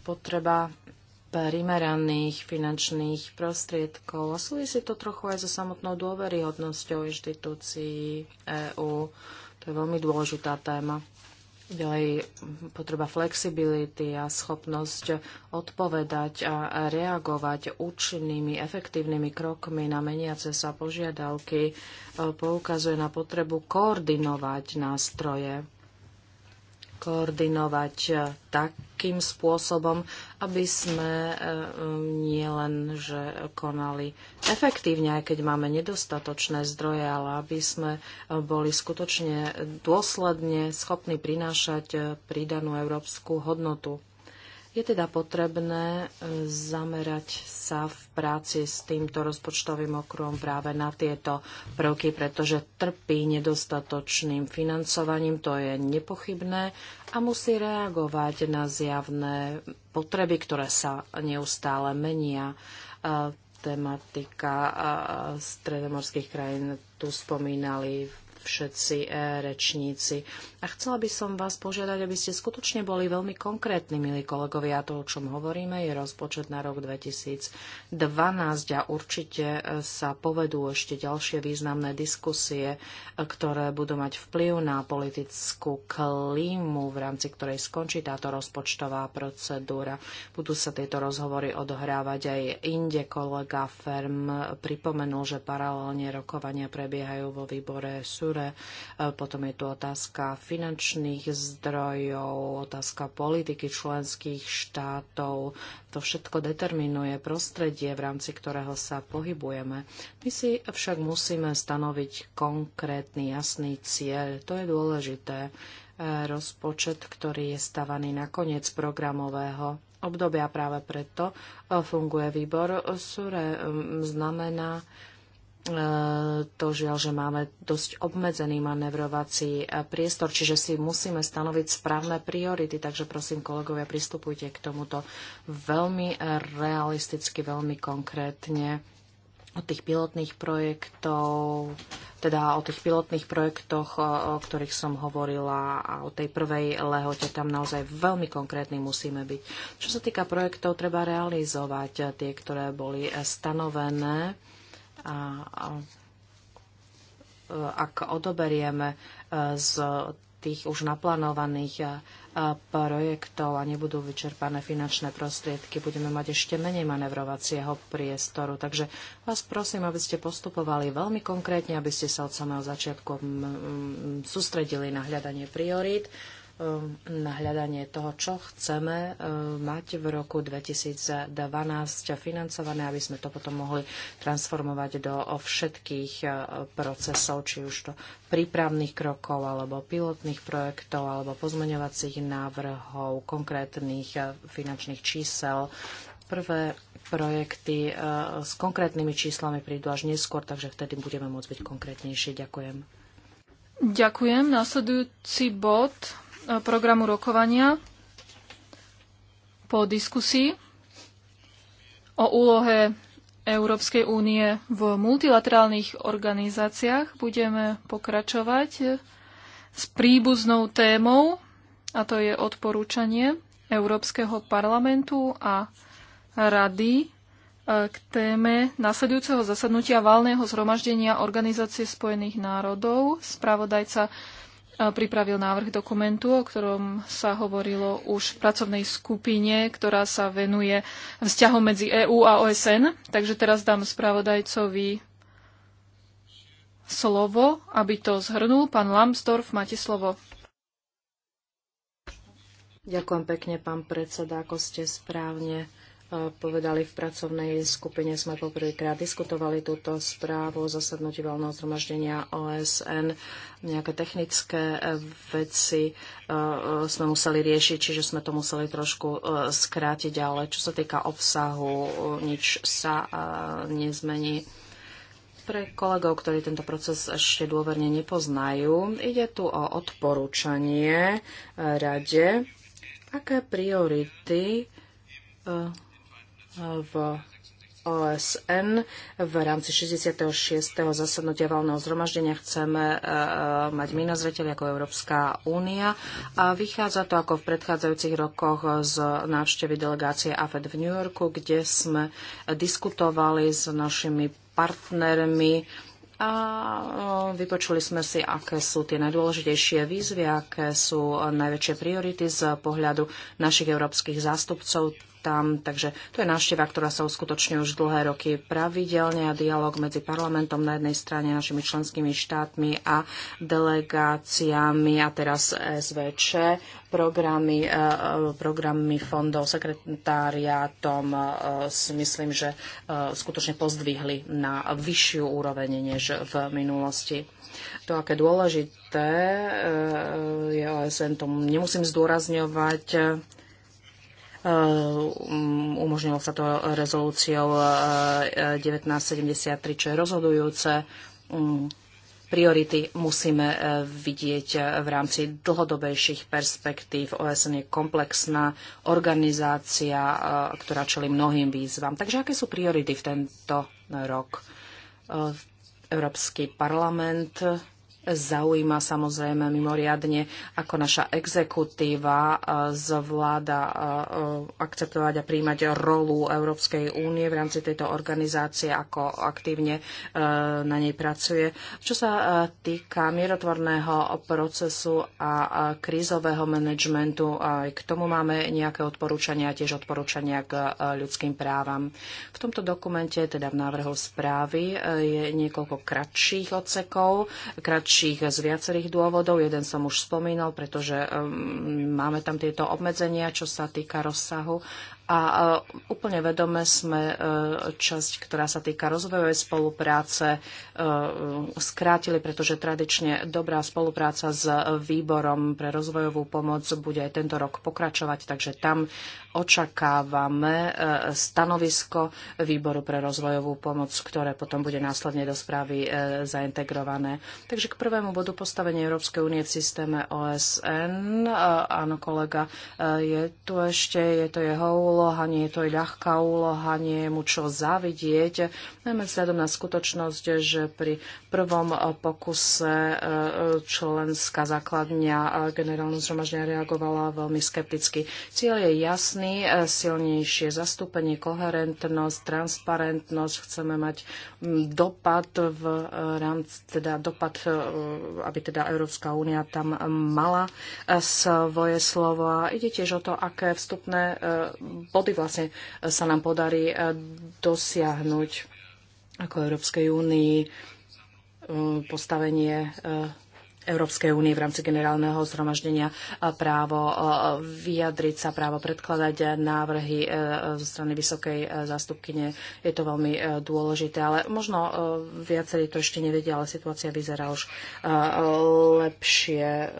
potreba primeraných finančných prostriedkov a súvisí to trochu aj so samotnou dôveryhodnosťou inštitúcií EÚ. EU to je veľmi dôležitá téma. Ďalej hm, potreba flexibility a schopnosť odpovedať a reagovať účinnými, efektívnymi krokmi na meniace sa požiadavky e, poukazuje na potrebu koordinovať nástroje koordinovať e, takým spôsobom, aby sme e, nielen, že konali efektívne, aj keď máme nedostatočné zdroje, ale aby sme e, boli skutočne dôsledne schopní prinášať pridanú európsku hodnotu. Je teda potrebné e, zamerať sa v práci s týmto rozpočtovým okruhom práve na tieto prvky, pretože trpí nedostatočným financovaním, to je nepochybné a musí reagovať na zjavné potreby, ktoré sa neustále menia. E, tematika e, stredomorských krajín tu spomínali všetci rečníci. A chcela by som vás požiadať, aby ste skutočne boli veľmi konkrétni, milí kolegovia. To, o čom hovoríme, je rozpočet na rok 2012 a určite e, sa povedú ešte ďalšie významné diskusie, e, ktoré budú mať vplyv na politickú klímu, v rámci ktorej skončí táto rozpočtová procedúra. Budú sa tieto rozhovory odohrávať aj inde. Kolega Ferm pripomenul, že paralelne rokovania prebiehajú vo výbore SURE. E, potom je tu otázka finančných zdrojov, otázka politiky členských štátov. To všetko determinuje prostredie, v rámci ktorého sa pohybujeme. My si však musíme stanoviť konkrétny, jasný cieľ. To je dôležité. E, rozpočet, ktorý je stavaný na koniec programového obdobia práve preto e, funguje výbor SURE, e, znamená, to žiaľ, že máme dosť obmedzený manevrovací eh, priestor, čiže si musíme stanoviť správne priority, takže prosím kolegovia, pristupujte k tomuto veľmi eh, realisticky, veľmi konkrétne O tých pilotných projektov, teda o tých pilotných projektoch, eh, o ktorých som hovorila a o tej prvej lehote, tam naozaj veľmi konkrétny musíme byť. Čo sa týka projektov, treba realizovať tie, ktoré boli stanovené a ak odoberieme e, z tých už naplánovaných e, projektov a nebudú vyčerpané finančné prostriedky, budeme mať ešte menej manevrovacieho priestoru. Takže vás prosím, aby ste postupovali veľmi konkrétne, aby ste sa od samého začiatku sústredili na hľadanie priorít Ehm, na hľadanie toho, čo chceme ehm, mať v roku 2012 financované, aby sme to potom mohli transformovať do všetkých ehm, procesov, či už to prípravných krokov, alebo pilotných projektov, alebo pozmeňovacích návrhov, konkrétnych finančných čísel. Prvé projekty s konkrétnymi číslami prídu až neskôr, takže vtedy budeme môcť byť konkrétnejší. Ďakujem. Ďakujem. Nasledujúci bod E, programu rokovania po diskusii o úlohe Európskej únie v multilaterálnych organizáciách budeme pokračovať s príbuznou témou, a to je odporúčanie Európskeho parlamentu a rady e, k téme nasledujúceho zasadnutia valného zhromaždenia Organizácie spojených národov. Spravodajca pripravil návrh dokumentu, o ktorom sa hovorilo už v pracovnej skupine, ktorá sa venuje vzťahom medzi EÚ a OSN. Takže teraz dám spravodajcovi slovo, aby to zhrnul. Pán Lambsdorff, máte slovo. Ďakujem pekne, pán predseda, ako ste správne povedali v pracovnej skupine, sme poprvýkrát diskutovali túto správu o zasadnutí valného zhromaždenia OSN. Nejaké technické e, veci e, e, sme museli riešiť, čiže sme to museli trošku skrátiť, ale čo sa týka obsahu, nič sa nezmení. Pre kolegov, ktorí tento proces ešte dôverne nepoznajú, ide tu o odporúčanie rade, aké priority v OSN v rámci 66. zasadnutia valného zhromaždenia chceme e, e, mať my na zreteli ako Európska únia. A vychádza to ako v predchádzajúcich rokoch z návštevy delegácie AFED v New Yorku, kde sme diskutovali s našimi partnermi a e, vypočuli sme si, aké sú tie najdôležitejšie výzvy, aké sú najväčšie priority z pohľadu našich európskych zástupcov tam. Takže to je návšteva, ktorá sa uskutočňuje už dlhé roky pravidelne a dialog medzi parlamentom na jednej strane, našimi členskými štátmi a delegáciami a teraz SVČ programy, e, e, programy fondov, sekretáriátom, e, si myslím, že skutočne pozdvihli na vyššiu úroveň než v minulosti. To, aké dôležité je OSN, to nemusím zdôrazňovať Ehm, umožnilo sa to rezolúciou 1973, e, čo je rozhodujúce mm, priority musíme e, vidieť e, v rámci dlhodobejších perspektív. OSN je komplexná organizácia, ktorá čeli mnohým výzvam. Takže aké sú priority v tento rok? Európsky parlament zaujíma samozrejme mimoriadne, ako naša exekutíva e, zvláda e, e, akceptovať a príjmať rolu Európskej únie v rámci tejto organizácie, ako aktívne na nej pracuje. Čo sa týka mierotvorného procesu a krízového manažmentu, aj k tomu máme nejaké odporúčania, tiež odporúčania k ľudským právam. V tomto dokumente, teda v návrhu správy, je niekoľko kratších odsekov, kratších väčších z viacerých dôvodov. Jeden som už spomínal, pretože um, máme tam tieto obmedzenia, čo sa týka rozsahu. A uh, úplne vedome sme uh, časť, ktorá sa týka rozvojovej spolupráce, uh, skrátili, pretože tradične dobrá spolupráca s výborom pre rozvojovú pomoc bude aj tento rok pokračovať, takže tam očakávame e, stanovisko Výboru pre rozvojovú pomoc, ktoré potom bude následne do správy e, zaintegrované. Takže k prvému bodu postavenie Európskej únie v systéme OSN. E, áno, kolega, je tu ešte, je to jeho úloha, nie je to ľahká úloha, nie je mu čo závidieť, najmä vzhľadom na skutočnosť, že pri prvom pokuse členská základňa generálne zhromaždenia reagovala veľmi skepticky. Cieľ je jasný, jasný, e, silnejšie zastúpenie, koherentnosť, transparentnosť. Chceme mať dopad v e, rámci, teda dopad, e, aby teda Európska únia tam mala svoje slovo. A ide tiež o to, aké vstupné body vlastne sa nám podarí dosiahnuť ako Európskej únii postavenie Európskej únie v rámci generálneho zhromaždenia právo vyjadriť sa, právo predkladať návrhy e, zo strany vysokej e, zástupkyne. Je to veľmi e, dôležité, ale možno viacerí to ešte nevedia, ale situácia vyzerá už lepšie.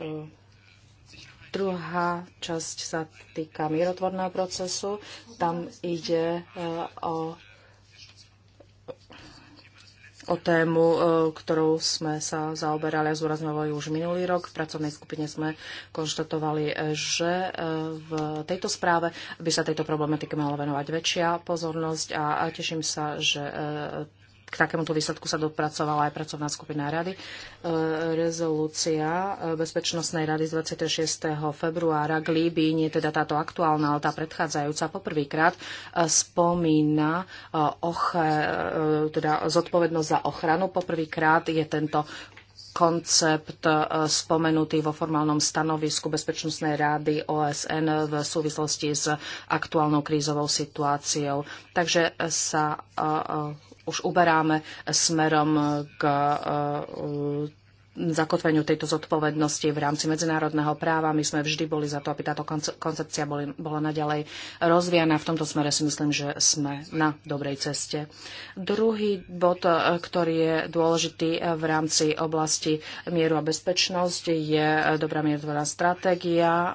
Druhá časť sa týka mierotvorného procesu. Tam ide o o tému, e, ktorou sme sa zaoberali a zúrazňovali už minulý rok. V pracovnej skupine sme konštatovali, e, že e, v tejto správe by sa tejto problematike mala venovať väčšia pozornosť a teším sa, že k takémuto výsledku sa dopracovala aj pracovná skupina rady. E, rezolúcia e, Bezpečnostnej rady z 26. februára k Líbii, nie teda táto aktuálna, ale tá predchádzajúca, poprvýkrát e, spomína teda zodpovednosť za ochranu. Poprvýkrát je tento koncept spomenutý vo formálnom stanovisku Bezpečnostnej rády OSN v súvislosti s aktuálnou krízovou situáciou. Takže sa už uberáme smerom k e, zakotveniu tejto zodpovednosti v rámci medzinárodného práva. My sme vždy boli za to, aby táto koncepcia boli, bola naďalej rozvíjana. V tomto smere si myslím, že sme na dobrej ceste. Druhý bod, e, ktorý je dôležitý e, v rámci oblasti mieru a bezpečnosti, je dobrá mierová stratégia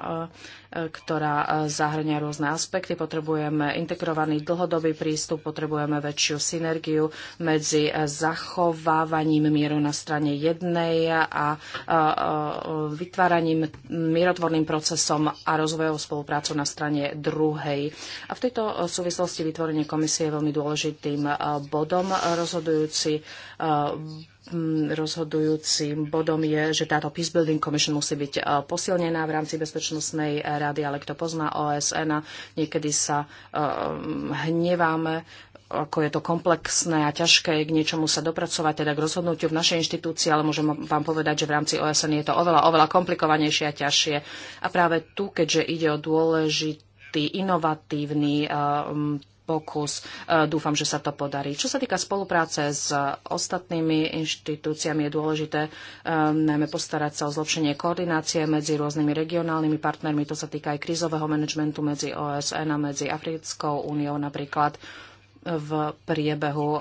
ktorá e, zahrňa rôzne aspekty. Potrebujeme integrovaný dlhodobý prístup, potrebujeme väčšiu synergiu medzi e, zachovávaním mieru na strane jednej a e, vytváraním mierotvorným procesom a rozvojovou spoluprácu na strane druhej. A v tejto súvislosti vytvorenie komisie je veľmi dôležitým bodom rozhodujúci Mm, rozhodujúcim bodom je, že táto Peace Building Commission musí byť e, posilnená v rámci Bezpečnostnej rady, ale kto pozná OSN, niekedy sa e, mm, hneváme, ako je to komplexné a ťažké k niečomu sa dopracovať, teda k rozhodnutiu v našej inštitúcii, ale môžem vám povedať, že v rámci OSN je to oveľa, oveľa komplikovanejšie a ťažšie. A práve tu, keďže ide o dôležitý inovatívny e, mm, pokus. E, dúfam, že sa to podarí. Čo sa týka spolupráce s ostatnými inštitúciami, je dôležité e, najmä postarať sa o zlepšenie koordinácie medzi rôznymi regionálnymi partnermi. To sa týka aj krizového manažmentu medzi OSN a medzi Africkou úniou napríklad v priebehu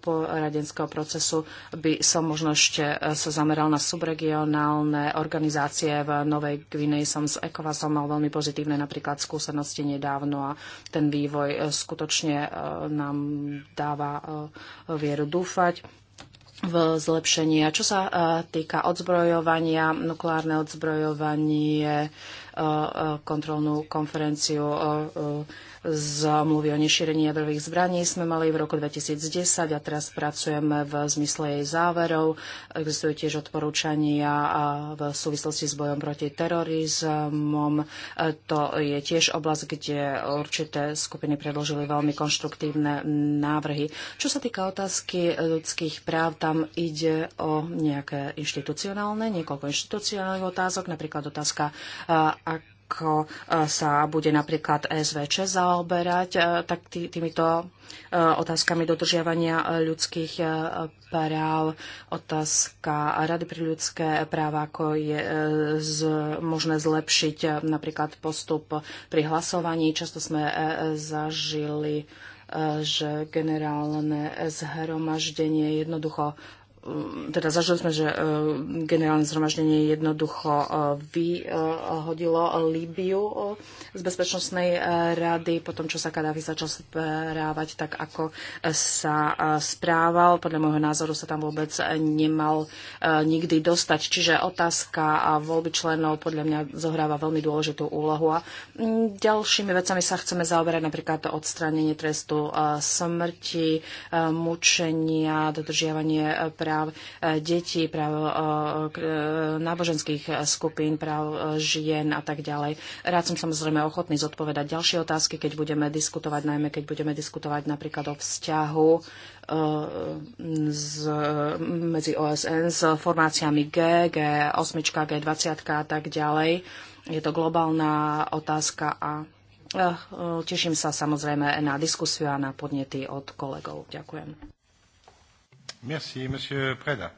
poradenského procesu by som možno ešte sa zameral na subregionálne organizácie. V Novej Gvineji som s ECOWASom mal veľmi pozitívne napríklad skúsenosti nedávno a ten vývoj e, skutočne e, nám dáva e, vieru dúfať v zlepšení. A čo sa týka odzbrojovania, nukleárne odzbrojovanie, kontrolnú konferenciu zmluvy o nešírení jadrových zbraní sme mali v roku 2010 a teraz pracujeme v zmysle jej záverov. Existujú tiež odporúčania v súvislosti s bojom proti terorizmom. To je tiež oblasť, kde určité skupiny predložili veľmi konštruktívne návrhy. Čo sa týka otázky ľudských práv, tam ide o nejaké inštitucionálne, niekoľko inštitucionálnych otázok, napríklad otázka ako e, sa bude napríklad SVČ zaoberať, e, tak tý, týmito e, otázkami dodržiavania ľudských práv, otázka Rady pre ľudské práva, ako je z, možné zlepšiť napríklad postup pri hlasovaní. Často sme zažili že generálne zhromaždenie jednoducho Mm, teda zažili sme, že e, generálne zhromaždenie jednoducho e, vyhodilo Líbiu e, z Bezpečnostnej rady po tom, čo sa Kadáfi začal správať tak, ako sa správal. Podľa môjho názoru sa tam vôbec nemal nikdy dostať. Čiže otázka a voľby členov podľa mňa zohráva veľmi dôležitú úlohu. A ďalšími vecami sa chceme zaoberať napríklad odstránenie trestu smrti, mučenia, dodržiavanie práv práv e, detí, práv e, e, náboženských skupín, práv žien a tak ďalej. Rád som samozrejme ochotný zodpovedať ďalšie otázky, keď budeme diskutovať, najmä keď budeme diskutovať napríklad o vzťahu z, medzi OSN s formáciami G, G8, G20 a tak ďalej. Je to globálna otázka a teším sa samozrejme na diskusiu a na podnety od kolegov. Ďakujem. Merci, monsieur Preda.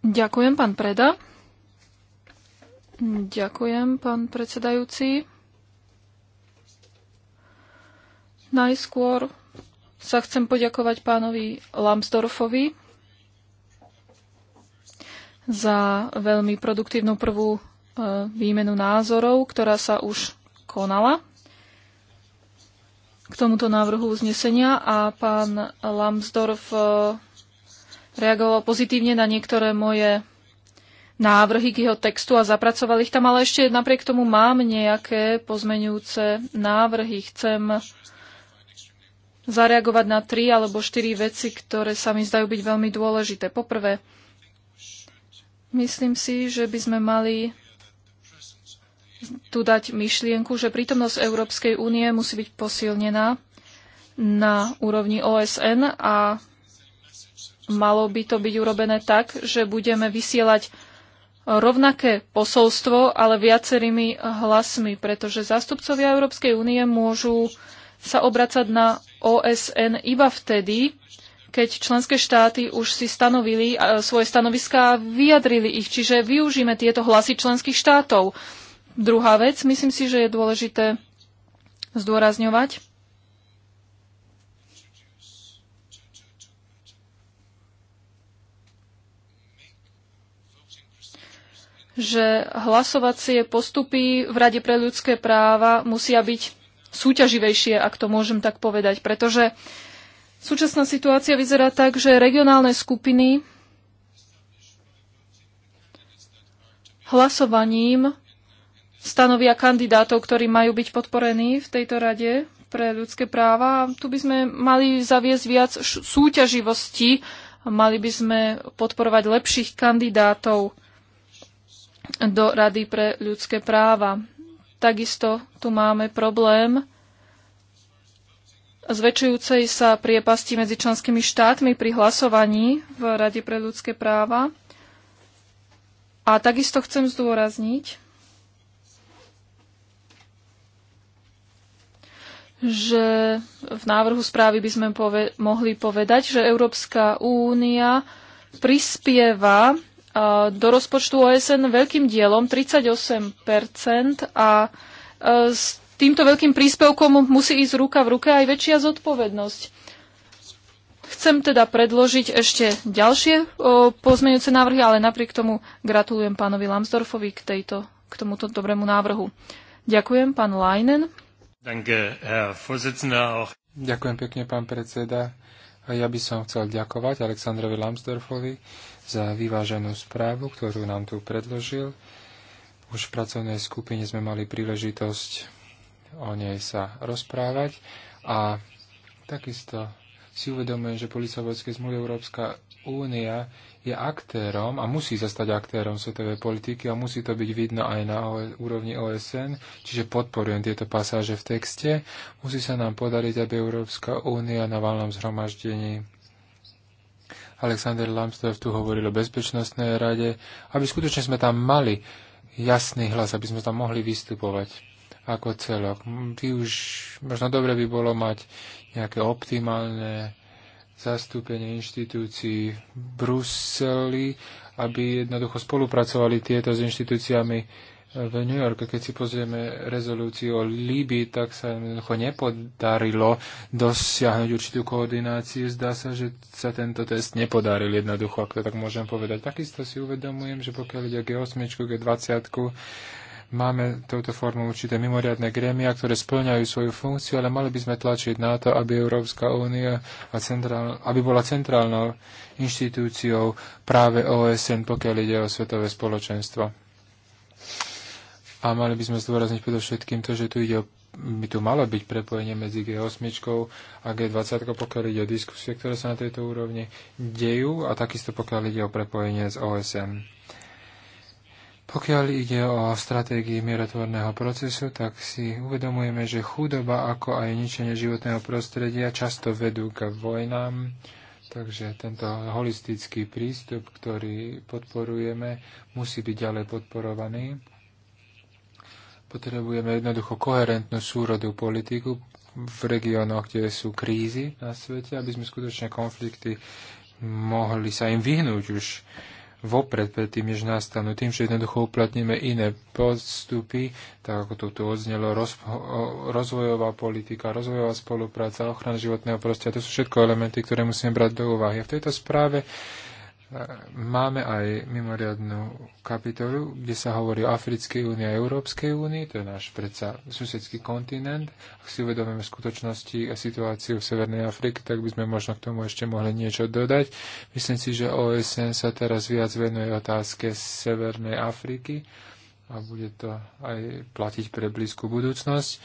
Ďakujem, pán Preda. Ďakujem, pán predsedajúci. Najskôr sa chcem poďakovať pánovi Lambsdorfovi za veľmi produktívnu prvú e, výmenu názorov, ktorá sa už konala k tomuto návrhu uznesenia a pán Lambsdorff e, reagoval pozitívne na niektoré moje návrhy k jeho textu a zapracoval ich tam, ale ešte napriek tomu mám nejaké pozmenujúce návrhy. Chcem zareagovať na tri alebo štyri veci, ktoré sa mi zdajú byť veľmi dôležité. Poprvé, myslím si, že by sme mali tu dať myšlienku, že prítomnosť Európskej únie musí byť posilnená na úrovni OSN a malo by to byť urobené tak, že budeme vysielať rovnaké posolstvo, ale viacerými hlasmi, pretože zástupcovia Európskej únie môžu sa obracať na OSN iba vtedy, keď členské štáty už si stanovili svoje stanoviská a vyjadrili ich, čiže využíme tieto hlasy členských štátov. Druhá vec, myslím si, že je dôležité zdôrazňovať, že hlasovacie postupy v Rade pre ľudské práva musia byť súťaživejšie, ak to môžem tak povedať, pretože súčasná situácia vyzerá tak, že regionálne skupiny hlasovaním stanovia kandidátov, ktorí majú byť podporení v tejto rade pre ľudské práva. Tu by sme mali zaviesť viac súťaživosti, mali by sme podporovať lepších kandidátov do Rady pre ľudské práva. Takisto tu máme problém zväčšujúcej sa priepasti medzi členskými štátmi pri hlasovaní v Rade pre ľudské práva. A takisto chcem zdôrazniť, že v návrhu správy by sme pove- mohli povedať, že Európska únia prispieva do rozpočtu OSN veľkým dielom, 38 a e, s týmto veľkým príspevkom musí ísť ruka v ruke aj väčšia zodpovednosť. Chcem teda predložiť ešte ďalšie e, pozmeňujúce návrhy, ale napriek tomu gratulujem pánovi Lambsdorfovi k, tejto, k tomuto dobrému návrhu. Ďakujem, pán Leinen. Danke, Ďakujem pekne, pán predseda. A ja by som chcel ďakovať Aleksandrovi Lambsdorfovi za vyváženú správu, ktorú nám tu predložil. Už v pracovnej skupine sme mali príležitosť o nej sa rozprávať a takisto si uvedomujem, že po zmluvy Európska únia je aktérom a musí sa stať aktérom svetovej politiky a musí to byť vidno aj na úrovni OSN, čiže podporujem tieto pasáže v texte. Musí sa nám podariť, aby Európska únia na valnom zhromaždení Alexander Lambsdorff tu hovoril o bezpečnostnej rade, aby skutočne sme tam mali jasný hlas, aby sme tam mohli vystupovať ako celok. Ty hm, už možno dobre by bolo mať nejaké optimálne zastúpenie inštitúcií v Bruseli, aby jednoducho spolupracovali tieto s inštitúciami v New Yorku. Keď si pozrieme rezolúciu o Líbii, tak sa jednoducho nepodarilo dosiahnuť určitú koordináciu. Zdá sa, že sa tento test nepodaril jednoducho, ak to tak môžem povedať. Takisto si uvedomujem, že pokiaľ ide o G8, G20, Máme touto formou určité mimoriadne grémia, ktoré splňajú svoju funkciu, ale mali by sme tlačiť na to, aby Európska únia a centrál, aby bola centrálnou inštitúciou práve OSN, pokiaľ ide o svetové spoločenstvo. A mali by sme zdôrazniť predovšetkým to, že tu ide o by tu malo byť prepojenie medzi G8 a G20, pokiaľ ide o diskusie, ktoré sa na tejto úrovni dejú a takisto pokiaľ ide o prepojenie s OSN. Pokiaľ ide o stratégii mierotvorného procesu, tak si uvedomujeme, že chudoba ako aj ničenie životného prostredia často vedú k vojnám, takže tento holistický prístup, ktorý podporujeme, musí byť ďalej podporovaný. Potrebujeme jednoducho koherentnú súrodu politiku v regiónoch, kde sú krízy na svete, aby sme skutočne konflikty mohli sa im vyhnúť už vopred, tým, než nastanú, tým, že jednoducho uplatníme iné postupy, tak ako to tu odznelo, roz, rozvojová politika, rozvojová spolupráca, ochrana životného prostredia, to sú všetko elementy, ktoré musíme brať do úvahy. A v tejto správe máme aj mimoriadnú kapitolu, kde sa hovorí o Africkej únii a Európskej únii, to je náš predsa susedský kontinent. Ak si uvedomíme skutočnosti a situáciu v Severnej Afrike, tak by sme možno k tomu ešte mohli niečo dodať. Myslím si, že OSN sa teraz viac venuje otázke Severnej Afriky a bude to aj platiť pre blízku budúcnosť.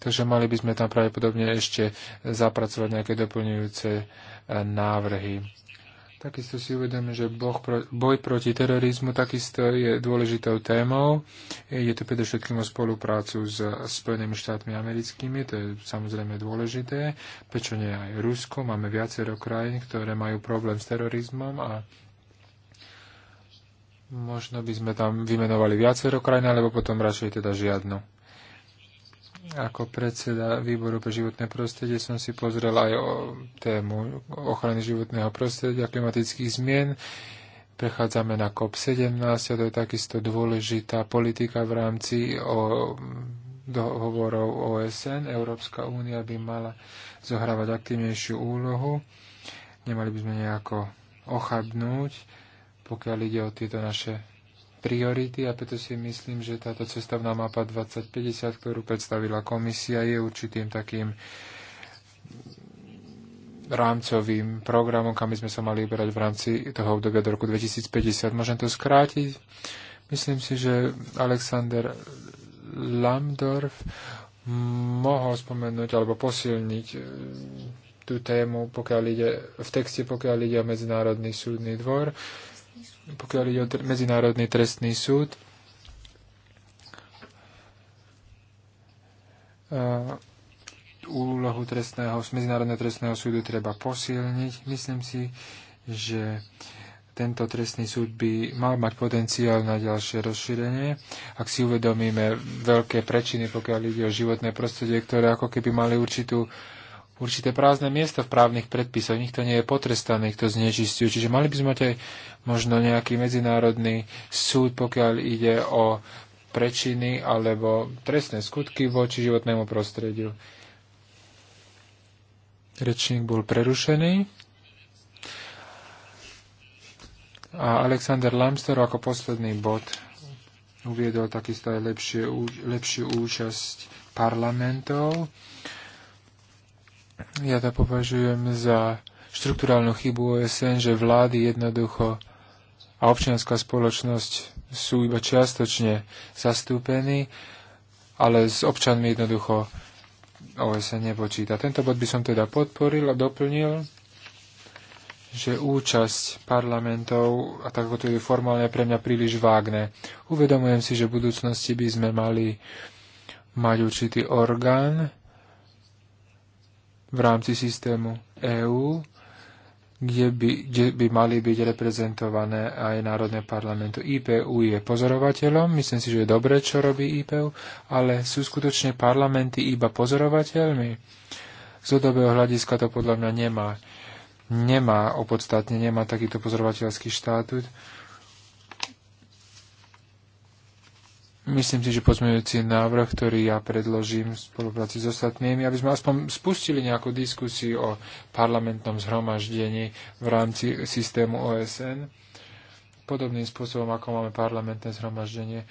Takže mali by sme tam pravdepodobne ešte zapracovať nejaké doplňujúce eh, návrhy Takisto si uvedomujem, že boj proti terorizmu takisto je dôležitou témou. Je to predovšetkým o spoluprácu s Spojenými štátmi americkými, to je samozrejme dôležité. Prečo nie aj Rusko? Máme viacero krajín, ktoré majú problém s terorizmom a možno by sme tam vymenovali viacero krajín, alebo potom radšej teda žiadnu ako predseda výboru pre životné prostredie som si pozrel aj o tému ochrany životného prostredia, a klimatických zmien. Prechádzame na COP17 a to je takisto dôležitá politika v rámci o dohovorov OSN. Európska únia by mala zohrávať aktívnejšiu úlohu. Nemali by sme nejako ochabnúť, pokiaľ ide o tieto naše priority a preto si myslím, že táto cestovná mapa 2050, ktorú predstavila komisia, je určitým takým rámcovým programom, kam by sme sa mali vybrať v rámci toho obdobia do roku 2050. Môžem to skrátiť? Myslím si, že Alexander Lamdorf mohol spomenúť alebo posilniť e, tú tému, pokiaľ ide, v texte, pokiaľ ide o Medzinárodný súdny dvor. Uh, pokiaľ ide o Medzinárodný trestný súd, úlohu trestného, Medzinárodného trestného súdu treba posilniť. Myslím si, že tento trestný súd by mal mať potenciál na ďalšie rozšírenie. Ak si uvedomíme veľké prečiny, pokiaľ ide o životné prostredie, ktoré ako keby mali určitú uh, určité prázdne miesto v právnych predpisoch. Nikto nie je potrestaný, kto znečistuje. Čiže mali by sme mať aj možno nejaký medzinárodný súd, pokiaľ ide o prečiny alebo trestné skutky voči životnému prostrediu. Rečník bol prerušený. A Alexander Lamster ako posledný bod uviedol takisto aj lepšie, lepšiu účasť parlamentov ja to považujem za štruktúrálnu chybu OSN, že vlády jednoducho a občianská spoločnosť sú iba čiastočne zastúpení, ale s občanmi jednoducho OSN nepočíta. Tento bod by som teda podporil a doplnil, že účasť parlamentov, a tak ako to je formálne, pre mňa príliš vágne. Uvedomujem si, že v budúcnosti by sme mali mať určitý orgán, v rámci systému EÚ, kde by, kde by mali byť reprezentované aj národné parlamentu. IPU je pozorovateľom, myslím si, že je dobré, čo robí IPU, ale sú skutočne parlamenty iba pozorovateľmi? Z dlhodobého hľadiska to podľa mňa nemá. Nemá opodstatne, nemá takýto pozorovateľský štatút Myslím si, že pozmeňujúci návrh, ktorý ja predložím v spolupráci s ostatnými, aby sme aspoň spustili nejakú diskusiu o parlamentnom zhromaždení v rámci systému OSN, podobným spôsobom, ako máme parlamentné zhromaždenie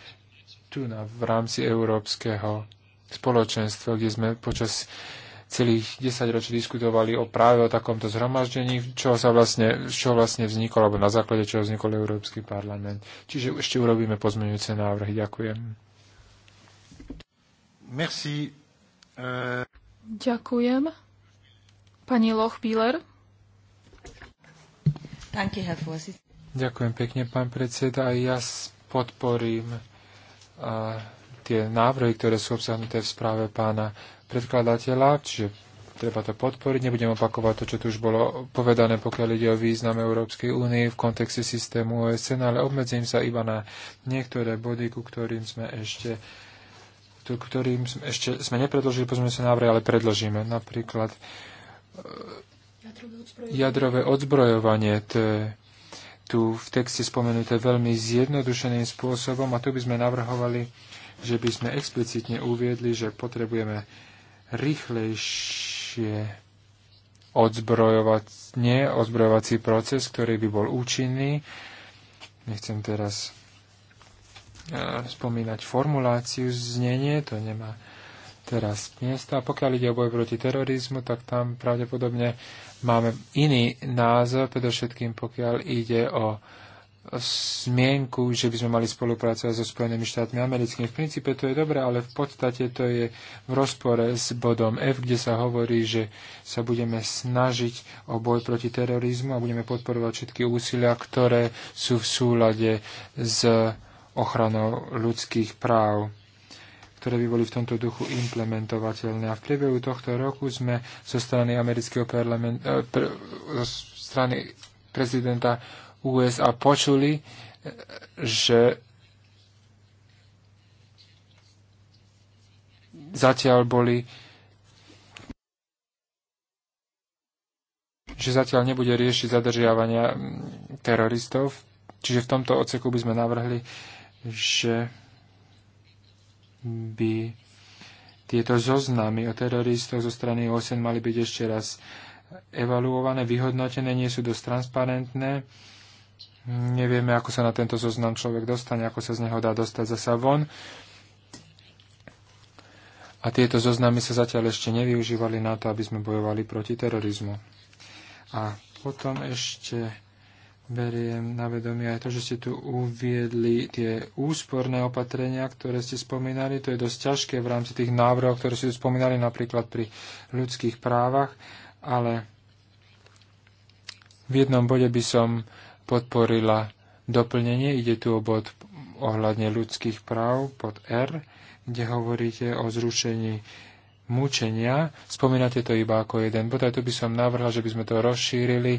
tu na, v rámci Európskeho spoločenstva, kde sme počas celých 10 ročí diskutovali o práve o takomto zhromaždení, čo sa vlastne, čo vlastne vzniklo, alebo na základe čoho vznikol Európsky parlament. Čiže ešte urobíme pozmeňujúce návrhy. Ďakujem. Merci. Uh... Ďakujem. Pani Lochbíler. Ďakujem pekne, pán predseda. Aj ja podporím uh, tie návrhy, ktoré sú obsahnuté v správe pána predkladateľa, čiže treba to podporiť. Nebudem opakovať to, čo tu už bolo povedané, pokiaľ ide o význam Európskej únie v kontexte systému OSN, ale obmedzím sa iba na niektoré body, ku ktorým sme ešte ktorým sme, ešte sme nepredložili sa návrhy, ale predložíme. Napríklad e, jadrové odzbrojovanie, to je tu v texte spomenuté veľmi zjednodušeným spôsobom a tu by sme navrhovali, že by sme explicitne uviedli, že potrebujeme rýchlejšie nie, odzbrojovací proces, ktorý by bol účinný. Nechcem teraz e, spomínať formuláciu znenie, to nemá teraz miesto. A pokiaľ ide o boj proti terorizmu, tak tam pravdepodobne máme iný názor, predovšetkým pokiaľ ide o zmienku, že by sme mali spolupracovať so Spojenými štátmi americkými. V princípe to je dobré, ale v podstate to je v rozpore s bodom F, kde sa hovorí, že sa budeme snažiť o boj proti terorizmu a budeme podporovať všetky úsilia, ktoré sú v súlade s ochranou ľudských práv ktoré by boli v tomto duchu implementovateľné. A v priebehu tohto roku sme zo strany amerického parlamentu, eh, pre, zo strany prezidenta USA počuli, e, že zatiaľ boli že zatiaľ nebude riešiť zadržiavania teroristov. Čiže v tomto odseku by sme navrhli, že by tieto zoznamy o teroristoch zo strany OSN mali byť ešte raz evaluované, vyhodnotené, nie sú dosť transparentné Nevieme, ako sa na tento zoznam človek dostane, ako sa z neho dá dostať zasa von. A tieto zoznamy sa zatiaľ ešte nevyužívali na to, aby sme bojovali proti terorizmu. A potom ešte beriem na vedomie aj to, že ste tu uviedli tie úsporné opatrenia, ktoré ste spomínali. To je dosť ťažké v rámci tých návrhov, ktoré ste spomínali napríklad pri ľudských právach, ale v jednom bode by som podporila doplnenie. Ide tu o bod ohľadne ľudských práv pod R, kde hovoríte o zrušení mučenia. Spomínate to iba ako jeden bod, aj tu by som navrhla, že by sme to rozšírili,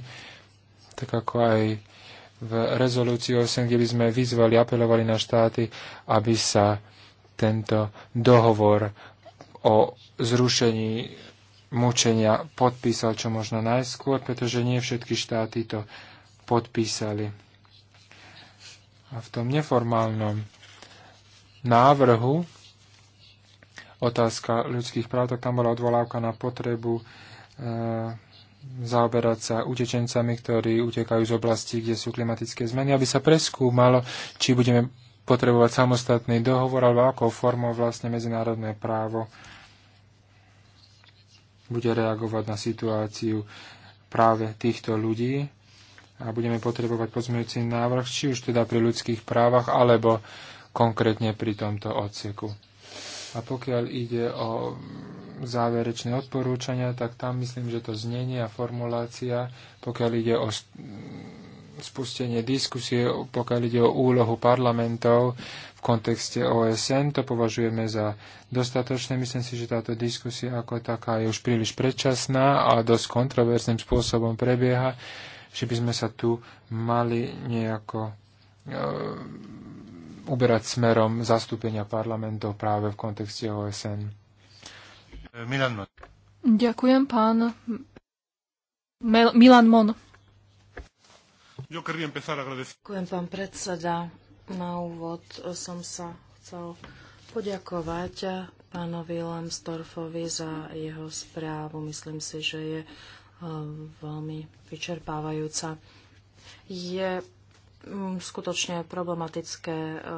tak ako aj v rezolúcii 8, kde by sme vyzvali, apelovali na štáty, aby sa tento dohovor o zrušení mučenia podpísal čo možno najskôr, pretože nie všetky štáty to podpísali. A v tom neformálnom návrhu otázka ľudských práv, tak tam bola odvolávka na potrebu e, zaoberať sa utečencami, ktorí utekajú z oblasti, kde sú klimatické zmeny, aby sa preskúmalo, či budeme potrebovať samostatný dohovor alebo akou formou vlastne medzinárodné právo bude reagovať na situáciu práve týchto ľudí a budeme potrebovať pozmeňujúci návrh, či už teda pri ľudských právach, alebo konkrétne pri tomto odseku. A pokiaľ ide o záverečné odporúčania, tak tam myslím, že to znenie a formulácia, pokiaľ ide o spustenie diskusie, pokiaľ ide o úlohu parlamentov v kontexte OSN, to považujeme za dostatočné. Myslím si, že táto diskusia ako taká je už príliš predčasná a dosť kontroverzným spôsobom prebieha že by sme sa tu mali nejako e, uberať smerom zastúpenia parlamentov práve v kontexte OSN. Milan Mon. Ďakujem, pán Mel- Milan Mon. Ďakujem, pán predseda. Na úvod som sa chcel poďakovať pánovi Lamstorfovi za jeho správu. Myslím si, že je veľmi vyčerpávajúca. Je mm, skutočne problematické e, e,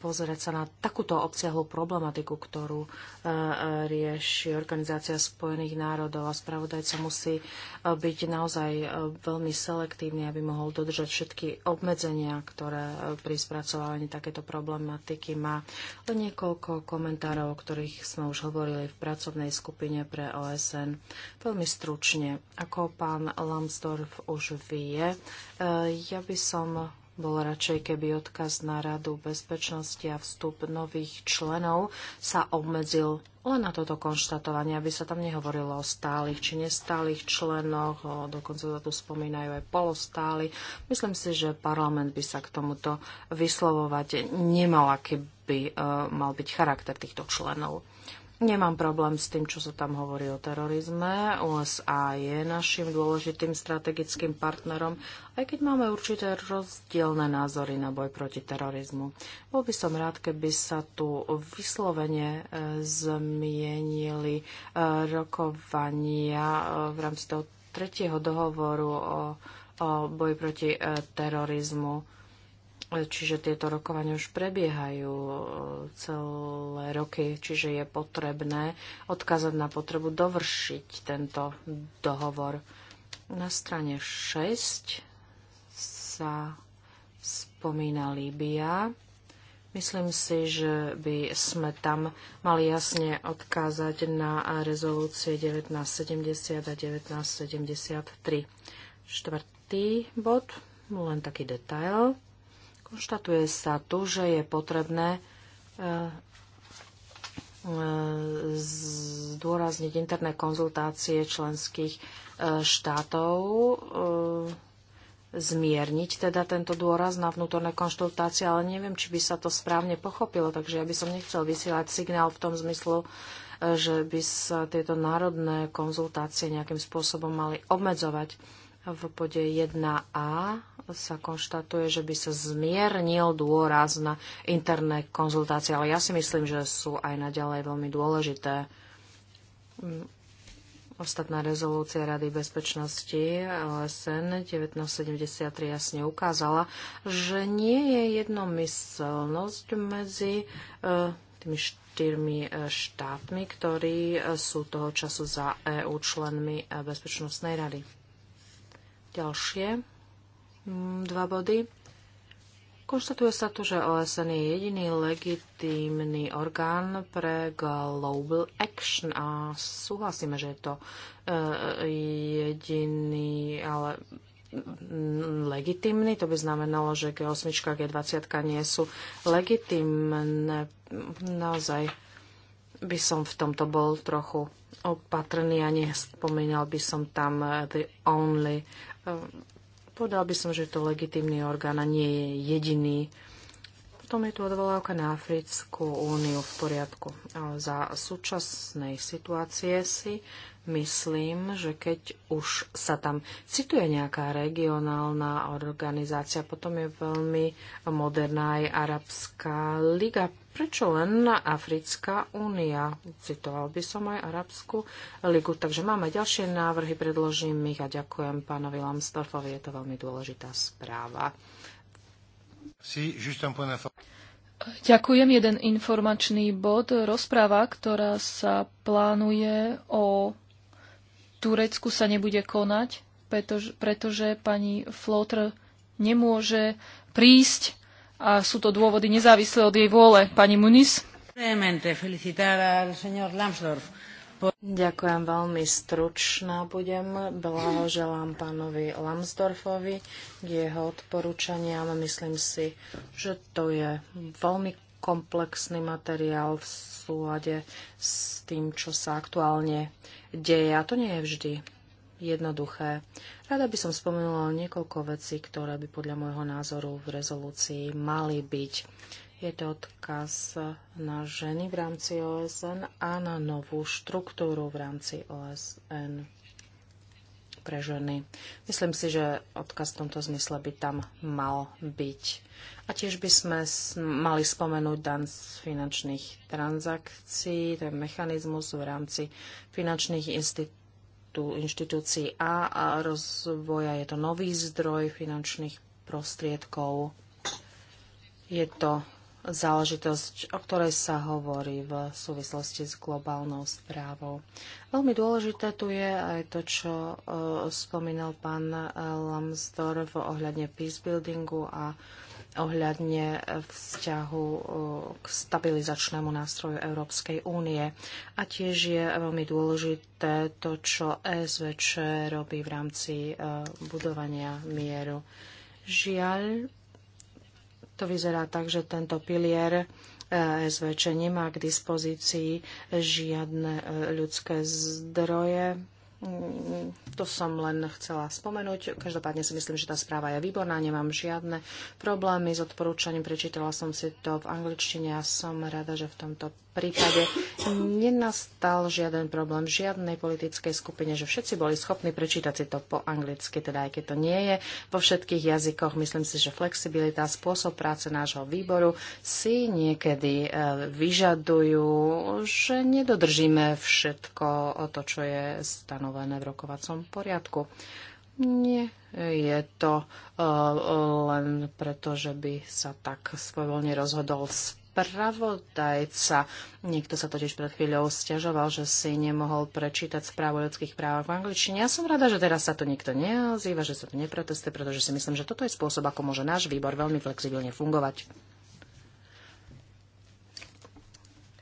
pozerať sa na takúto obsiahlu problematiku, ktorú e, e, rieši Organizácia spojených národov a spravodajca musí e, byť naozaj veľmi selektívny, aby mohol dodržať všetky obmedzenia, ktoré pri spracovávaní takéto problematiky má. To niekoľko komentárov, o ktorých sme už hovorili v pracovnej skupine pre OSN. Veľmi stručne, ako pán Lambsdorff už vie, ja by som bol radšej, keby odkaz na Radu bezpečnosti a vstup nových členov sa obmedzil len na toto konštatovanie, aby sa tam nehovorilo o stálych či nestálych členoch, o, dokonca sa tu spomínajú aj polostály. Myslím si, že parlament by sa k tomuto vyslovovať nemal, aký by e, mal byť charakter týchto členov. Nemám problém s tým, čo sa tam hovorí o terorizme. USA je našim dôležitým strategickým partnerom, aj keď máme určité rozdielne názory na boj proti terorizmu. Bol by som rád, keby sa tu vyslovene e, zmienili e, rokovania e, v rámci toho tretieho dohovoru o, o boji proti terorizmu Čiže tieto rokovania už prebiehajú e, celé roky, čiže je potrebné odkázať na potrebu dovršiť tento dohovor. Na strane 6 sa spomína Líbia. Myslím si, že by sme tam mali jasne odkázať na rezolúcie 1970 a 1973. Štvrtý bod, len taký detail. Konštatuje sa tu, že je potrebné e, e, zdôrazniť interné konzultácie členských e, štátov, zmierniť teda tento dôraz na vnútorné konštultácie, ale neviem, či by sa to správne pochopilo, takže ja by som nechcel vysielať signál v tom zmyslu, že by sa tieto národné konzultácie nejakým spôsobom mali obmedzovať. V bode 1a sa konštatuje, že by sa zmiernil dôraz na interné konzultácie, ale ja si myslím, že sú aj naďalej veľmi dôležité. Mm, ostatná rezolúcia Rady bezpečnosti OSN 1973 jasne ukázala, že nie je jednomyselnosť medzi e, tými štyrmi e, štátmi, ktorí e, sú toho času za EU členmi Bezpečnostnej rady. Ďalšie Mm, dva body. Konštatuje sa tu, že OSN je jediný legitímny orgán pre Global Action a súhlasíme, že je to e, jediný, ale legitimný, to by znamenalo, že G8 a G20 nie sú legitimné. Naozaj by som v tomto bol trochu opatrný a nespomínal by som tam the only Povedal by som, že to legitímny orgán a nie je jediný. Potom je tu odvolávka na Africkú úniu v poriadku. Ale za súčasnej situácie si myslím, že keď už sa tam cituje nejaká regionálna organizácia, potom je veľmi moderná aj Arabská liga Prečo len na Africká únia? Citoval by som aj Arabskú ligu. Takže máme ďalšie návrhy, predložím ich a ďakujem pánovi Lamstorfovi. Je to veľmi dôležitá správa. Ďakujem. Jeden informačný bod. Rozpráva, ktorá sa plánuje o Turecku sa nebude konať, pretože, pretože pani Flotr nemôže prísť a sú to dôvody nezávislé od jej vôle. Pani Muniz. Ďakujem veľmi stručná budem. Blahoželám pánovi Lambsdorfovi k jeho odporúčaniam. Myslím si, že to je veľmi komplexný materiál v súlade s tým, čo sa aktuálne deje. A to nie je vždy jednoduché. Rada by som spomenula niekoľko vecí, ktoré by podľa môjho názoru v rezolúcii mali byť. Je to odkaz na ženy v rámci OSN a na novú štruktúru v rámci OSN pre ženy. Myslím si, že odkaz v tomto zmysle by tam mal byť. A tiež by sme mali spomenúť dan z finančných transakcií, ten mechanizmus v rámci finančných institúcií štatútu inštitúcii A a rozvoja. Je to nový zdroj finančných prostriedkov. Je to záležitosť, o ktorej sa hovorí v súvislosti s globálnou správou. Veľmi dôležité tu je aj to, čo uh, spomínal pán e, Lambsdorff ohľadne peacebuildingu a uh, ohľadne vzťahu eh, k stabilizačnému nástroju Európskej únie. A tiež je veľmi dôležité to, čo SVČ robí v rámci eh, budovania mieru. Žiaľ, to vyzerá tak, že tento pilier eh, SVČ nemá k dispozícii žiadne ľudské zdroje, Mm, to som len chcela spomenúť. Každopádne si myslím, že tá správa je výborná, nemám žiadne problémy s odporúčaním. Prečítala som si to v angličtine a som rada, že v tomto prípade nenastal žiaden problém žiadnej politickej skupine, že všetci boli schopní prečítať si to po anglicky, teda aj keď to nie je vo všetkých jazykoch. Myslím si, že flexibilita spôsob práce nášho výboru si niekedy e, vyžadujú, že nedodržíme všetko to, čo je stanovené v rokovacom poriadku. Nie je to uh, len preto, že by sa tak svojvoľne rozhodol s spravodajca. Niekto sa totiž pred chvíľou stiažoval, že si nemohol prečítať správu o ľudských právach v angličtine. Ja som rada, že teraz sa tu nikto neozýva, že sa tu neprotestuje, pretože si myslím, že toto je spôsob, ako môže náš výbor veľmi flexibilne fungovať.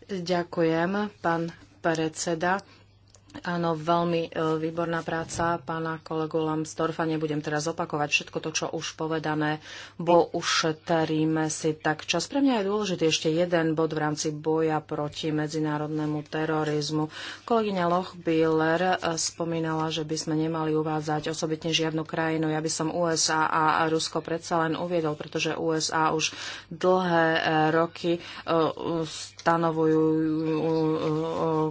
Ďakujem, pán predseda. Áno, veľmi e, výborná práca pána kolegu Lamstorfa. Nebudem teraz opakovať všetko to, čo už povedané, bo ušetríme si tak čas. Pre mňa je dôležitý ešte jeden bod v rámci boja proti medzinárodnému terorizmu. Kolegyňa Lochbiller e, spomínala, že by sme nemali uvádzať osobitne žiadnu krajinu. Ja by som USA a Rusko predsa len uviedol, pretože USA už dlhé e, roky stanovujú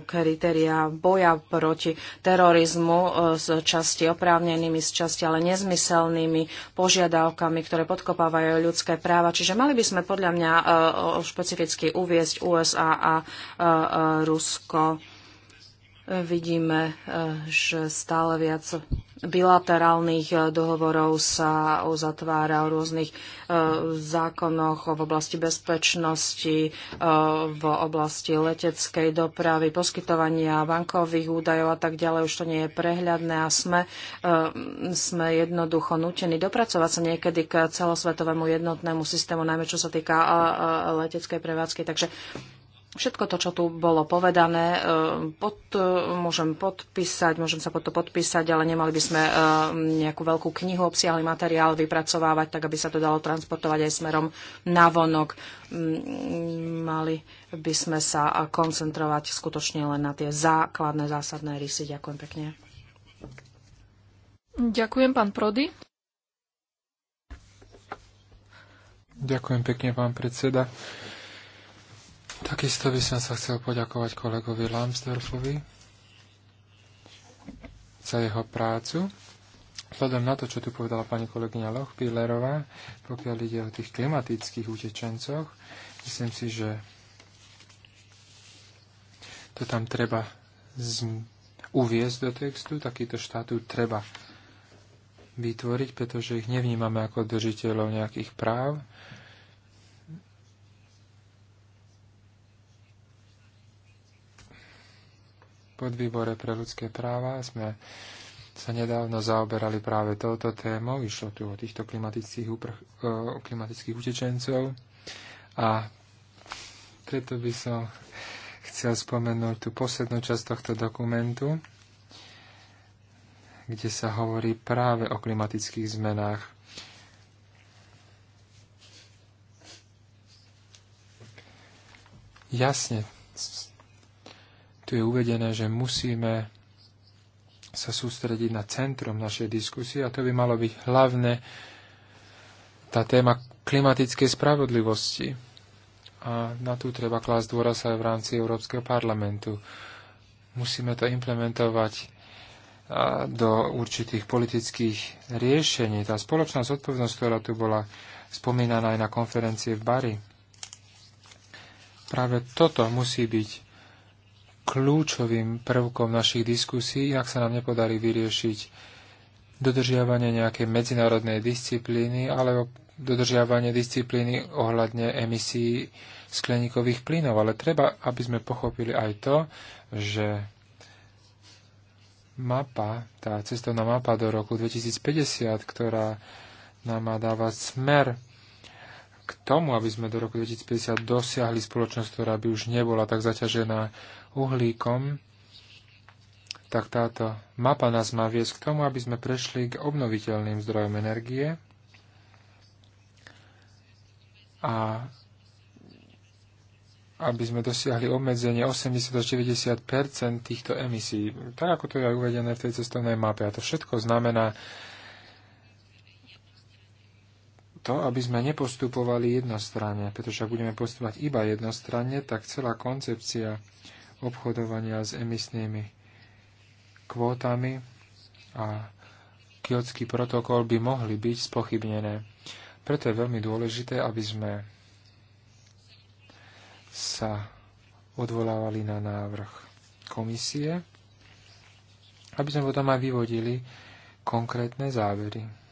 kritéria boja proti proti terorizmu s e, časti oprávnenými, s časti ale nezmyselnými požiadavkami, ktoré podkopávajú ľudské práva. Čiže mali by sme podľa mňa e, špecificky uviezť USA a e, Rusko vidíme, e, že stále viac bilaterálnych e, dohovorov sa uzatvára o rôznych e, zákonoch v oblasti bezpečnosti, v oblasti leteckej dopravy, poskytovania bankových údajov a tak ďalej. Už to nie je prehľadné a sme, sme jednoducho nutení dopracovať sa niekedy k celosvetovému jednotnému systému, najmä čo sa týka leteckej prevádzky. Takže Všetko to, čo tu bolo povedané, e, pod, e, môžem podpísať, môžem sa pod to podpísať, ale nemali by sme e, nejakú veľkú knihu, obsiahli materiál vypracovávať, tak aby sa to dalo transportovať aj smerom na vonok. Mm, mali by sme sa koncentrovať skutočne len na tie základné, zásadné rysy. Ďakujem pekne. Ďakujem, pán Prody. Ďakujem pekne, pán predseda. Takisto by som sa chcel poďakovať kolegovi Lambsdorfovi za jeho prácu. Vzhľadom na to, čo tu povedala pani kolegyňa Loch Pilerová, pokiaľ ide o tých klimatických utečencoch, myslím si, že to tam treba z... uviezť do textu, takýto štátu treba vytvoriť, pretože ich nevnímame ako držiteľov nejakých práv, podvýbore pre ľudské práva sme sa nedávno zaoberali práve touto témou. Išlo tu o týchto klimatických, uprch, o klimatických utečencov. A preto by som chcel spomenúť tú poslednú časť tohto dokumentu, kde sa hovorí práve o klimatických zmenách. Jasne tu je uvedené, že musíme sa sústrediť na centrum našej diskusie a to by malo byť hlavne tá téma klimatickej spravodlivosti. A na tú treba klásť dôraz aj v rámci Európskeho parlamentu. Musíme to implementovať do určitých politických riešení. Tá spoločná zodpovednosť, ktorá tu bola spomínaná aj na konferencii v Bari, práve toto musí byť kľúčovým prvkom našich diskusí, ak sa nám nepodarí vyriešiť dodržiavanie nejakej medzinárodnej disciplíny alebo dodržiavanie disciplíny ohľadne emisí skleníkových plynov. Ale treba, aby sme pochopili aj to, že mapa, tá cestovná mapa do roku 2050, ktorá nám má dávať smer k tomu, aby sme do roku 2050 dosiahli spoločnosť, ktorá by už nebola tak zaťažená uhlíkom, tak táto mapa nás má viesť k tomu, aby sme prešli k obnoviteľným zdrojom energie a aby sme dosiahli obmedzenie 80 až 90 týchto emisí, tak ako to je uvedené v tej cestovnej mape. A to všetko znamená to, aby sme nepostupovali jednostranne, pretože ak budeme postupovať iba jednostranne, tak celá koncepcia obchodovania s emisnými kvótami a kiotský protokol by mohli byť spochybnené. Preto je veľmi dôležité, aby sme sa odvolávali na návrh komisie, aby sme potom aj vyvodili konkrétne závery.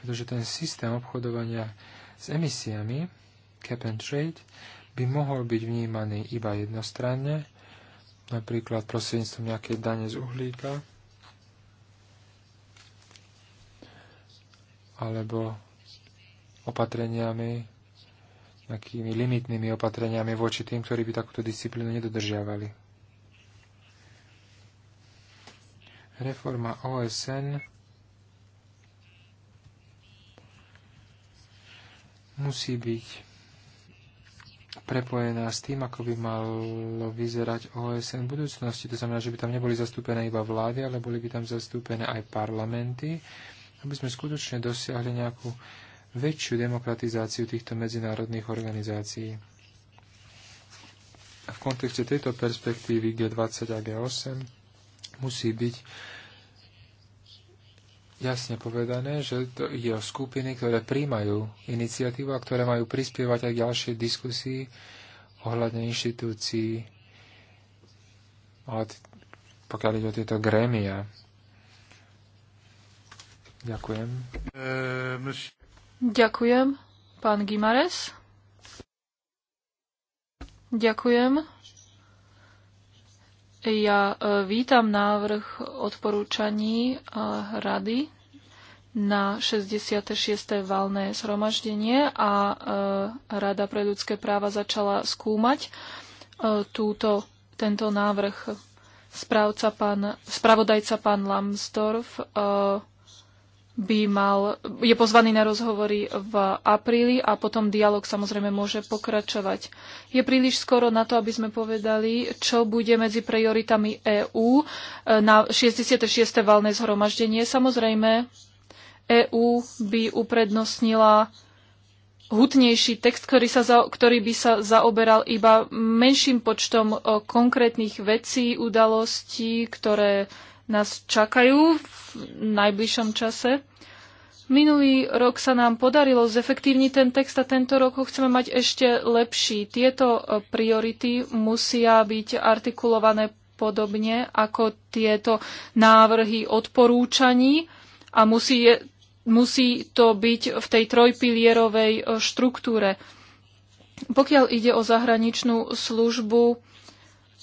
pretože ten systém obchodovania s emisiami, cap and trade, by mohol byť vnímaný iba jednostranne, napríklad prostredníctvom nejakej dane z uhlíka, alebo opatreniami, nejakými limitnými opatreniami voči tým, ktorí by takúto disciplínu nedodržiavali. Reforma OSN musí byť prepojená s tým, ako by malo vyzerať OSN v budúcnosti. To znamená, že by tam neboli zastúpené iba vlády, ale boli by tam zastúpené aj parlamenty, aby sme skutočne dosiahli nejakú väčšiu demokratizáciu týchto medzinárodných organizácií. A v kontexte tejto perspektívy G20 a G8 musí byť jasne povedané, že to ide o skupiny, ktoré príjmajú iniciatívu a ktoré majú prispievať aj ďalšie diskusii ohľadne inštitúcií, ale pokiaľ ide o tieto grémia. Ďakujem. Ďakujem, pán Gimares. Ďakujem. Ja e, vítam návrh odporúčaní e, rady na 66. valné zhromaždenie a e, Rada pre ľudské práva začala skúmať túto, tento návrh. Správca pán, spravodajca pán Lambsdorff by mal, je pozvaný na rozhovory v apríli a potom dialog samozrejme môže pokračovať. Je príliš skoro na to, aby sme povedali, čo bude medzi prioritami EÚ na 66. valné zhromaždenie. Samozrejme, EÚ by uprednostnila hutnejší text, ktorý, sa za, ktorý by sa zaoberal iba menším počtom konkrétnych vecí, udalostí, ktoré nás čakajú v najbližšom čase. Minulý rok sa nám podarilo zefektívniť ten text a tento rok ho chceme mať ešte lepší. Tieto e, priority musia byť artikulované podobne ako tieto návrhy odporúčaní a musí, musí to byť v tej trojpilierovej e, štruktúre. Pokiaľ ide o zahraničnú službu,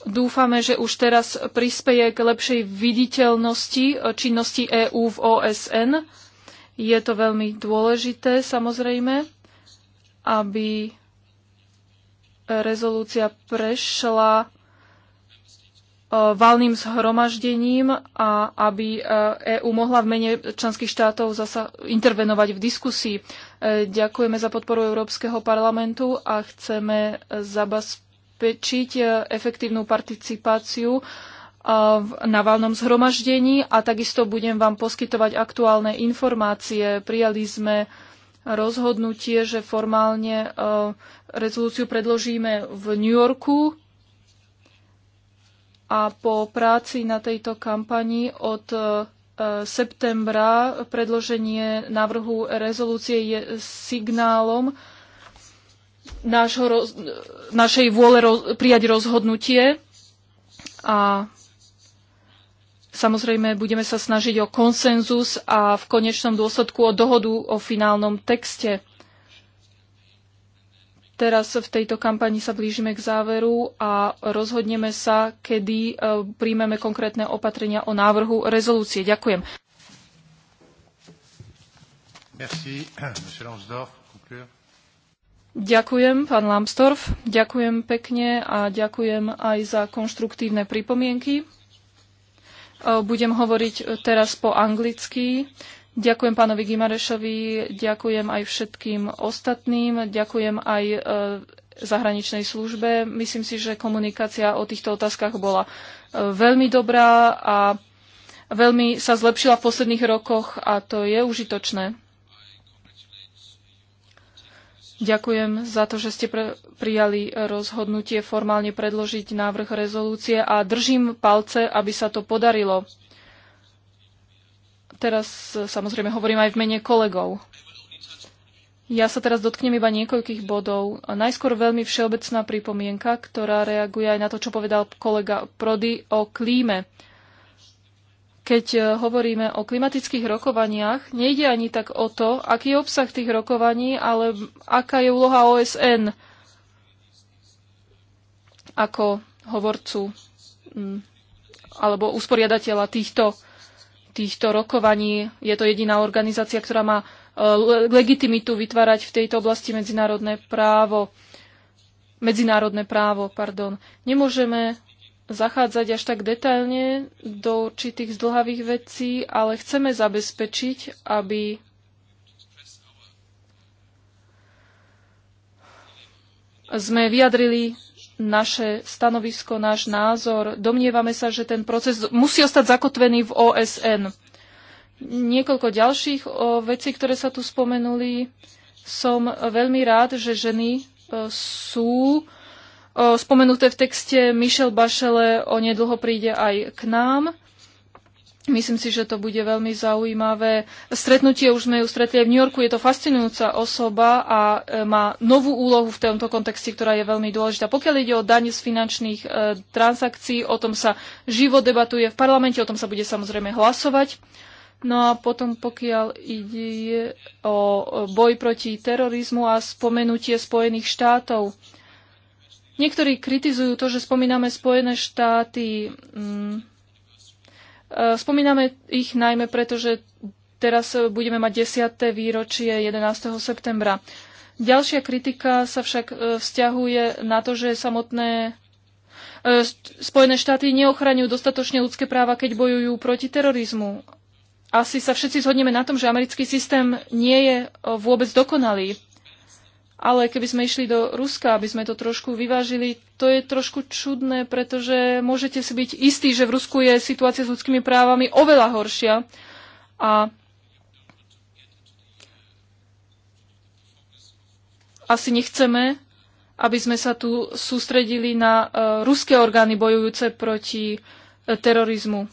dúfame, že už teraz prispeje k lepšej viditeľnosti e, činnosti EÚ v OSN. Je to veľmi dôležité, samozrejme, aby rezolúcia prešla e, valným zhromaždením a aby EÚ e mohla v mene členských štátov zasa intervenovať v diskusii. Ďakujeme za podporu Európskeho parlamentu a chceme zabezpečiť zabezpečiť e, efektívnu participáciu e, na valnom zhromaždení a takisto budem vám poskytovať aktuálne informácie. Prijali sme rozhodnutie, že formálne e, rezolúciu predložíme v New Yorku a po práci na tejto kampani od septembra predloženie návrhu rezolúcie je signálom, nášho roz, našej vôle roz, prijať rozhodnutie a samozrejme budeme sa snažiť o konsenzus a v konečnom dôsledku o dohodu o finálnom texte. Teraz v tejto kampani sa blížime k záveru a rozhodneme sa, kedy e, príjmeme konkrétne opatrenia o návrhu rezolúcie. Ďakujem. Merci, Ďakujem, pán Lambsdorff. ďakujem pekne a ďakujem aj za konštruktívne pripomienky. E, budem hovoriť teraz po anglicky. Ďakujem pánovi Gimarešovi, ďakujem aj všetkým ostatným, ďakujem aj e, zahraničnej službe. Myslím si, že komunikácia o týchto otázkach bola e, veľmi dobrá a veľmi sa zlepšila v posledných rokoch a to je užitočné. Ďakujem za to, že ste prijali rozhodnutie formálne predložiť návrh rezolúcie a držím palce, aby sa to podarilo. Teraz e, samozrejme hovorím aj v mene kolegov. Ja sa teraz dotknem iba niekoľkých bodov. Najskôr veľmi všeobecná pripomienka, ktorá reaguje aj na to, čo povedal kolega Prody o klíme keď e, hovoríme o klimatických rokovaniach, nejde ani tak o to, aký je obsah tých rokovaní, ale aká je úloha OSN ako hovorcu mm, alebo usporiadateľa týchto, týchto rokovaní. Je to jediná organizácia, ktorá má e, legitimitu vytvárať v tejto oblasti medzinárodné právo. Medzinárodné právo, pardon. Nemôžeme zachádzať až tak detailne do určitých zdlhavých vecí, ale chceme zabezpečiť, aby sme vyjadrili naše stanovisko, náš názor. Domnievame sa, že ten proces musí ostať zakotvený v OSN. Niekoľko ďalších vecí, ktoré sa tu spomenuli. Som veľmi rád, že ženy e, sú spomenuté v texte Michel Bašele onedlho príde aj k nám. Myslím si, že to bude veľmi zaujímavé. Stretnutie už sme ju stretli aj v New Yorku. Je to fascinujúca osoba a e, má novú úlohu v tomto kontexte, ktorá je veľmi dôležitá. Pokiaľ ide o daň z finančných e, transakcií, o tom sa živo debatuje v parlamente, o tom sa bude samozrejme hlasovať. No a potom, pokiaľ ide o boj proti terorizmu a spomenutie Spojených štátov, Niektorí kritizujú to, že spomíname Spojené štáty. Mm, e, spomíname ich najmä preto, že teraz budeme mať 10. výročie 11. septembra. Ďalšia kritika sa však e, vzťahuje na to, že samotné e, Spojené štáty neochraňujú dostatočne ľudské práva, keď bojujú proti terorizmu. Asi sa všetci zhodneme na tom, že americký systém nie je vôbec dokonalý. Ale keby sme išli do Ruska, aby sme to trošku vyvážili, to je trošku čudné, pretože môžete si byť istí, že v Rusku je situácia s ľudskými právami oveľa horšia. A asi nechceme, aby sme sa tu sústredili na e, ruské orgány bojujúce proti e, terorizmu.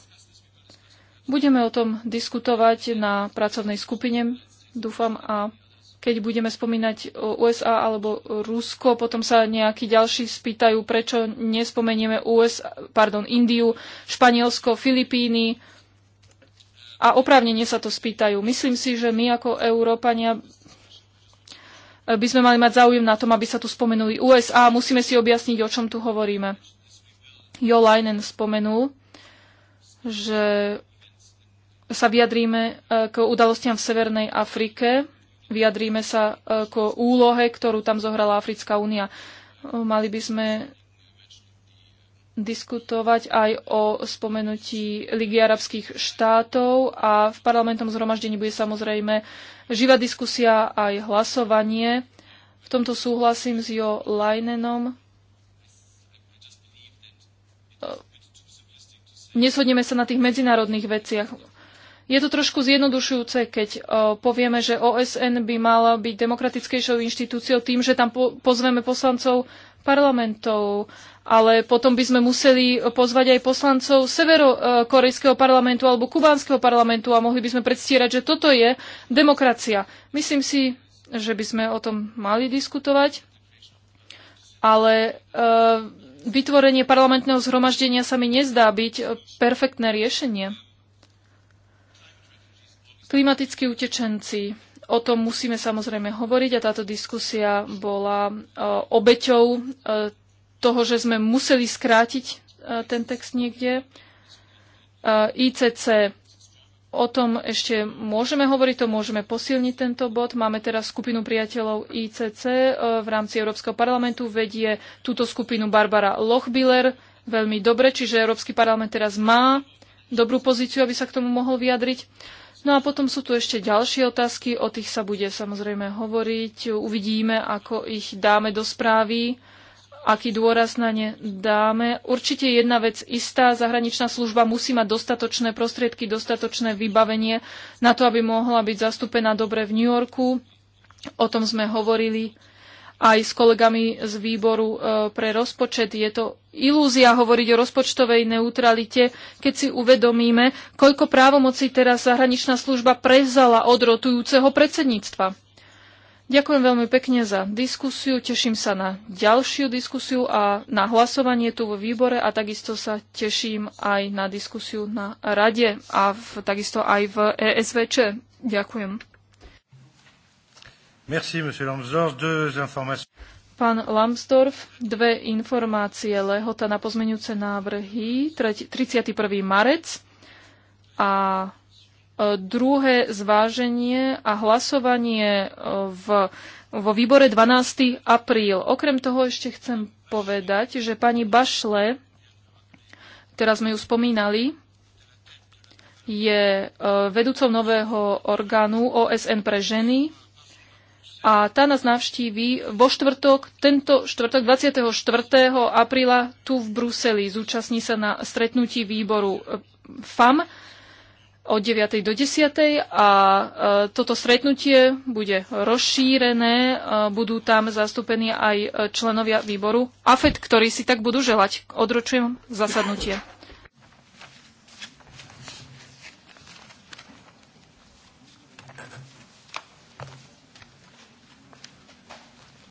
Budeme o tom diskutovať na pracovnej skupine, dúfam, a keď budeme spomínať e, USA alebo Rusko, potom sa nejakí ďalší spýtajú, prečo nespomenieme USA, pardon, Indiu, Španielsko, Filipíny. A oprávnenie sa to spýtajú. Myslím si, že my ako Európania e, by sme mali mať záujem na tom, aby sa tu spomenuli USA. Musíme si objasniť, o čom tu hovoríme. Jo Leinen spomenul, že sa vyjadríme e, k udalostiam v Severnej Afrike vyjadríme sa e, k úlohe, ktorú tam zohrala Africká únia. Mali by sme diskutovať aj o spomenutí Ligy arabských štátov a v parlamentnom zhromaždení bude samozrejme živá diskusia aj hlasovanie. V tomto súhlasím s Jo Leinenom. E, Neshodneme sa na tých medzinárodných veciach je to trošku zjednodušujúce, keď e, povieme, že OSN by mala byť demokratickejšou inštitúciou tým, že tam pozveme poslancov parlamentov, ale potom by sme museli pozvať aj poslancov severokorejského parlamentu alebo kubánskeho parlamentu a mohli by sme predstierať, že toto je demokracia. Myslím si, že by sme o tom mali diskutovať, ale e, vytvorenie parlamentného zhromaždenia sa mi nezdá byť perfektné riešenie. Klimatickí utečenci. O tom musíme samozrejme hovoriť a táto diskusia bola e, obeťou e, toho, že sme museli skrátiť e, ten text niekde. ICC O tom ešte môžeme hovoriť, to môžeme posilniť tento bod. Máme teraz skupinu priateľov ICC v rámci Európskeho parlamentu. Vedie túto skupinu Barbara Lochbiller veľmi dobre, čiže Európsky parlament teraz má dobrú pozíciu, aby sa k tomu mohol vyjadriť. No a potom sú tu ešte ďalšie otázky, o tých sa bude samozrejme hovoriť. Uvidíme, ako ich dáme do správy, aký dôraz na ne dáme. Určite jedna vec istá, zahraničná služba musí mať dostatočné prostriedky, dostatočné vybavenie na to, aby mohla byť zastúpená dobre v New Yorku. O tom sme hovorili aj s kolegami z výboru e, pre rozpočet. Je to ilúzia hovoriť o rozpočtovej neutralite, keď si uvedomíme, koľko právomocí teraz zahraničná služba prezala od rotujúceho predsedníctva. Ďakujem veľmi pekne za diskusiu, teším sa na ďalšiu diskusiu a na hlasovanie tu vo výbore a takisto sa teším aj na diskusiu na rade a v, takisto aj v ESVČ. Ďakujem. Merci, monsieur Lambsdorff. Deux informations. Pán Lambsdorff, dve informácie. Lehota na pozmeňujúce návrhy 31. marec a e, druhé zváženie a hlasovanie e, v, vo výbore 12. apríl. Okrem toho ešte chcem povedať, že pani Bašle, teraz sme ju spomínali, je e, vedúcou nového orgánu OSN pre ženy a tá nás navštíví vo štvrtok, tento štvrtok 24. apríla tu v Bruseli. Zúčastní sa na stretnutí výboru eh, FAM od 9. do 10. a eh, toto stretnutie bude rozšírené. Eh, budú tam zastúpení aj členovia výboru AFED, ktorí si tak budú želať. Odročujem zasadnutie.